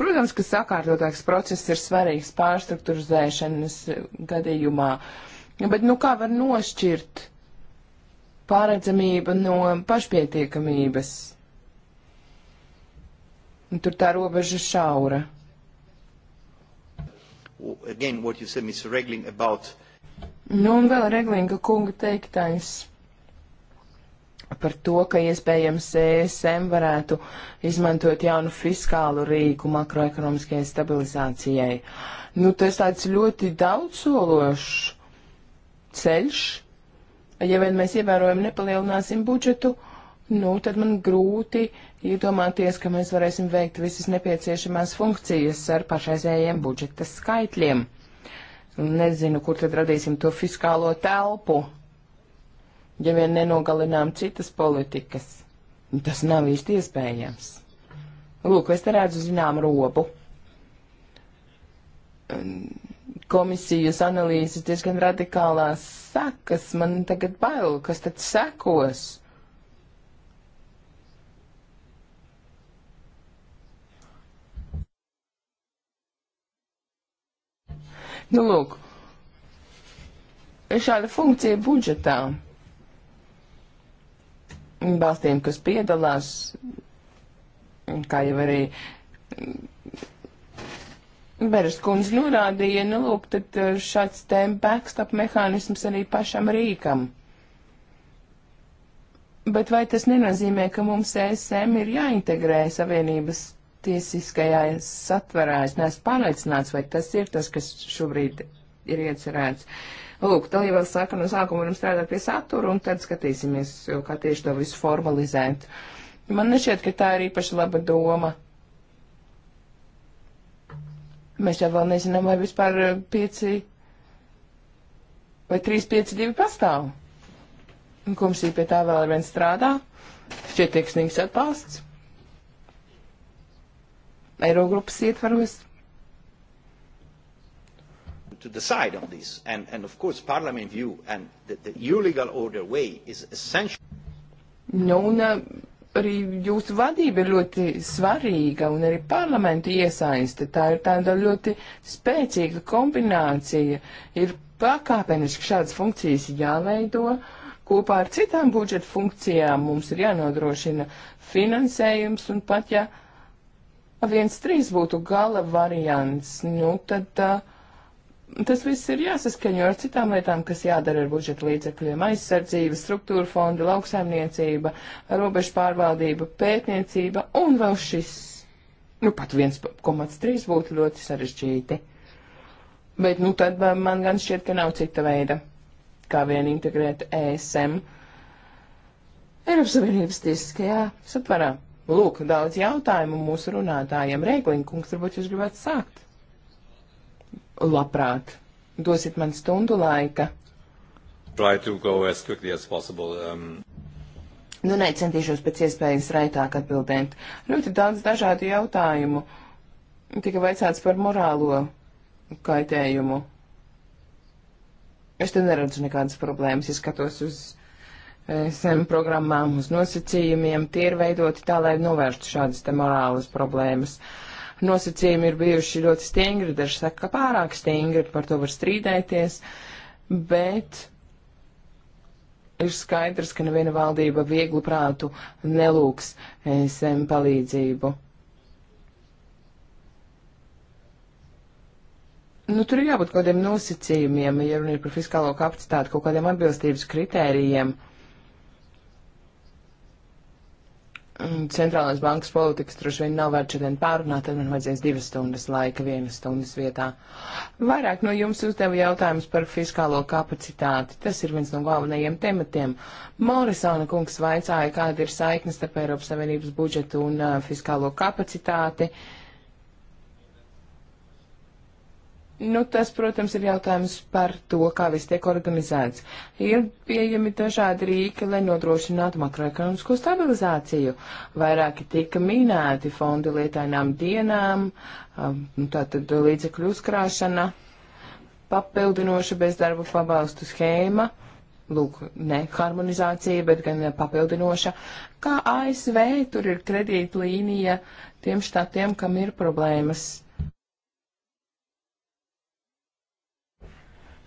[SPEAKER 3] Protams, ka sakārtotāks process ir svarīgs pārstruktūrizēšanas gadījumā, bet nu kā var nošķirt pārredzamību no pašpietiekamības? Un tur tā robeža šaura.
[SPEAKER 2] Again, what you said, Mr. Regling, about uh,
[SPEAKER 3] Nu, un vēl Reglinga kunga teiktais par to, ka iespējams ESM varētu izmantot jaunu fiskālu rīku makroekonomiskajai stabilizācijai. Nu, tas tāds ļoti daudzsološs ceļš. Ja vien mēs ievērojam nepalielināsim budžetu, nu, tad man grūti iedomāties, ka mēs varēsim veikt visas nepieciešamās funkcijas ar pašreizējiem budžeta skaitļiem. Nezinu, kur tad radīsim to fiskālo telpu, ja vien nenogalinām citas politikas. Tas nav īsti iespējams. Lūk, es te redzu zinām robu. Komisijas analīzes diezgan radikālās sekas. Man tagad bail, kas tad sekos. Nu, lūk, ir šāda funkcija budžetā. Balstīm, kas piedalās, kā jau arī Beres kundze norādīja, nu, lūk, tad uh, šāds tēma backstop mehānisms arī pašam rīkam. Bet vai tas nenozīmē, ka mums ESM ir jāintegrē Savienības tiesiskajā satvarā. Es neesmu pārliecināts, vai tas ir tas, kas šobrīd ir iecerēts. Lūk, dalībvalsts saka, no sākuma varam strādāt pie satura, un tad skatīsimies, kā tieši to visu formalizēt. Man nešķiet, ka tā ir īpaši laba doma. Mēs jau vēl nezinām, vai vispār eh, pieci vai trīs pieci divi pastāv. Un komisija pie tā vēl ar vien strādā. Šķiet tieksnīgs atbalsts. Eirogrupas ietvaros.
[SPEAKER 2] To decide on this, and, and of course, Parliament view and the, the EU legal order way is essential.
[SPEAKER 3] Nu, un eh, arī jūsu vadība ir ļoti svarīga, un arī parlamentu iesaiste. Tā ir tāda ļoti spēcīga kombinācija. Ir pakāpeniski šādas funkcijas jāveido. Kopā ar citām budžeta funkcijām mums ir jānodrošina finansējums, un pat ja. Uh, 1.3 būtu gala variants, nu tad uh, tas viss ir jāsaskaņo ar citām lietām, kas jādara ar budžeta līdzekļiem - aizsardzība, struktūra fonda, lauksaimniecība, robežu pārvaldība, pētniecība un vēl šis. Nu, pat 1,3 būtu ļoti sarežģīti. Bet, nu, tad man gan šķiet, ka nav cita veida, kā vien integrēt ESM Eiropas Savienības tiesiskajā satvarā. Lūk, daudz jautājumu mūsu runātājiem. Rēkliņa kungs, varbūt jūs gribētu sākt? Labprāt. Dosiet man stundu laika.
[SPEAKER 2] Try to go as quickly as possible. Um...
[SPEAKER 3] Nu, nē, centīšos pēc iespējas raitāk atbildēt. Ļoti daudz dažādu jautājumu. Tika vaicāts par morālo kaitējumu. Es te neredzu nekādas problēmas, ja skatos uz SM programmām, uz nosacījumiem, tie ir veidoti tā, lai novērstu šādas te morālas problēmas. Nosacījumi ir bijuši ļoti stingri, daži saka, ka pārāk stingri, par to var strīdēties, bet ir skaidrs, ka neviena valdība vieglu prātu nelūks SM palīdzību. Nu, tur ir jābūt kaut kādiem nosacījumiem, ja runa ir par fiskālo kapacitāti, kaut kādiem atbilstības kritērijiem. Mm, centrālās bankas politikas droši vien nav vērts šodien pārunāt, tad man vajadzēs divas stundas laika vienas stundas vietā. Vairāk no jums uzdeva jautājumus par fiskālo kapacitāti. Tas ir viens no galvenajiem tematiem. Morisona kungs vaicāja, kāda ir saiknes starp Eiropas Savienības budžetu un uh, fiskālo kapacitāti. Uh, Nu, tas, protams, ir jautājums par to, kā viss tiek organizēts. Ir pieejami dažādi rīki, lai nodrošinātu makroekonomisko stabilizāciju. Vairāki tika minēti fondu lietainām dienām, um, nu, tātad līdzekļu uzkrāšana, papildinoša bezdarbu pabalstu schēma, lūk, ne harmonizācija, bet gan papildinoša. Kā ASV tur ir kredītlīnija tiem štatiem, kam ir problēmas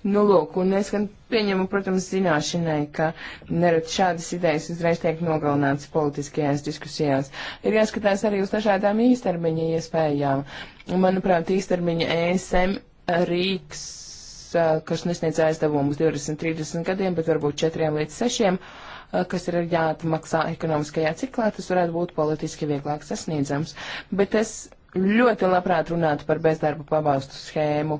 [SPEAKER 3] Nu, lūk, un es gan pieņemu, protams, zināšanai, ka nerad šādas idejas uzreiz tiek nogalināts politiskajās diskusijās. Ir jāskatās arī uz dažādām īstermiņa iespējām. Un, manuprāt, īstermiņa ESM rīks, kas nesniedz aizdevumus 20, 30 gadiem, bet varbūt 4 līdz 6, kas ir jāatmaksā ekonomiskajā ciklā, tas varētu būt politiski vieglāk sasniedzams. Bet es ļoti labprāt runātu par bezdarba pabalstu schēmu.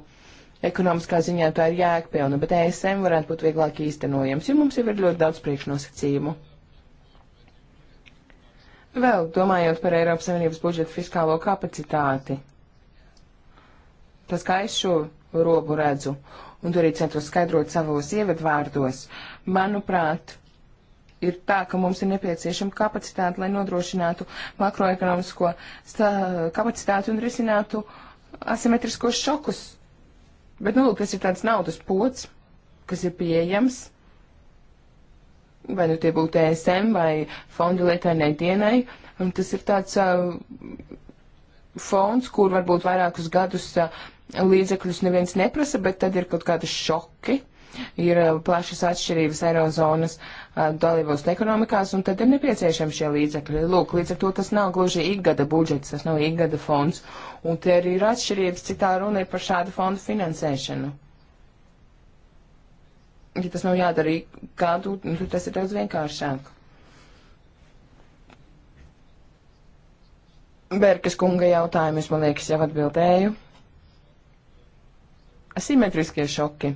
[SPEAKER 3] Ekonomiskā ziņā tā ir jēgpilna, bet ESM varētu būt vieglāk īstenojams, jo mums jau ir ļoti daudz priekšnosacījumu. Vēl domājot par Eiropas Savienības budžeta fiskālo kapacitāti. Tas, kā es šo robu redzu, un arī centos skaidrot savos ievadvārdos, manuprāt, ir tā, ka mums ir nepieciešama kapacitāte, lai nodrošinātu makroekonomisko kapacitāti un risinātu asimetriskos šokus Bet, nu, tas ir tāds naudas pots, kas ir pieejams. Vai nu tie būtu ESM vai fondu lietainai dienai. Un tas ir tāds uh, fonds, kur varbūt vairākus gadus uh, līdzekļus neviens neprasa, bet tad ir kaut kādi šoki. Uh, ir eh, plašas atšķirības Eirozonas eh, dalībvalstu ekonomikās, un tad ir nepieciešami šie līdzekļi. Lūk, līdz ar to tas nav gluži ikgada budžets, tas nav ikgada fonds, un te arī ir atšķirības, citā runa ir par šādu fondu finansēšanu. Ja tas nav jādara kādu, nu, tad tas ir daudz vienkāršāk. Berkas kunga jautājumus, man liekas, jau atbildēju. Asimetriskie šoki.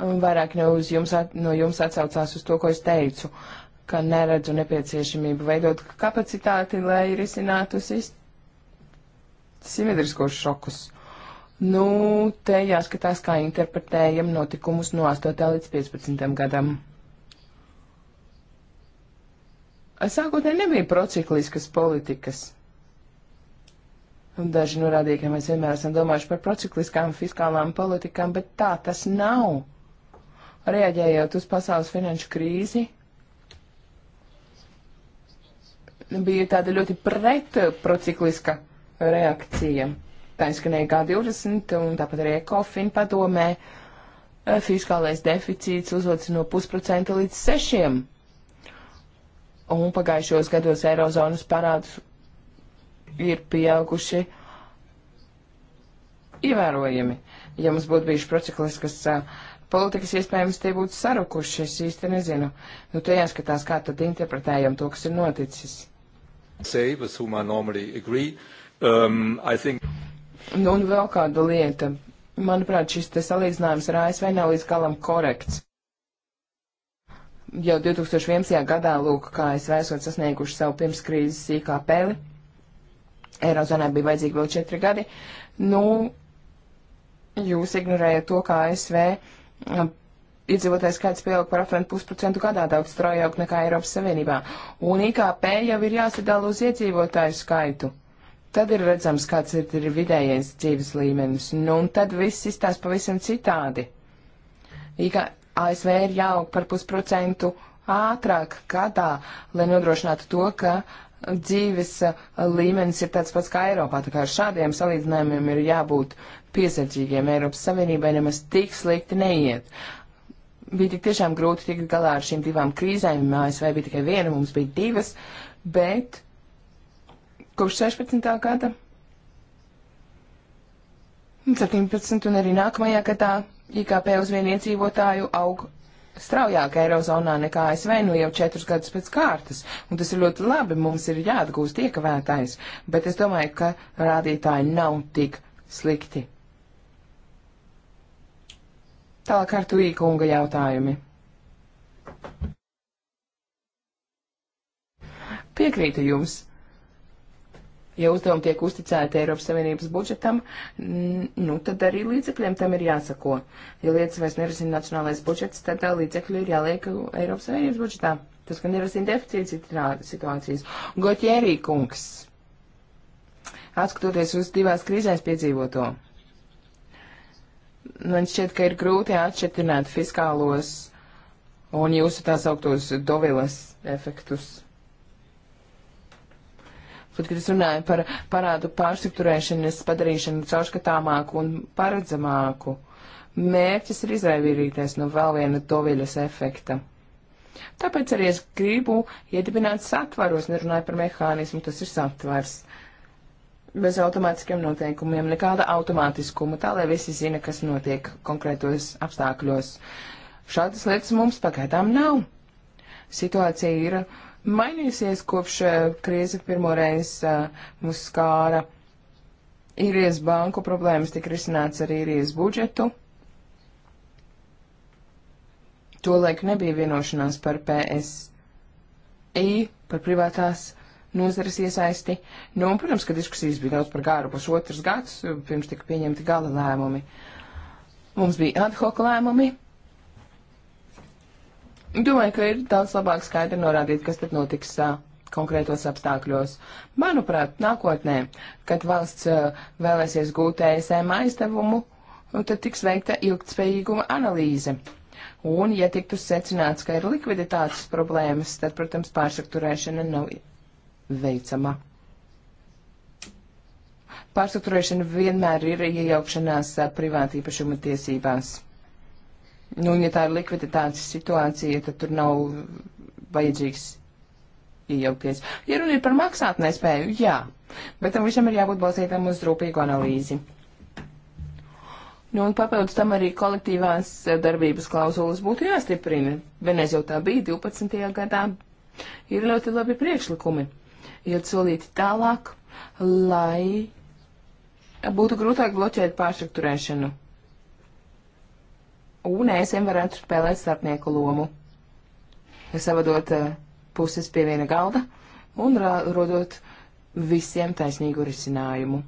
[SPEAKER 3] Vairāk no jums, at, no jums atsaucās uz to, ko es teicu, ka neredzu nepieciešamību veidot kapacitāti, lai risinātu simetriskos šokus. Nu, te jāskatās, kā interpretējam notikumus no 8. līdz 15. gadam. Sākotnēji nebija procikliskas politikas. Un daži norādīja, ka mēs vienmēr esam domājuši par procikliskām fiskālām politikām, bet tā tas nav reaģējot uz pasaules finanšu krīzi, bija tāda ļoti pretprocikliska reakcija. Tā izskanēja G20 un tāpat arī Ekofin padomē. Fiskālais deficīts uzlūdz no pusprocenta līdz sešiem. Un pagājušos gados Eirozonas parādus ir pieauguši ievērojami. Ja mums būtu bijuši procikliskas uh, politikas iespējams tie būtu sarukuši, es īsti nezinu. Nu, te jāskatās, kā tad interpretējam to, kas ir noticis.
[SPEAKER 2] Say, agree, um, think...
[SPEAKER 3] Nu, un vēl kāda lieta. Manuprāt, šis te salīdzinājums ar ASV nav līdz galam korekts. Jau 2011. gadā, lūk, kā ASV esot sasnieguši savu pirmskrīzes IKP, Eirozonai bija vajadzīgi vēl četri gadi. Nu, jūs ignorējat to, kā ASV iedzīvotājs skaits pieaug par aptuveni pusprocentu gadā daudz straujāk nekā Eiropas Savienībā, un IKP jau ir jāsadala uz iedzīvotāju skaitu. Tad ir redzams, kāds ir, ir vidējais dzīves līmenis, nu, un tad viss izstās pavisam citādi. IK, ASV ir jāaug par pusprocentu ātrāk gadā, lai nodrošinātu to, ka dzīves eh, līmenis ir tāds pats kā Eiropā. Tā kā ar šādiem salīdzinājumiem ir jābūt piesardzīgiem. Eiropas Savienībai nemaz tik slikti neiet. Bija tik tiešām grūti tikt galā ar šīm divām krīzēm. ASV bija tikai viena, mums bija divas, bet kopš 16. gada 17. un arī nākamajā gadā IKP uz vienu iedzīvotāju aug straujāk Eirozonā nekā ASV nu jau četrus gadus pēc kārtas, un tas ir ļoti labi, mums ir jāatgūst iekavētājs, bet es domāju, ka rādītāji nav tik slikti. Tālāk ar Tuīkunga jautājumi. Piekrītu jums ja uzdevumi tiek uzticēti Eiropas Savienības budžetam, nu, tad arī līdzekļiem tam ir jāsako. Ja lietas vairs nerasina nacionālais budžets, tad uh, līdzekļi ir jāliek Eiropas Savienības budžetā. Tas gan nerasina deficīts situācijas. Gotjērī kungs, atskatoties uz divās krīzēs piedzīvoto, man šķiet, ka ir grūti atšķirt fiskālos un jūsu tā sauktos dovilas efektus. Tad, kad es runāju par parādu pārstruktūrēšanas padarīšanu caurskatāmāku un paredzamāku, mērķis ir izraivīrīties no vēl viena toviļas efekta. Tāpēc arī es gribu iedibināt satvaros, nerunāju par mehānismu, tas ir satvars. Bez automātiskiem noteikumiem, nekāda automātiskuma, tā lai visi zina, kas notiek konkrētos apstākļos. Šādas lietas mums pagaidām nav. Situācija ir uh, mainījusies kopš eh, krīze pirmoreiz eh, mūs skāra. Īrijas banku problēmas tika risināts ar īrijas budžetu. Tolaik nebija vienošanās par PSI, par privātās nozares iesaisti. Nu, un, protams, ka diskusijas bija daudz par gāru pusotras gadus, pirms tika pieņemti gala lēmumi. Mums bija ad hoc lēmumi, Domāju, ka ir daudz labāk skaidri norādīt, kas tad notiks uh, konkrētos apstākļos. Manuprāt, nākotnē, kad valsts uh, vēlēsies gūt ESM aizdevumu, nu, tad tiks veikta ilgtspējīguma analīze. Un, ja tiktu secināts, ka ir likviditātes problēmas, tad, protams, pārstrukturēšana nav veicama. Pārstrukturēšana vienmēr ir iejaukšanās privātīpašuma tiesībās. Nu, ja tā ir likviditātes situācija, tad tur nav vajadzīgs iejaukties. Ja runa ir par maksātnespēju, jā, bet tam visam ir jābūt balstītam uz rūpīgu analīzi. Nu, un papildus tam arī kolektīvās darbības klauzulas būtu jāstiprina. Venez jau tā bija 12. gadā. Ir ļoti labi priekšlikumi. Iet solīti tālāk, lai būtu grūtāk bloķēt pārstrukturēšanu un ēsiem varētu spēlēt starpnieku lomu, savadot eh, puses pie viena galda un rodot visiem taisnīgu risinājumu.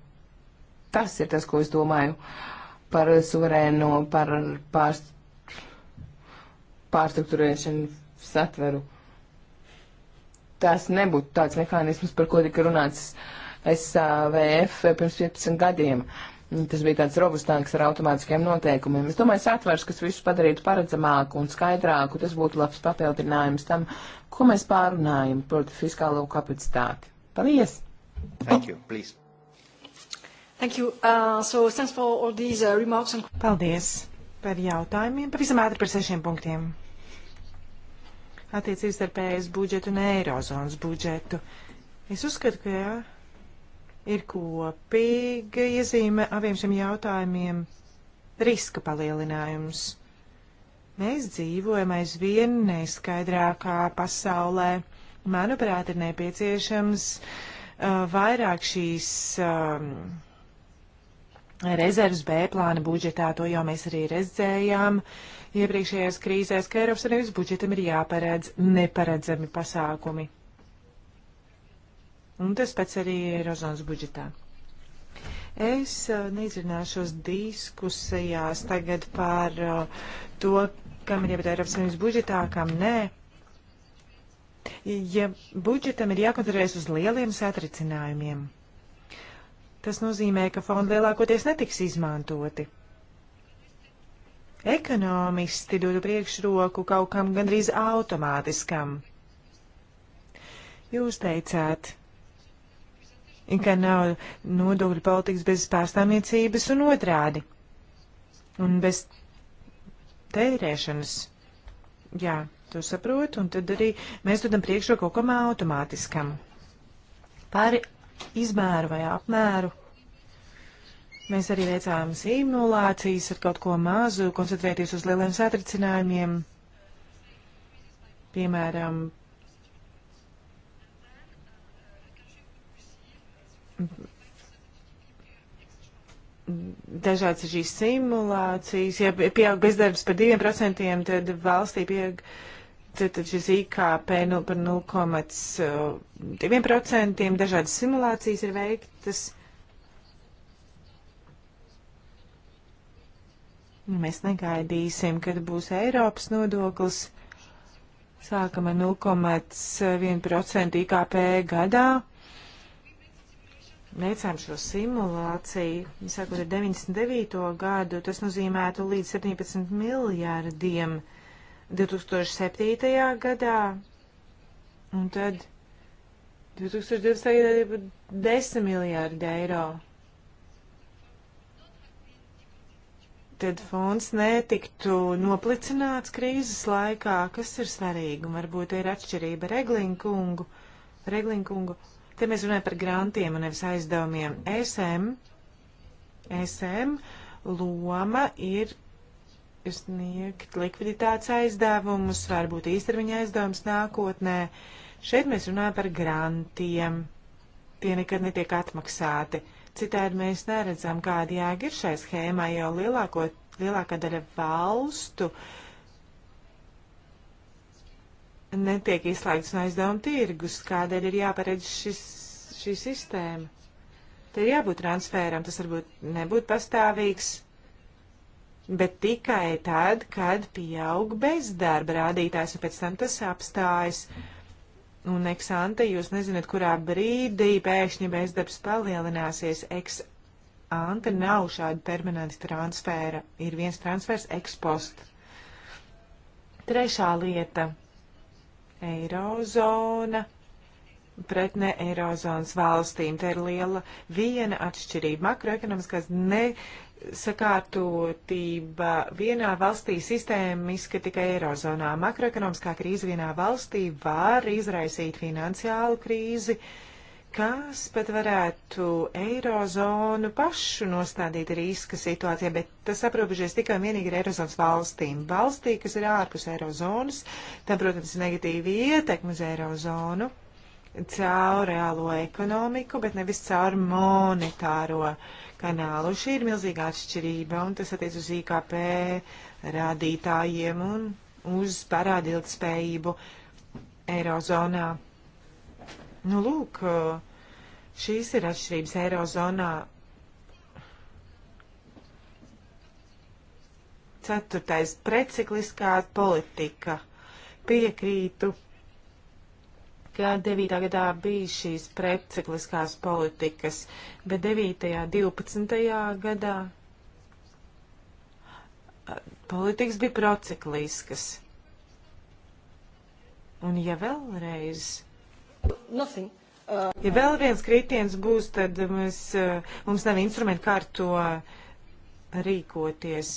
[SPEAKER 3] Tas ir tas, ko es domāju par suverēno, par pārst, pārstruktūrēšanu satveru. Tas nebūtu tāds mehānisms, par ko tika runāts SAVF pirms 15 gadiem. Uh, Tas bija tāds robustāks ar automātiskiem noteikumiem. Es domāju, satvers, kas visu padarītu paredzamāku un skaidrāku, tas būtu labs papildinājums tam, ko mēs pārunājam, proti fiskālo kapacitāti.
[SPEAKER 2] Paldies! Thank you, please. Thank you. Uh, so thanks for all these uh, remarks and... Paldies par jautājumiem. Pavisam ātri par sešiem punktiem. Attiecības starp ES budžetu un Eirozonas budžetu. Es uzskatu, ka jā, ir kopīga iezīme abiem šiem jautājumiem - riska palielinājums. Mēs dzīvojam aizvien neskaidrākā pasaulē. Manuprāt, ir nepieciešams uh, vairāk šīs um, rezerves B plāna budžetā, to jau mēs arī redzējām iepriekšējās krīzēs, ka Eiropas Savienības budžetam ir jāparedz neparedzami pasākumi. Un tas pats arī Eirozonas budžetā. Es uh, neizrunāšos diskusijās tagad par uh, to, kam ir jābūt Eiropas Savienības budžetā, kam nē. Ja budžetam ir jākoncentrējas uz lieliem satricinājumiem, tas nozīmē, ka fondi lielākoties netiks izmantoti. Ekonomisti dod priekšroku kaut kam gandrīz automātiskam. Jūs teicāt, ka nav nodokļu politikas bez pārstāvniecības un otrādi. Un bez tērēšanas. Jā, to saprotu, un tad arī mēs dodam priekšro kaut kam automātiskam. Pāri izmēru vai apmēru. Mēs arī veicām simulācijas ar kaut ko mazu, koncentrēties uz lieliem satricinājumiem, piemēram, dažādas šīs simulācijas, ja pieaug bezdarbs par 2%, tad valstī pieaug tad, tad šis IKP nu, par 0,2%, dažādas simulācijas ir veiktas. Mēs negaidīsim, kad būs Eiropas nodoklis. Sākam ar 0,1% IKP gadā veicām šo simulāciju, sākot ar 99. gadu, tas nozīmētu līdz 17 miljārdiem 2007. gadā, un tad 2020. gadā jau 10 miljārdi eiro. Tad fonds netiktu noplicināts krīzes laikā, kas ir svarīgi, un varbūt ir atšķirība Reglinkungu. Reglinkungu Te mēs runājam par grantiem un nevis aizdevumiem. SM, SM loma ir sniegt likviditātes aizdevumus, varbūt īstermiņa aizdevums nākotnē. Šeit mēs runājam par grantiem. Tie nekad netiek atmaksāti. Citādi mēs neredzam, kāda jēga ir šai schēmai, jo lielāko, lielākā daļa valstu uh, netiek izslēgts no aizdevuma tirgus, kādēļ ir jāparedz šis, šī sistēma. Te ir jābūt transferam, tas varbūt nebūtu pastāvīgs, bet tikai tad, kad pieaug bezdarba rādītājs, un pēc tam tas apstājas. Un eksante, jūs nezināt, kurā brīdī pēkšņi bezdarbs palielināsies. Eksante nav šāda permanenta transfēra, ir viens transfers ekspost. Trešā lieta Eirozona pret ne Eirozonas valstīm. Te ir liela viena atšķirība. Makroekonomiskās nesakārtotība vienā valstī sistēmiska tikai Eirozonā. Makroekonomiskā krīze vienā valstī var izraisīt finansiālu krīzi. Uh, kas pat varētu eirozonu pašu nostādīt riska situācijā, bet tas aprobežojas tikai un vienīgi ar eirozonas valstīm. Valstī, kas ir ārpus eirozonas, tam, protams, ir negatīvi ietekmi uz eirozonu caur reālo ekonomiku, bet nevis caur monetāro kanālu. Šī ir milzīga atšķirība, un tas attiec uz IKP rādītājiem un uz parādi ilgspējību eirozonā. Nu, lūk, eh, šīs ir atšķirības Eirozonā. Ceturtais - precikliskā politika. Piekrītu, ka 9. gadā bija šīs precikliskās politikas, bet 9. 12. gadā eh, politikas bija procikliskas. Un ja vēlreiz nothing. Uh, ja vēl viens kritiens būs, tad mēs, eh, mums nav instrumenti, kā ar to eh, rīkoties.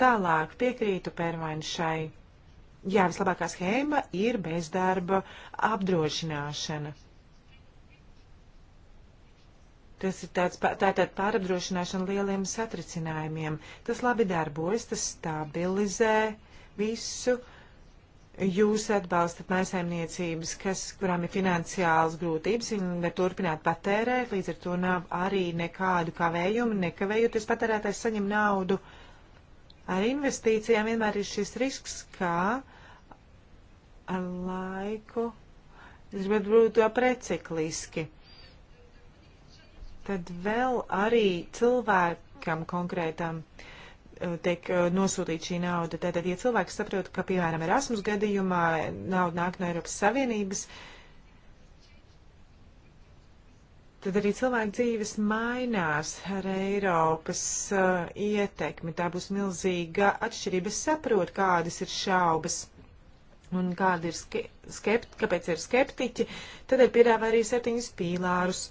[SPEAKER 2] Tālāk piekrītu Pērmaini šai. Jā, vislabākā schēma ir bezdarba apdrošināšana. Tas ir tāds, tātad pārapdrošināšana lieliem satricinājumiem. Tas labi darbojas, tas stabilizē visu. Uh, jūs atbalstat mājsaimniecības, kas, kurām ir finansiāls grūtības, viņi var turpināt patērēt, līdz ar to nav arī nekādu kavējumu, nekavējoties patērētājs saņem naudu. Ar investīcijām vienmēr ir šis risks, kā ar laiku, es gribētu būt to precikliski. Tad vēl arī cilvēkam konkrētam. Uh, Eh, tiek eh, nosūtīta šī nauda. Tātad, ja cilvēks saprot, ka, piemēram, Erasmus gadījumā nauda nāk no Eiropas Savienības, tad arī cilvēku dzīves mainās ar Eiropas uh, ietekmi. Tā būs milzīga atšķirība. Es saprotu, kādas ir šaubas un kādi ir ske skept, kāpēc ir skeptiķi. Tad ir piedāvā arī septiņus pīlārus.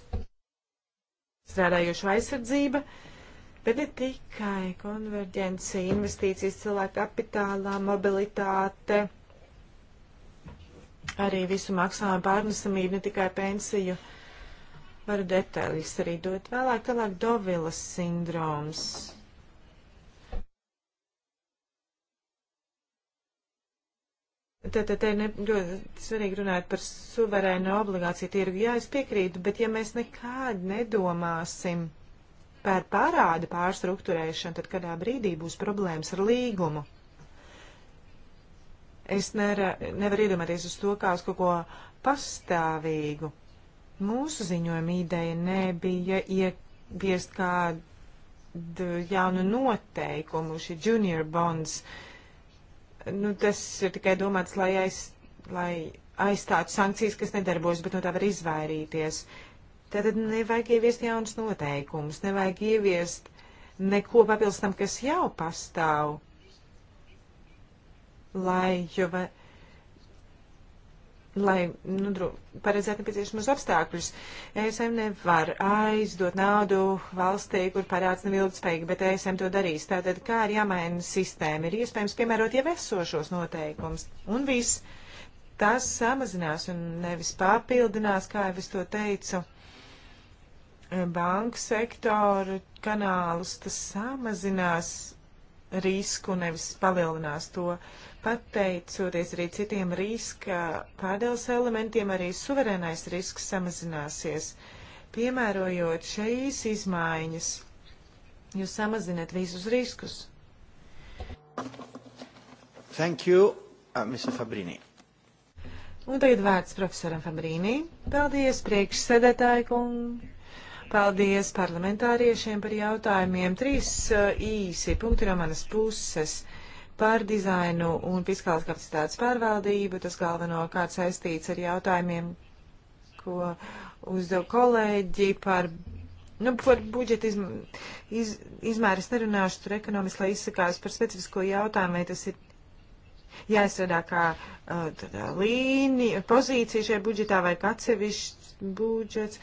[SPEAKER 2] Strādājošu aizsardzība. Uh, Bet ne tikai konverģence, investīcijas cilvēku kapitālā, mobilitāte, arī visu maksājumu pārnesamību, ne tikai pensiju. Varu detaļas arī dot vēlāk, tālāk Dovilas sindroms. Tātad te ir ne, ļoti svarīgi runāt par suverēnu obligāciju tirgu. Jā, es piekrītu, bet ja mēs nekād nedomāsim par parādu pārstruktūrēšanu, tad kādā brīdī būs problēmas ar līgumu. Es nera, nevaru iedomāties uz to kā uz kaut ko pastāvīgu. Mūsu ziņojuma ideja nebija ieviest kādu jaunu noteikumu, šī junior bonds. Nu, tas ir tikai domāts, lai, aiz, lai aizstātu sankcijas, kas nedarbojas, bet no tā var izvairīties. Uh, Tātad nevajag ieviest jaunas noteikumus, nevajag ieviest neko papildus tam, kas jau pastāv. Lai, jo, vai, lai nu, paredzētu nepieciešamos apstākļus. ESM nevar aizdot naudu valstī, kur parāds nav ilgspējīgi, bet ESM to darīs. Tātad, kā ir jāmaina sistēma, ir iespējams piemērot jau esošos noteikumus. Un viss tas samazinās un nevis papildinās, kā jau es to teicu banku sektoru kanālus, tas samazinās risku, nevis palielinās to. Pateicoties arī citiem riska pārdales elementiem, arī suverēnais risks samazināsies. Piemērojot šīs izmaiņas, jūs samazinat visus riskus. Thank you, uh, Mr. Fabrini. Un tagad vārds profesoram Fabrīnī. Paldies, priekšsēdētāji kungi. Paldies parlamentāriešiem par jautājumiem. Trīs uh, īsi punkti no manas puses par dizainu un fiskālas kapacitātes pārvaldību. Tas galvenokārt saistīts ar jautājumiem, ko uzdev kolēģi par Nu, par budžeta iz, iz, izmēru es nerunāšu, tur ekonomiski, lai izsakās par specifisko jautājumu, vai tas ir jāizstrādā kā uh, līnija, pozīcija šajā budžetā vai atsevišķs budžets.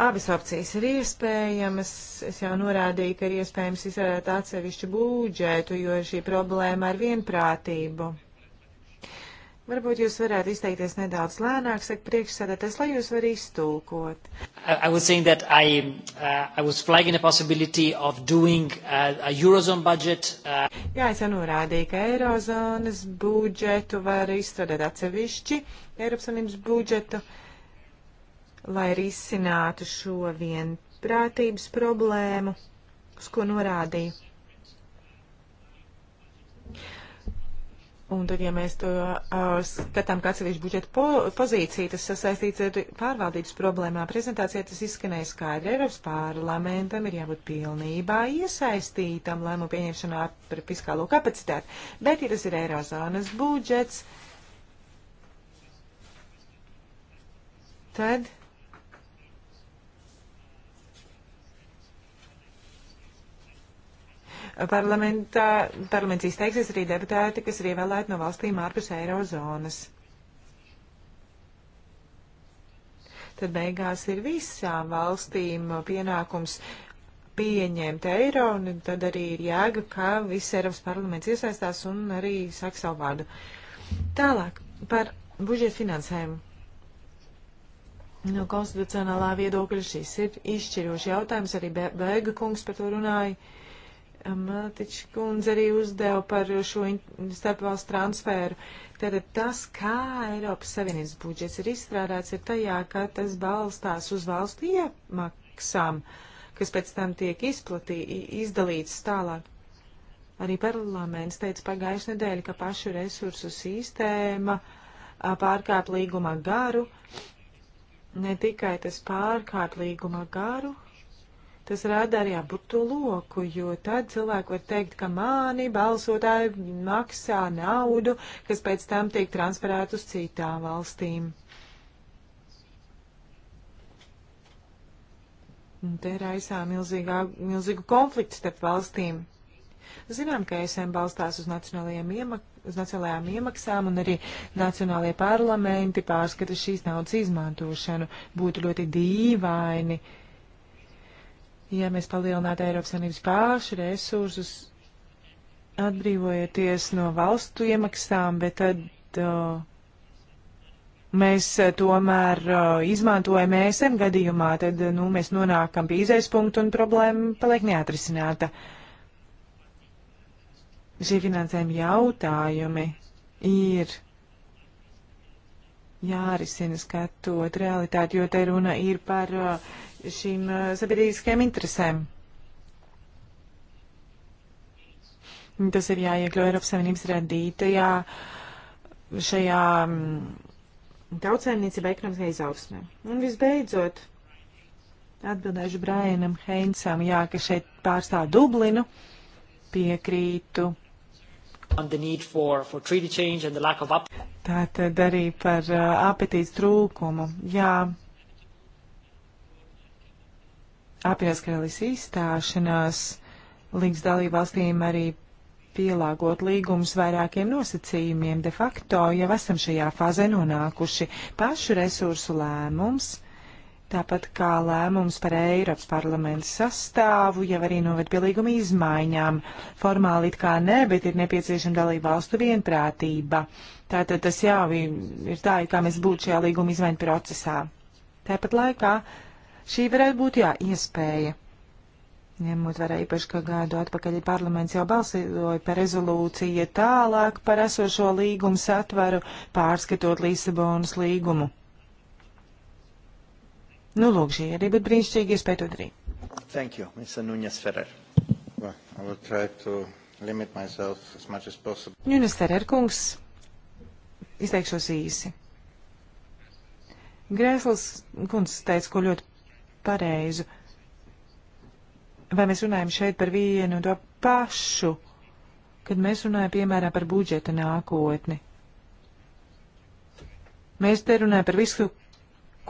[SPEAKER 2] Abas opcijas ir iespējamas. Es jau norādīju, ka ir iespējams izrādāt atsevišķu būdžetu, jo ir šī problēma ar vienprātību. Varbūt jūs varētu izteikties nedaudz lēnāk, saka priekšsēdētājs, lai jūs var iztulkot. I, I that I, uh, I was flagging the possibility of doing uh, a Eurozone budget. Uh... Jā, es jau norādīju, ka Eirozonas budžetu var izstrādāt atsevišķi Eiropas Savienības budžetu. Uh, lai risinātu šo vienprātības problēmu, uz ko norādīju. Un tad, ja mēs to uh, skatām kā atsevišķu budžeta po pozīciju, tas sasaistīts ar pārvaldības problēmām. Prezentācijā tas izskanēja skaidri. Eiropas parlamentam ir jābūt pilnībā iesaistītam lēmumu pieņemšanā par fiskālo kapacitāti. Bet, ja tas ir Eirozonas budžets, tad Parlaments izteiksies arī deputāti, kas ir ievēlēti no valstīm ārpus eirozonas. Tad beigās ir visām valstīm pienākums pieņemt eiro, un tad arī ir jēga, ka viss Eiropas parlaments iesaistās un arī saka savu vārdu. Tālāk par budžeta finansējumu. No konstitucionālā viedokļa šis ir izšķiroši jautājums, arī Bēga kungs par to runāja. Uh, Maltiča kundze arī uzdeva par šo starpvalstu transferu. Tātad tas, kā Eiropas Savienības budžets ir izstrādāts, ir tajā, ka tas balstās uz valstu iemaksām, kas pēc tam tiek izplatī, izdalīts tālāk. Arī parlaments teica pagājušajā nedēļā, ka pašu resursu sistēma pārkāp līguma garu. Ne tikai tas pārkāp līguma garu, Tas rada arī aburto loku, jo tad cilvēki var teikt, ka mani balsotāji maksā naudu, kas pēc tam tiek transferēta uz citām valstīm. Un te raisā milzīgā, milzīgu konfliktu starp valstīm. Zinām, ka ESM balstās uz nacionālajiem iemak uz nacionālajām iemaksām un arī nacionālajie parlamenti pārskata šīs naudas izmantošanu. Būtu ļoti dīvaini, uh, ja mēs palielinātu Eiropas Savienības pašu resursus, atbrīvojoties no valstu iemaksām, bet tad uh, mēs e, tomēr uh, izmantojam ESM gadījumā, tad nu, mēs nonākam pie izējas punktu un problēma paliek neatrisināta. Šie finansējumi jautājumi ir jārisina skatot realitāti, jo te runa ir par uh, šīm eh, sabiedrīskajām interesēm. Tas ir jāiekļo Eiropas Savienības radītajā šajā mm, tautsēmniecībā ekonomiskajā izaugsmē. Un visbeidzot, atbildēšu Brainam Heinsam, jā, ka šeit pārstāv Dublinu, piekrītu.
[SPEAKER 1] For, for
[SPEAKER 2] Tātad arī par uh, eh, apetītes trūkumu. Jā, apjās karalīs izstāšanās liks dalībvalstīm arī pielāgot līgumus vairākiem nosacījumiem. De facto jau esam šajā fazē nonākuši pašu resursu lēmums, tāpat kā lēmums par Eiropas parlamentu sastāvu, jau arī noved pie līguma izmaiņām. Formāli it kā nē, bet ir nepieciešama dalība valstu vienprātība. Tātad tas jau ir tā, kā mēs būtu šajā līguma izmaiņu procesā. Tāpat laikā Šī varētu būt, jā, iespēja. Ņemot vērā īpaši, ka gadu atpakaļ parlaments jau balsoja par rezolūciju tālāk par esošo līgumu satvaru, pārskatot Lisabonas līgumu. Nu, lūk, šī arī bija brīnišķīgi iespēja to darīt. Thank you, Mr. Nunes Ferrer. Well, I will try to limit myself as much as possible. Nunes Ferrer kungs, izteikšos īsi. Grēsls kundze teica, ko ļoti pareizu. Vai mēs runājam šeit par vienu un to pašu, kad mēs runājam, piemēram, par budžeta nākotni? Mēs te runājam par visu,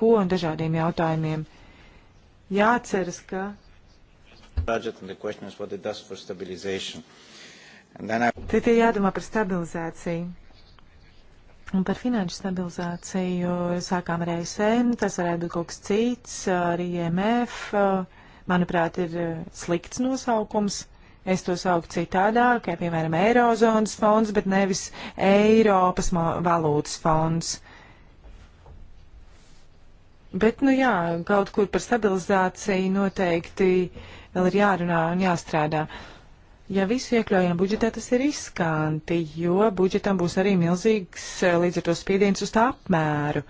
[SPEAKER 2] ko un dažādiem jautājumiem. Jāceras, ka. Tad ir jādomā par stabilizāciju. Un par finanšu stabilizāciju sākām ar ESM, tas varētu būt kaut kas cits, arī IMF, manuprāt, ir eh, slikts nosaukums. Es to saucu citādāk, kā piemēram Eirozonas fonds, bet nevis Eiropas valūtas fonds. Bet, nu jā, kaut kur par stabilizāciju noteikti vēl ir jārunā un jāstrādā. Uh, Ja visu iekļaujam budžetā, tas ir riskanti, jo budžetam būs arī milzīgs eh, līdz ar to spiediens uz tā apmēru.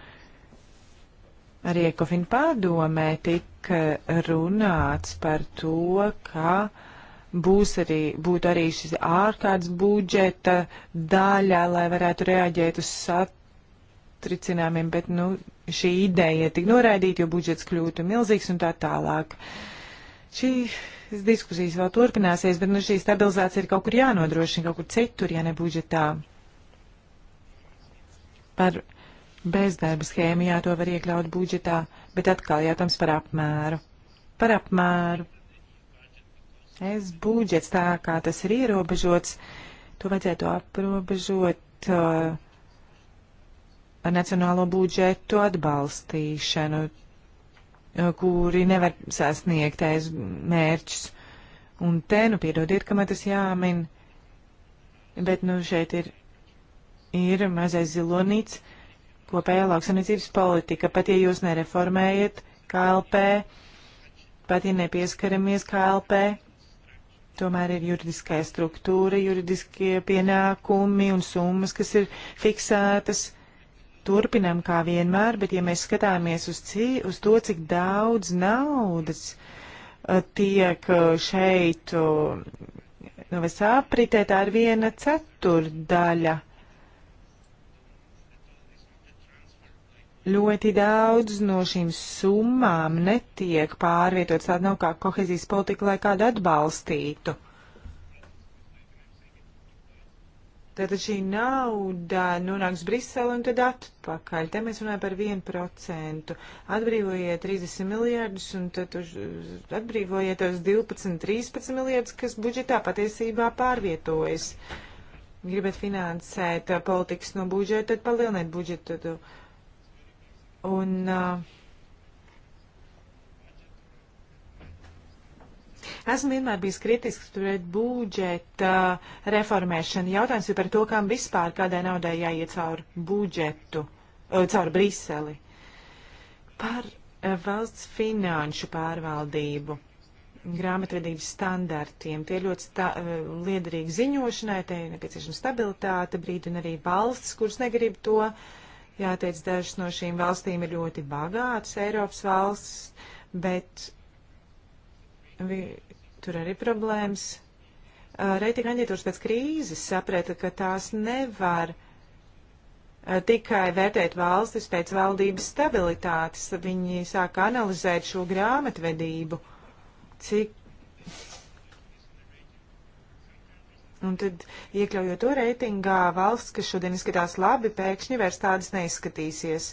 [SPEAKER 2] Arī Ekofin padomē tika runāts par to, ka būs arī, būtu arī šis ārkārtas budžeta daļa, lai varētu reaģēt uz satricinājumiem, bet, nu, šī ideja tik noraidīta, jo budžets kļūtu milzīgs un tā tālāk. Uh, Šīs diskusijas vēl turpināsies, bet nu, šī stabilizācija ir kaut kur jānodrošina, kaut kur citur, ja ne budžetā. Par bezdarba schēmu, jā, to var iekļaut budžetā, bet atkal jautājums par apmēru. Par apmēru. Es budžets tā, kā tas ir ierobežots, to vajadzētu aprobežot uh, ar nacionālo budžetu atbalstīšanu. Eh, kuri nevar sasniegt aiz mērķus. Un te, nu, piedodiet, ka man tas jāmin, bet, nu, šeit ir, ir mazais zilonīts kopējā lauksanicības politika. Pat, ja jūs nereformējat KLP, pat, ja nepieskaramies KLP, tomēr ir juridiskā struktūra, juridiskie pienākumi un summas, kas ir fiksētas turpinām kā vienmēr, bet ja mēs skatāmies uz, cī, uz to, cik daudz naudas uh, tiek uh, šeit uh, novest nu, apritē, tā ir viena ceturdaļa. Ļoti daudz no šīm summām netiek pārvietots, tāda nav kā kohezijas politika, lai kādu atbalstītu. Tātad šī nauda nonāks Brisele un tad atpakaļ. Te mēs runājam par 1%. Atbrīvojiet 30 miljārdus un tad uz, atbrīvojiet tos 12-13 miljārdus, kas budžetā patiesībā pārvietojas. Gribat finansēt uh, politikas no budžeta, tad palieliniet budžetu. Un uh, Esmu vienmēr bijis kritisks pret budžeta uh, reformēšanu. Jautājums ir par to, kam vispār kādai naudai jāiet caur budžetu, uh, caur Briseli. Par uh, valsts finanšu pārvaldību grāmatvedības standartiem. Tie ir ļoti stā, liederīgi ziņošanai, te ir nepieciešama stabilitāte brīdi un arī valsts, kuras negrib to. Jāteic, dažas no šīm valstīm ir ļoti bagātas Eiropas valsts, bet vi, tur arī problēmas. Uh, Reitinga aģentūras pēc krīzes saprata, ka tās nevar uh, tikai vērtēt valstis pēc valdības stabilitātes. Viņi sāka analizēt šo grāmatvedību, cik Un tad, iekļaujot to reitingā, valsts, kas šodien izskatās labi, pēkšņi vairs tādas neizskatīsies.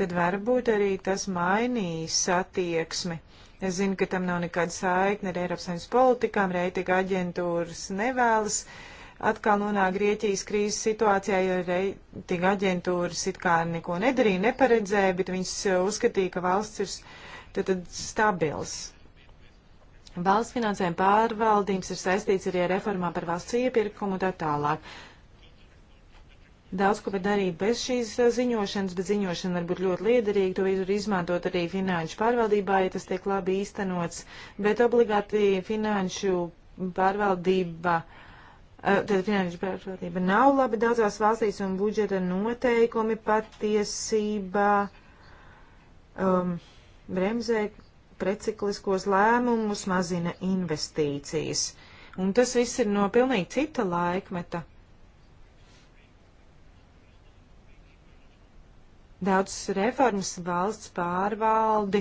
[SPEAKER 2] Tad varbūt arī tas mainīs attieksmi Es zinu, ka tam nav nekāda saikne ar Eiropas Savienības politikām, reitinga aģentūras nevēlas atkal nonāk Grieķijas krīzes situācijā, jo reitinga aģentūras it kā neko nedarīja, neparedzēja, bet viņas eh, uzskatīja, ka valsts ir tad, tad stabils. Valsts finansējuma pārvaldījums ir saistīts arī ar reformām par valsts iepirkumu un tā tālāk. Daudz ko var darīt bez šīs eh, ziņošanas, bet ziņošana var būt ļoti liederīga. To var izmantot arī finanšu pārvaldībā, ja tas tiek labi īstenots, bet obligāti finanšu pārvaldība. Eh, tad finanšu pārvaldība nav laba daudzās valstīs un budžeta noteikumi patiesībā um, bremzē precikliskos lēmumus, mazina investīcijas. Un tas viss ir no pilnīgi cita laikmeta. Daudzas reformas valsts pārvaldi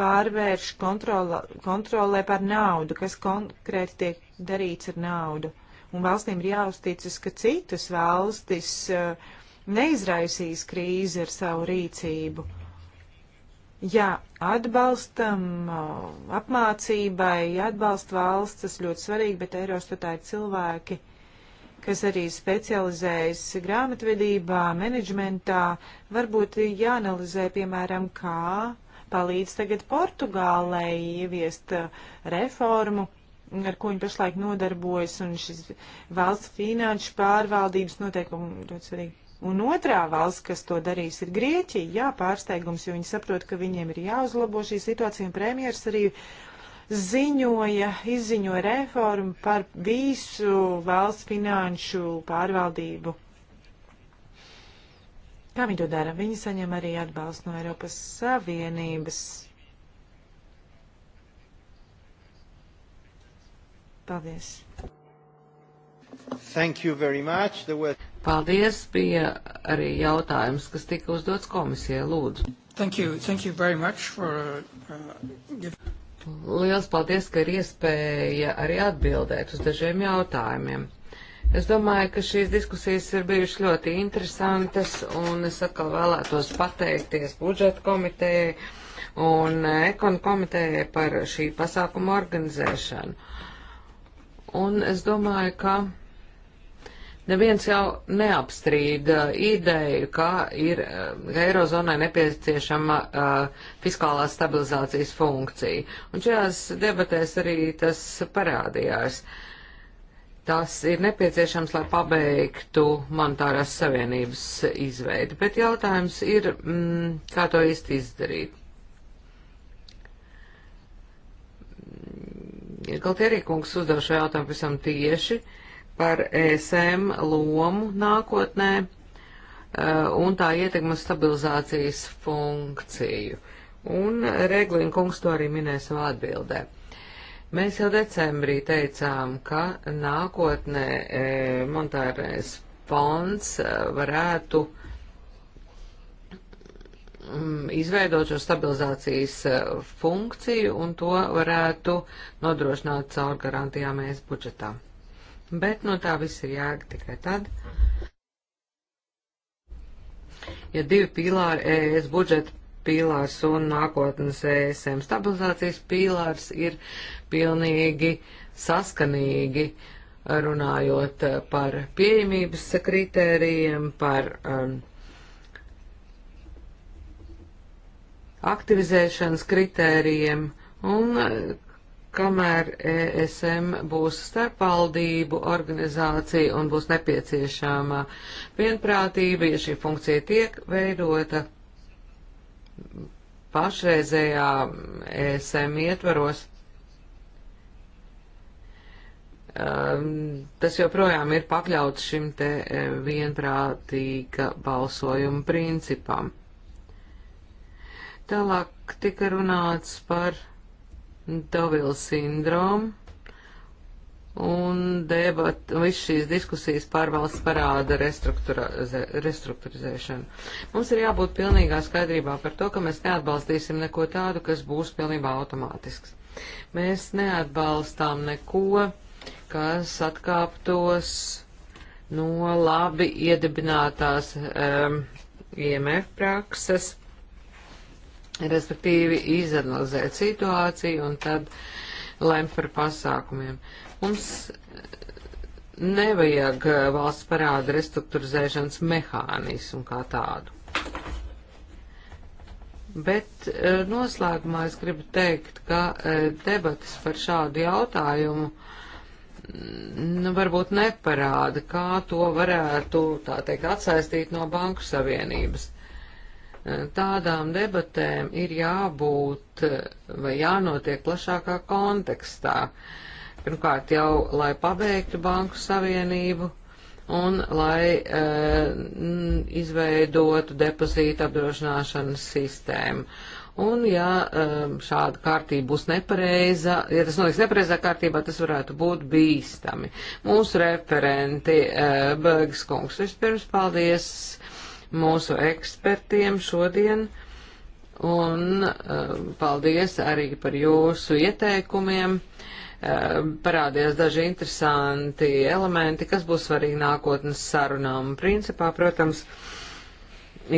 [SPEAKER 2] pārvērš kontrola, kontrolē par naudu, kas konkrēti tiek darīts ar naudu. Un valstīm ir jāuzticas, ka citas valstis uh, neizraisīs krīzi ar savu rīcību. Jā, atbalstam uh, apmācībai, atbalsta valsts, tas ļoti svarīgi, bet Eirostatā ir cilvēki kas arī specializējas grāmatvedībā, menedžmentā, varbūt jāanalizē, piemēram, kā palīdz tagad Portugālei ieviest uh, reformu, ar ko viņi pašlaik nodarbojas, un šis valsts finanšu pārvaldības noteikumi ļoti svarīgi. Un otrā valsts, kas to darīs, ir Grieķija. Jā, pārsteigums, jo viņi saprot, ka viņiem ir jāuzlabo šī situācija, un premjers arī ziņoja, izziņoja reformu par visu valsts finanšu pārvaldību. Kā viņi to dara? Viņi saņem arī atbalstu no Eiropas Savienības. Paldies!
[SPEAKER 1] Thank you very much. There were... Paldies, bija arī jautājums, kas tika uzdots komisijai, lūdzu.
[SPEAKER 3] Thank you, thank you very much for, uh, give... Uh,
[SPEAKER 1] Liels paldies, ka ir iespēja arī atbildēt uz dažiem jautājumiem. Es domāju, ka šīs diskusijas ir bijušas ļoti interesantas, un es atkal vēlētos pateikties budžeta komitejai un ekonu komitejai par šī pasākuma organizēšanu. Un es domāju, ka Neviens jau neapstrīda uh, ideju, ka ir um, ka Eirozonai nepieciešama uh, fiskālās stabilizācijas funkcija. Un šajās debatēs arī tas parādījās. Tas ir nepieciešams, lai pabeigtu monetārās savienības izveidi. Bet jautājums ir, mm, kā to īsti izdarīt. Galtierī kungs uzdev šo jautājumu visam tieši. Uh, par ESM lomu nākotnē eh, un tā ietekmu stabilizācijas funkciju. Un Reglina kungs to arī minēja savā atbildē. Mēs jau decembrī teicām, ka nākotnē e, monetārais fonds eh, varētu mm, izveidot šo stabilizācijas funkciju un to varētu nodrošināt caur garantijām mēs e budžetām. Bet no tā viss ir jēga tikai tad, ja divi pīlāri ES budžeta pīlārs un nākotnes ESM stabilizācijas pīlārs ir pilnīgi saskanīgi runājot eh, par pieejamības kritērijiem, par um, aktivizēšanas kritērijiem un eh, kamēr ESM būs starpvaldību organizācija un būs nepieciešama vienprātība, ja šī funkcija tiek veidota pašreizējā ESM ietvaros. Um, tas joprojām ir pakļauts šim te eh, vienprātīga balsojuma principam. Tālāk tika runāts par Dovila sindromu. Un debat, viss šīs diskusijas par valsts parāda restruktūrizēšanu. Mums ir jābūt pilnīgā skaidrībā par to, ka mēs neatbalstīsim neko tādu, kas būs pilnībā automātisks. Mēs neatbalstām neko, kas atkāptos no labi iedibinātās um, IMF prakses respektīvi izanalizēt situāciju un tad lemt par pasākumiem. Mums nevajag valsts parāda restruktūrizēšanas mehānismu kā tādu. Bet eh, noslēgumā es gribu teikt, ka eh, debatas par šādu jautājumu mm, nu, varbūt neparāda, kā to varētu, tā teikt, atsaistīt no Banku Savienības tādām debatēm ir jābūt vai jānotiek plašākā kontekstā. Pirmkārt jau, lai pabeigtu Banku Savienību un lai e, izveidotu depozīta apdrošināšanas sistēmu. Un ja e, šāda kārtība būs nepareiza, ja tas notiks nepareizā kārtībā, tas varētu būt bīstami. Mūsu referenti e, Bergskungs vispirms paldies mūsu ekspertiem šodien, un eh, paldies arī par jūsu ieteikumiem. Eh, parādījās daži interesanti elementi, kas būs svarīgi nākotnes sarunām. Principā, protams,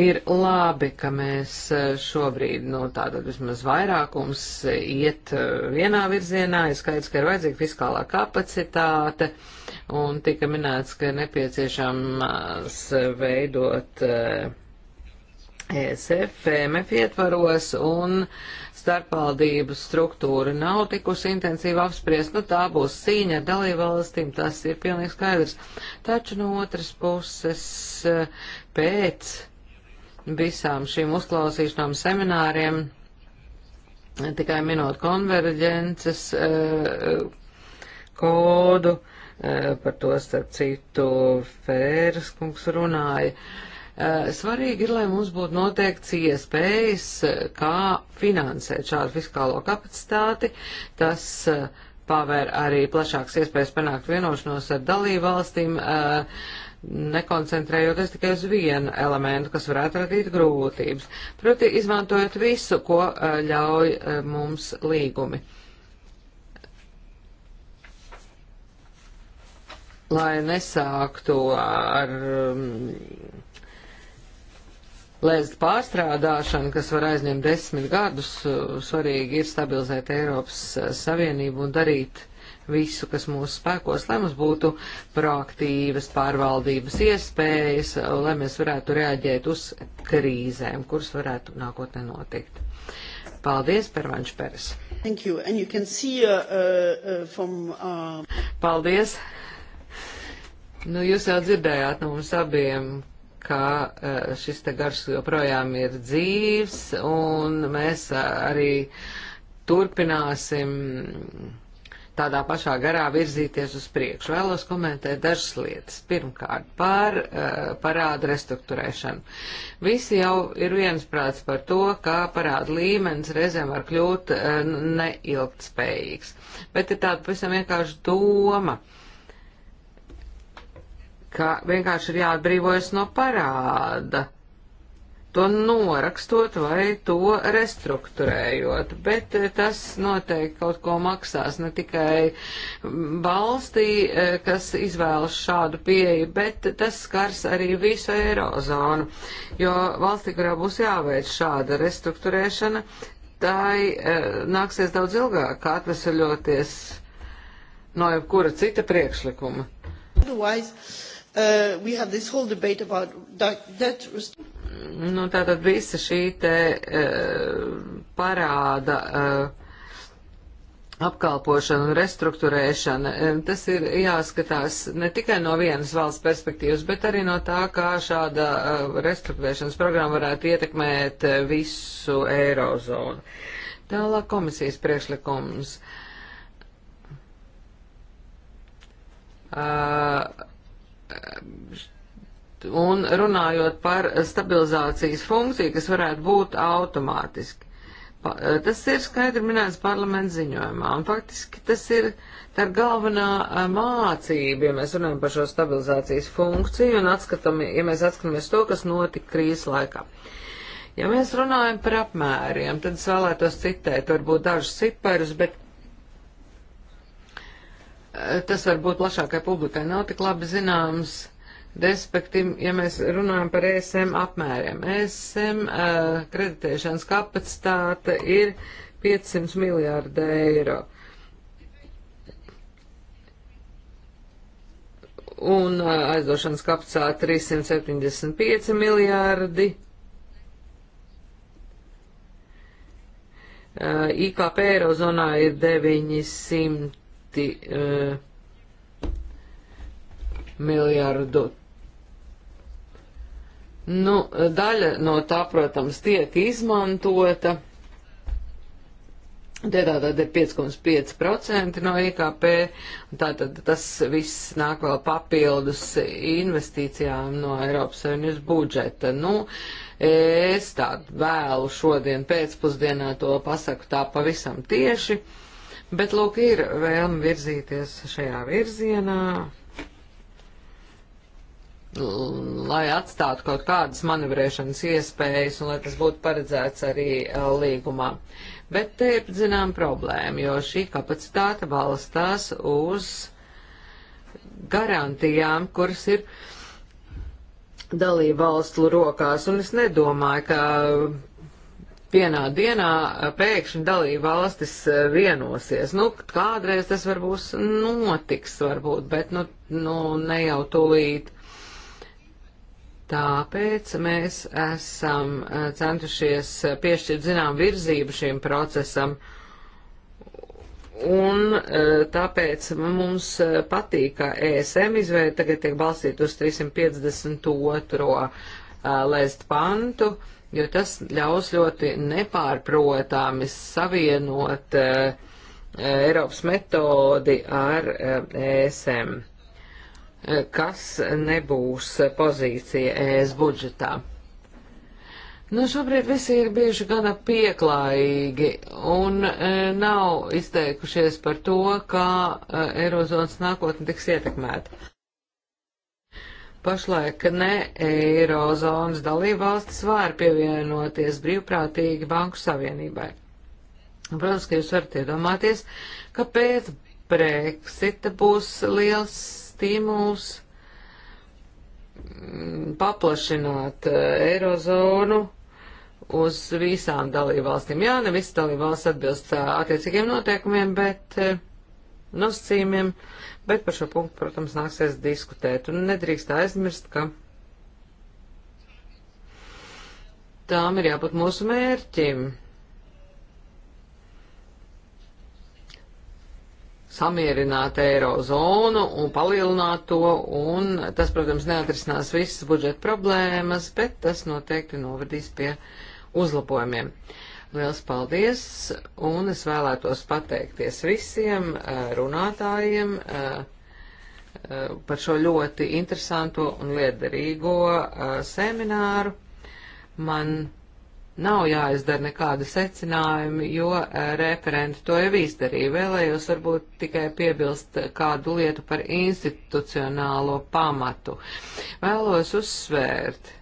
[SPEAKER 1] ir labi, ka mēs eh, šobrīd, nu, tātad vismaz vairākums iet vienā virzienā, ir skaidrs, ka ir vajadzīga fiskālā kapacitāte, uh, un tika minēts, ka nepieciešams veidot ESF, eh, e MF ietvaros, un starpvaldību struktūra nav tikusi intensīvi apspriest. Nu, tā būs cīņa ar dalībvalstīm, tas ir pilnīgi skaidrs. Taču no otras puses eh, pēc visām šīm uzklausīšanām semināriem tikai minot konverģences eh, kodu, Eh, par to starp citu Fēras kungs runāja. Eh, svarīgi ir, lai mums būtu noteikts iespējas, kā finansēt šādu fiskālo kapacitāti. Tas eh, pavēr arī plašāks iespējas panākt vienošanos ar dalību valstīm, nekoncentrējoties tikai uz vienu elementu, kas varētu radīt grūtības. Proti, izmantojot visu, ko ļauj mums līgumi. lai nesāktu ar um, lēst pārstrādāšanu, kas var aizņemt desmit gadus, svarīgi ir stabilizēt Eiropas Savienību un darīt visu, kas mūsu spēkos, lai mums būtu proaktīvas pārvaldības iespējas, lai mēs varētu reaģēt uz krīzēm, kuras varētu nākotnē notikt. Paldies, Pervanš Peres.
[SPEAKER 2] Thank you. And you can see uh, uh, uh from... Uh...
[SPEAKER 1] Paldies. Nu, jūs jau dzirdējāt no mums abiem, ka eh, šis te garš joprojām ir dzīves, un mēs eh, arī turpināsim tādā pašā garā virzīties uz priekšu. Vēlos komentēt dažas lietas. Pirmkārt, par uh, parādu restruktūrēšanu. Visi jau ir viensprāts par to, ka parāda līmenis reizēm var kļūt uh, neilgtspējīgs. Bet ir tāda pavisam vienkārši doma. Uh, ka vienkārši ir jāatbrīvojas no parāda, to norakstot vai to restruktūrējot, bet eh, tas noteikti kaut ko maksās ne tikai valstī, eh, kas izvēlas šādu pieeju, bet tas skars arī visu eirozonu, jo valstī, kurā būs jāveic šāda restruktūrēšana, tai eh, nāksies daudz ilgāk atvesaļoties no jebkura cita priekšlikuma.
[SPEAKER 2] Otherwise, Uh, we have this whole debate about
[SPEAKER 1] debt Nu, tātad visa šī te uh, parāda uh, apkalpošana un restruktūrēšana, um, tas ir jāskatās ne tikai no vienas valsts perspektīvas, bet arī no tā, kā šāda uh, restruktūrēšanas programma varētu ietekmēt uh, visu eirozonu. Tālāk komisijas priekšlikums. Uh, un runājot par stabilizācijas funkciju, kas varētu būt automātiski. Pa, eh, tas ir skaidri minēts parlamenta ziņojumā, un faktiski tas ir tā galvenā eh, mācība, ja mēs runājam par šo stabilizācijas funkciju un atskatam, ja mēs atskatāmies to, kas notika krīzes laikā. Ja mēs runājam par apmēriem, tad es vēlētos citēt varbūt dažus ciparus, bet tas varbūt plašākai publikai nav tik labi zināms, respektīvi, ja mēs runājam par ESM apmēriem. ESM uh, eh, kreditēšanas kapacitāte ir 500 miljārdi eiro. Un uh, aizdošanas kapacitāte 375 miljārdi. Uh, eh, IKP Eirozonā ir 900 5 uh, eh, miljardu. Nu, daļa no tā, protams, tiek izmantota. Te tātad ir 5,5% no IKP, un tātad tas viss nāk vēl papildus investīcijām no Eiropas Savienības budžeta. Nu, es tādu vēlu šodien pēcpusdienā to pasaku tā pavisam tieši. Uh, Bet, lūk, ir vēlme virzīties šajā virzienā, lai atstātu kaut kādas manevrēšanas iespējas un lai tas būtu paredzēts arī eh, līgumā. Bet te ir, zinām, problēma, jo šī kapacitāte balstās uz garantijām, kuras ir dalību valstu rokās, un es nedomāju, ka vienā dienā eh, pēkšņi dalība valstis eh, vienosies. Nu, kādreiz tas varbūt notiks, varbūt, bet nu, nu, ne jau tūlīt. Tāpēc mēs esam eh, centušies piešķirt zinām virzību šim procesam. Un tāpēc mums patīk, ka ESM izveida tagad tiek balstīta uz 352. lēst pantu, jo tas ļaus ļoti nepārprotami savienot uh, Eiropas metodi ar uh, eh, ESM, kas nebūs pozīcija ES budžetā. Nu, šobrīd visi ir bijuši gana pieklājīgi un e, nav izteikušies par to, kā e, Eirozonas nākotne tiks ietekmēta. Pašlaik ne eirozonas dalībvalstis var pievienoties brīvprātīgi Banku Savienībai. Protams, ka jūs varat iedomāties, ka pēc Brexita būs liels stimuls mm, paplašināt eh, eirozonu uz visām dalībvalstīm. Jā, ne visas dalībvalstis atbilst eh, attiecīgiem noteikumiem, bet eh, nosacījumiem, bet par šo punktu, protams, nāksies diskutēt. Un nedrīkst aizmirst, ka tām ir jābūt mūsu mērķim. Samierināt eirozonu un palielināt to, un tas, protams, neatrisinās visas budžeta problēmas, bet tas noteikti novadīs pie uzlabojumiem. Uh, Liels paldies, un es vēlētos pateikties visiem eh, runātājiem eh, eh, par šo ļoti interesanto un liederīgo semināru. Man nav jāizdara nekāda secinājuma, jo referenti to jau izdarīja. Vēlējos varbūt tikai piebilst kādu lietu par institucionālo pamatu. Vēlos uzsvērt,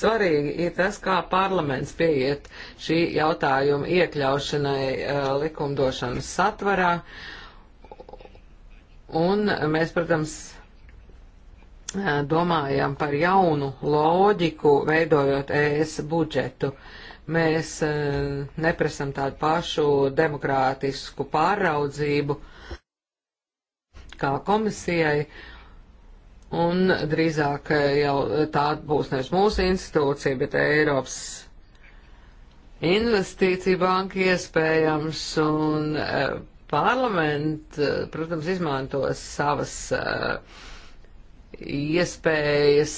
[SPEAKER 1] Svarīgi ir tas, kā parlaments pieiet šī jautājuma iekļaušanai eh, likumdošanas satvarā. Un mēs, protams, eh, domājam par jaunu loģiku, veidojot ES budžetu. Mēs eh, neprasam tādu pašu demokrātisku pāraudzību kā komisijai, Un drīzāk eh, jau eh, tā būs nevis mūsu institūcija, bet Eiropas investīcija banka iespējams un eh, parlamenti, protams, izmantos savas iespējas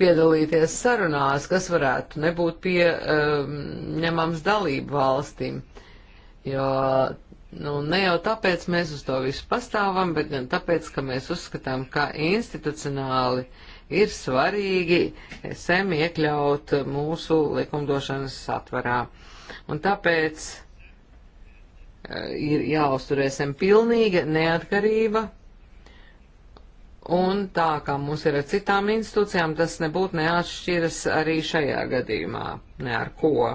[SPEAKER 1] piedalīties sarunās, kas varētu nebūt pieņemams dalību valstīm, jo Nu, ne jau tāpēc mēs uz to visu pastāvam, bet gan tāpēc, ka mēs uzskatām, ka institucionāli ir svarīgi SM iekļaut mūsu likumdošanas satvarā. Un tāpēc e, ir jāuztur SM pilnīga neatkarība. Un tā kā mums ir ar citām institūcijām, tas nebūtu neatšķiras arī šajā gadījumā, ne ar ko.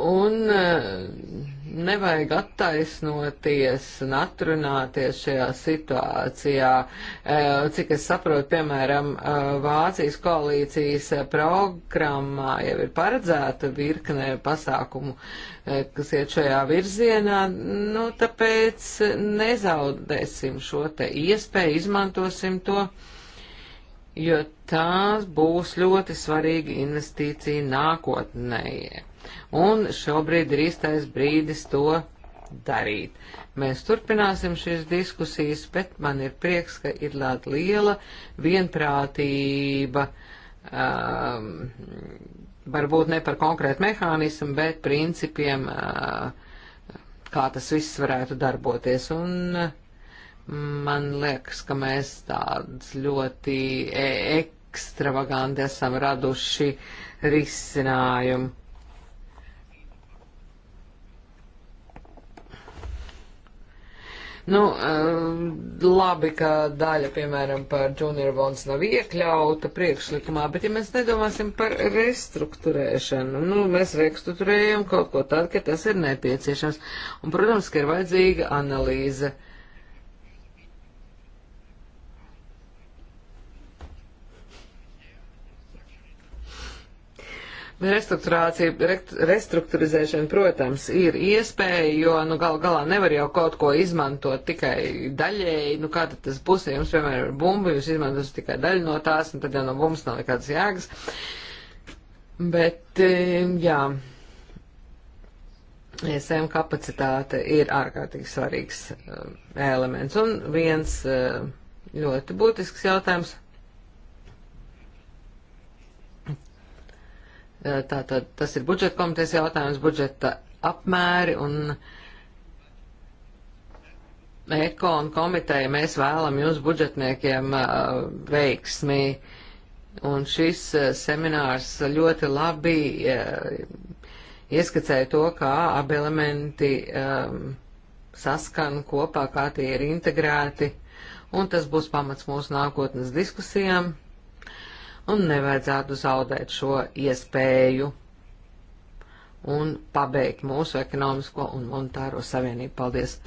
[SPEAKER 1] Un eh, nevajag attaisnoties un atrunāties šajā situācijā. Eh, cik es saprotu, piemēram, eh, Vācijas koalīcijas programmā jau ir paredzēta virkne pasākumu, kas iet šajā virzienā, nu tāpēc nezaudēsim šo te iespēju, izmantosim to jo tās būs ļoti svarīga investīcija nākotnējai un šobrīd ir īstais brīdis to darīt. Mēs turpināsim šīs diskusijas, bet man ir prieks, ka ir tāda liela vienprātība, um, varbūt ne par konkrētu mehānismu, bet principiem, uh, kā tas viss varētu darboties. Un, uh, Man liekas, ka mēs tādas ļoti ekstravaganti esam raduši risinājumu. Nu, eh, labi, ka daļa, piemēram, par junior bonds nav iekļauta priekšlikumā, bet ja mēs nedomāsim par restruktūrēšanu, nu, mēs restruktūrējam kaut ko tad, ka tas ir nepieciešams. Un, protams, ka ir vajadzīga analīze. Uh, Restruktūrizēšana, protams, ir iespēja, jo, nu, gal galā nevar jau kaut ko izmantot tikai daļēji, nu, kā tad tas būs, ja jums, piemēram, ir bumba, jūs izmantosit tikai daļu no tās, un tad jau no bumbas nav nekādas jēgas. Bet, e, jā, ESM kapacitāte ir ārkārtīgi svarīgs e, elements, un viens e, ļoti būtisks jautājums Eh, tātad tas ir budžeta komitejas jautājums, budžeta apmēri un ekonu komiteja mēs vēlam jūs budžetniekiem eh, veiksmi. Un šis eh, seminārs ļoti labi ieskicēja to, kā abi elementi saskan kopā, kā tie ir integrēti. Un tas būs pamats mūsu nākotnes diskusijām un nevajadzētu zaudēt šo iespēju un pabeigt mūsu ekonomisko un monetāro savienību. Paldies!